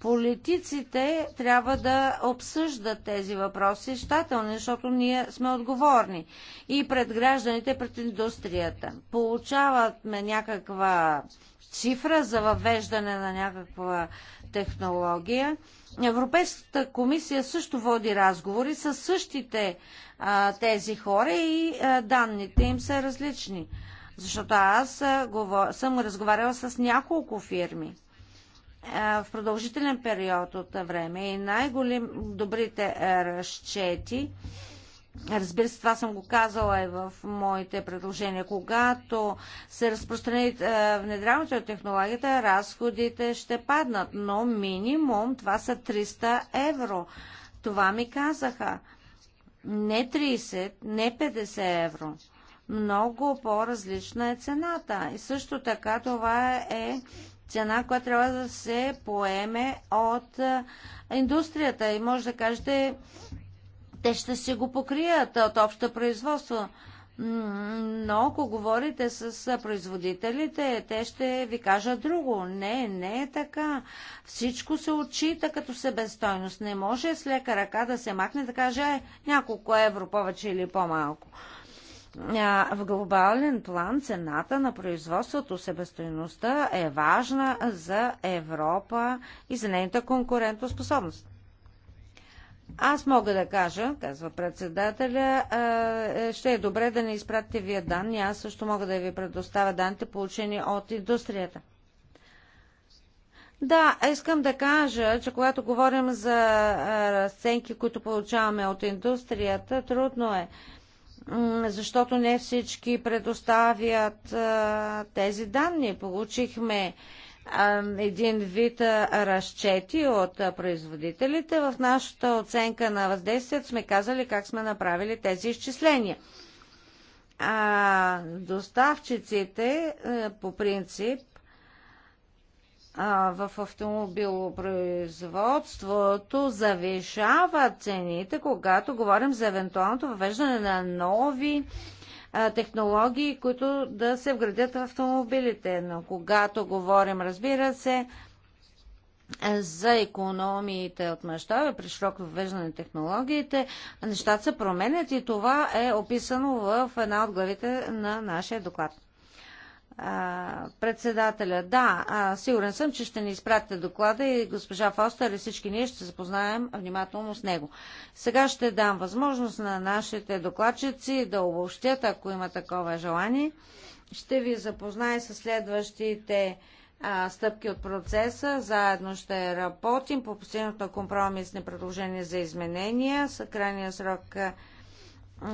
Политиците трябва да обсъждат тези въпроси щателно, защото ние сме отговорни и пред гражданите, пред индустрията. Получаваме някаква цифра за въвеждане на някаква технология. Европейската комисия също води разговори с същите а, тези хора и а, данните им са различни. Защото аз а, говор... съм разговаряла с няколко фирми в продължителен период от време и най-добрите разчети, разбира се, това съм го казала и в моите предложения, когато се разпространи внедряването на технологията, разходите ще паднат, но минимум това са 300 евро. Това ми казаха. Не 30, не 50 евро. Много по-различна е цената. И също така това е цена, която трябва да се поеме от индустрията. И може да кажете, те ще се го покрият от общо производство. Но ако говорите с производителите, те ще ви кажат друго. Не, не е така. Всичко се отчита като себестойност. Не може с лека ръка да се махне да каже е, няколко евро повече или по-малко в глобален план цената на производството, себестоеността е важна за Европа и за нейната конкурентоспособност. Аз мога да кажа, казва председателя, е, ще е добре да не изпратите вие данни, аз също мога да ви предоставя данните, получени от индустрията. Да, искам да кажа, че когато говорим за разценки, които получаваме от индустрията, трудно е защото не всички предоставят а, тези данни. Получихме а, един вид а, разчети от производителите. В нашата оценка на въздействието сме казали как сме направили тези изчисления. А доставчиците по принцип в автомобилопроизводството завишава цените, когато говорим за евентуалното въвеждане на нови а, технологии, които да се вградят в автомобилите. Но когато говорим, разбира се, за економиите от мащаба при широко въвеждане на технологиите, нещата се променят и това е описано в една от главите на нашия доклад председателя. Да, а, сигурен съм, че ще ни изпратите доклада и госпожа Фостер и всички ние ще се запознаем внимателно с него. Сега ще дам възможност на нашите докладчици да обобщят, ако има такова желание. Ще ви запознае с следващите а, стъпки от процеса. Заедно ще работим по постигнато компромисни предложения за изменения. Съкрайният срок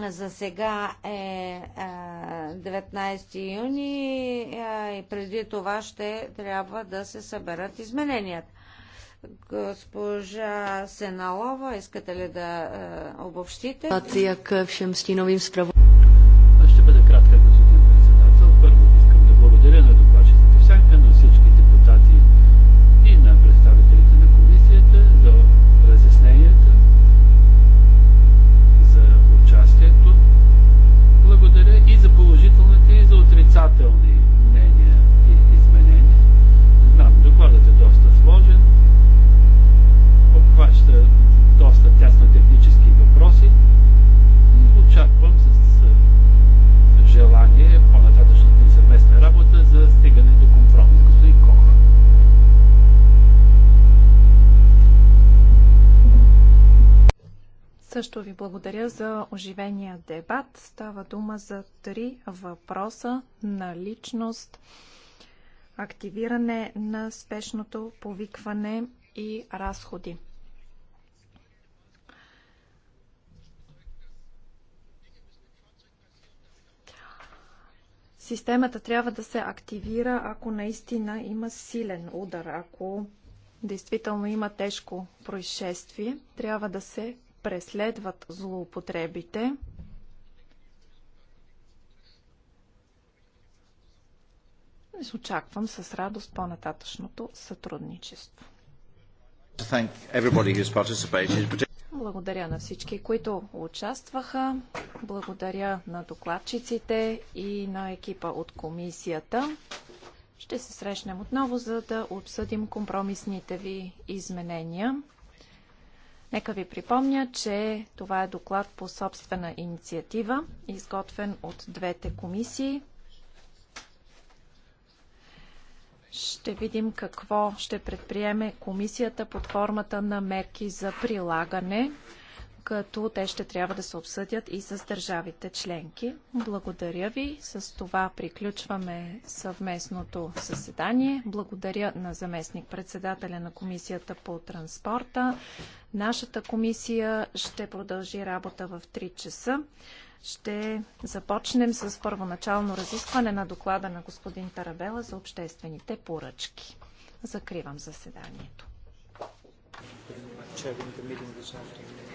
за сега е 19 е, юни е, и преди това ще трябва да се съберат измененията. Госпожа Сеналова, искате ли да е, обобщите? Как всем стиновим справо също ви благодаря за оживения дебат. Става дума за три въпроса на личност, активиране на спешното повикване и разходи. Системата трябва да се активира, ако наистина има силен удар, ако действително има тежко происшествие, трябва да се преследват злоупотребите. Очаквам с радост по-нататъчното сътрудничество. Благодаря на всички, които участваха. Благодаря на докладчиците и на екипа от комисията. Ще се срещнем отново, за да обсъдим компромисните ви изменения. Нека ви припомня, че това е доклад по собствена инициатива, изготвен от двете комисии. Ще видим какво ще предприеме комисията под формата на мерки за прилагане като те ще трябва да се обсъдят и с държавите членки. Благодаря ви. С това приключваме съвместното съседание. Благодаря на заместник председателя на Комисията по транспорта. Нашата комисия ще продължи работа в 3 часа. Ще започнем с първоначално разискване на доклада на господин Тарабела за обществените поръчки. Закривам заседанието chairing the meeting this afternoon.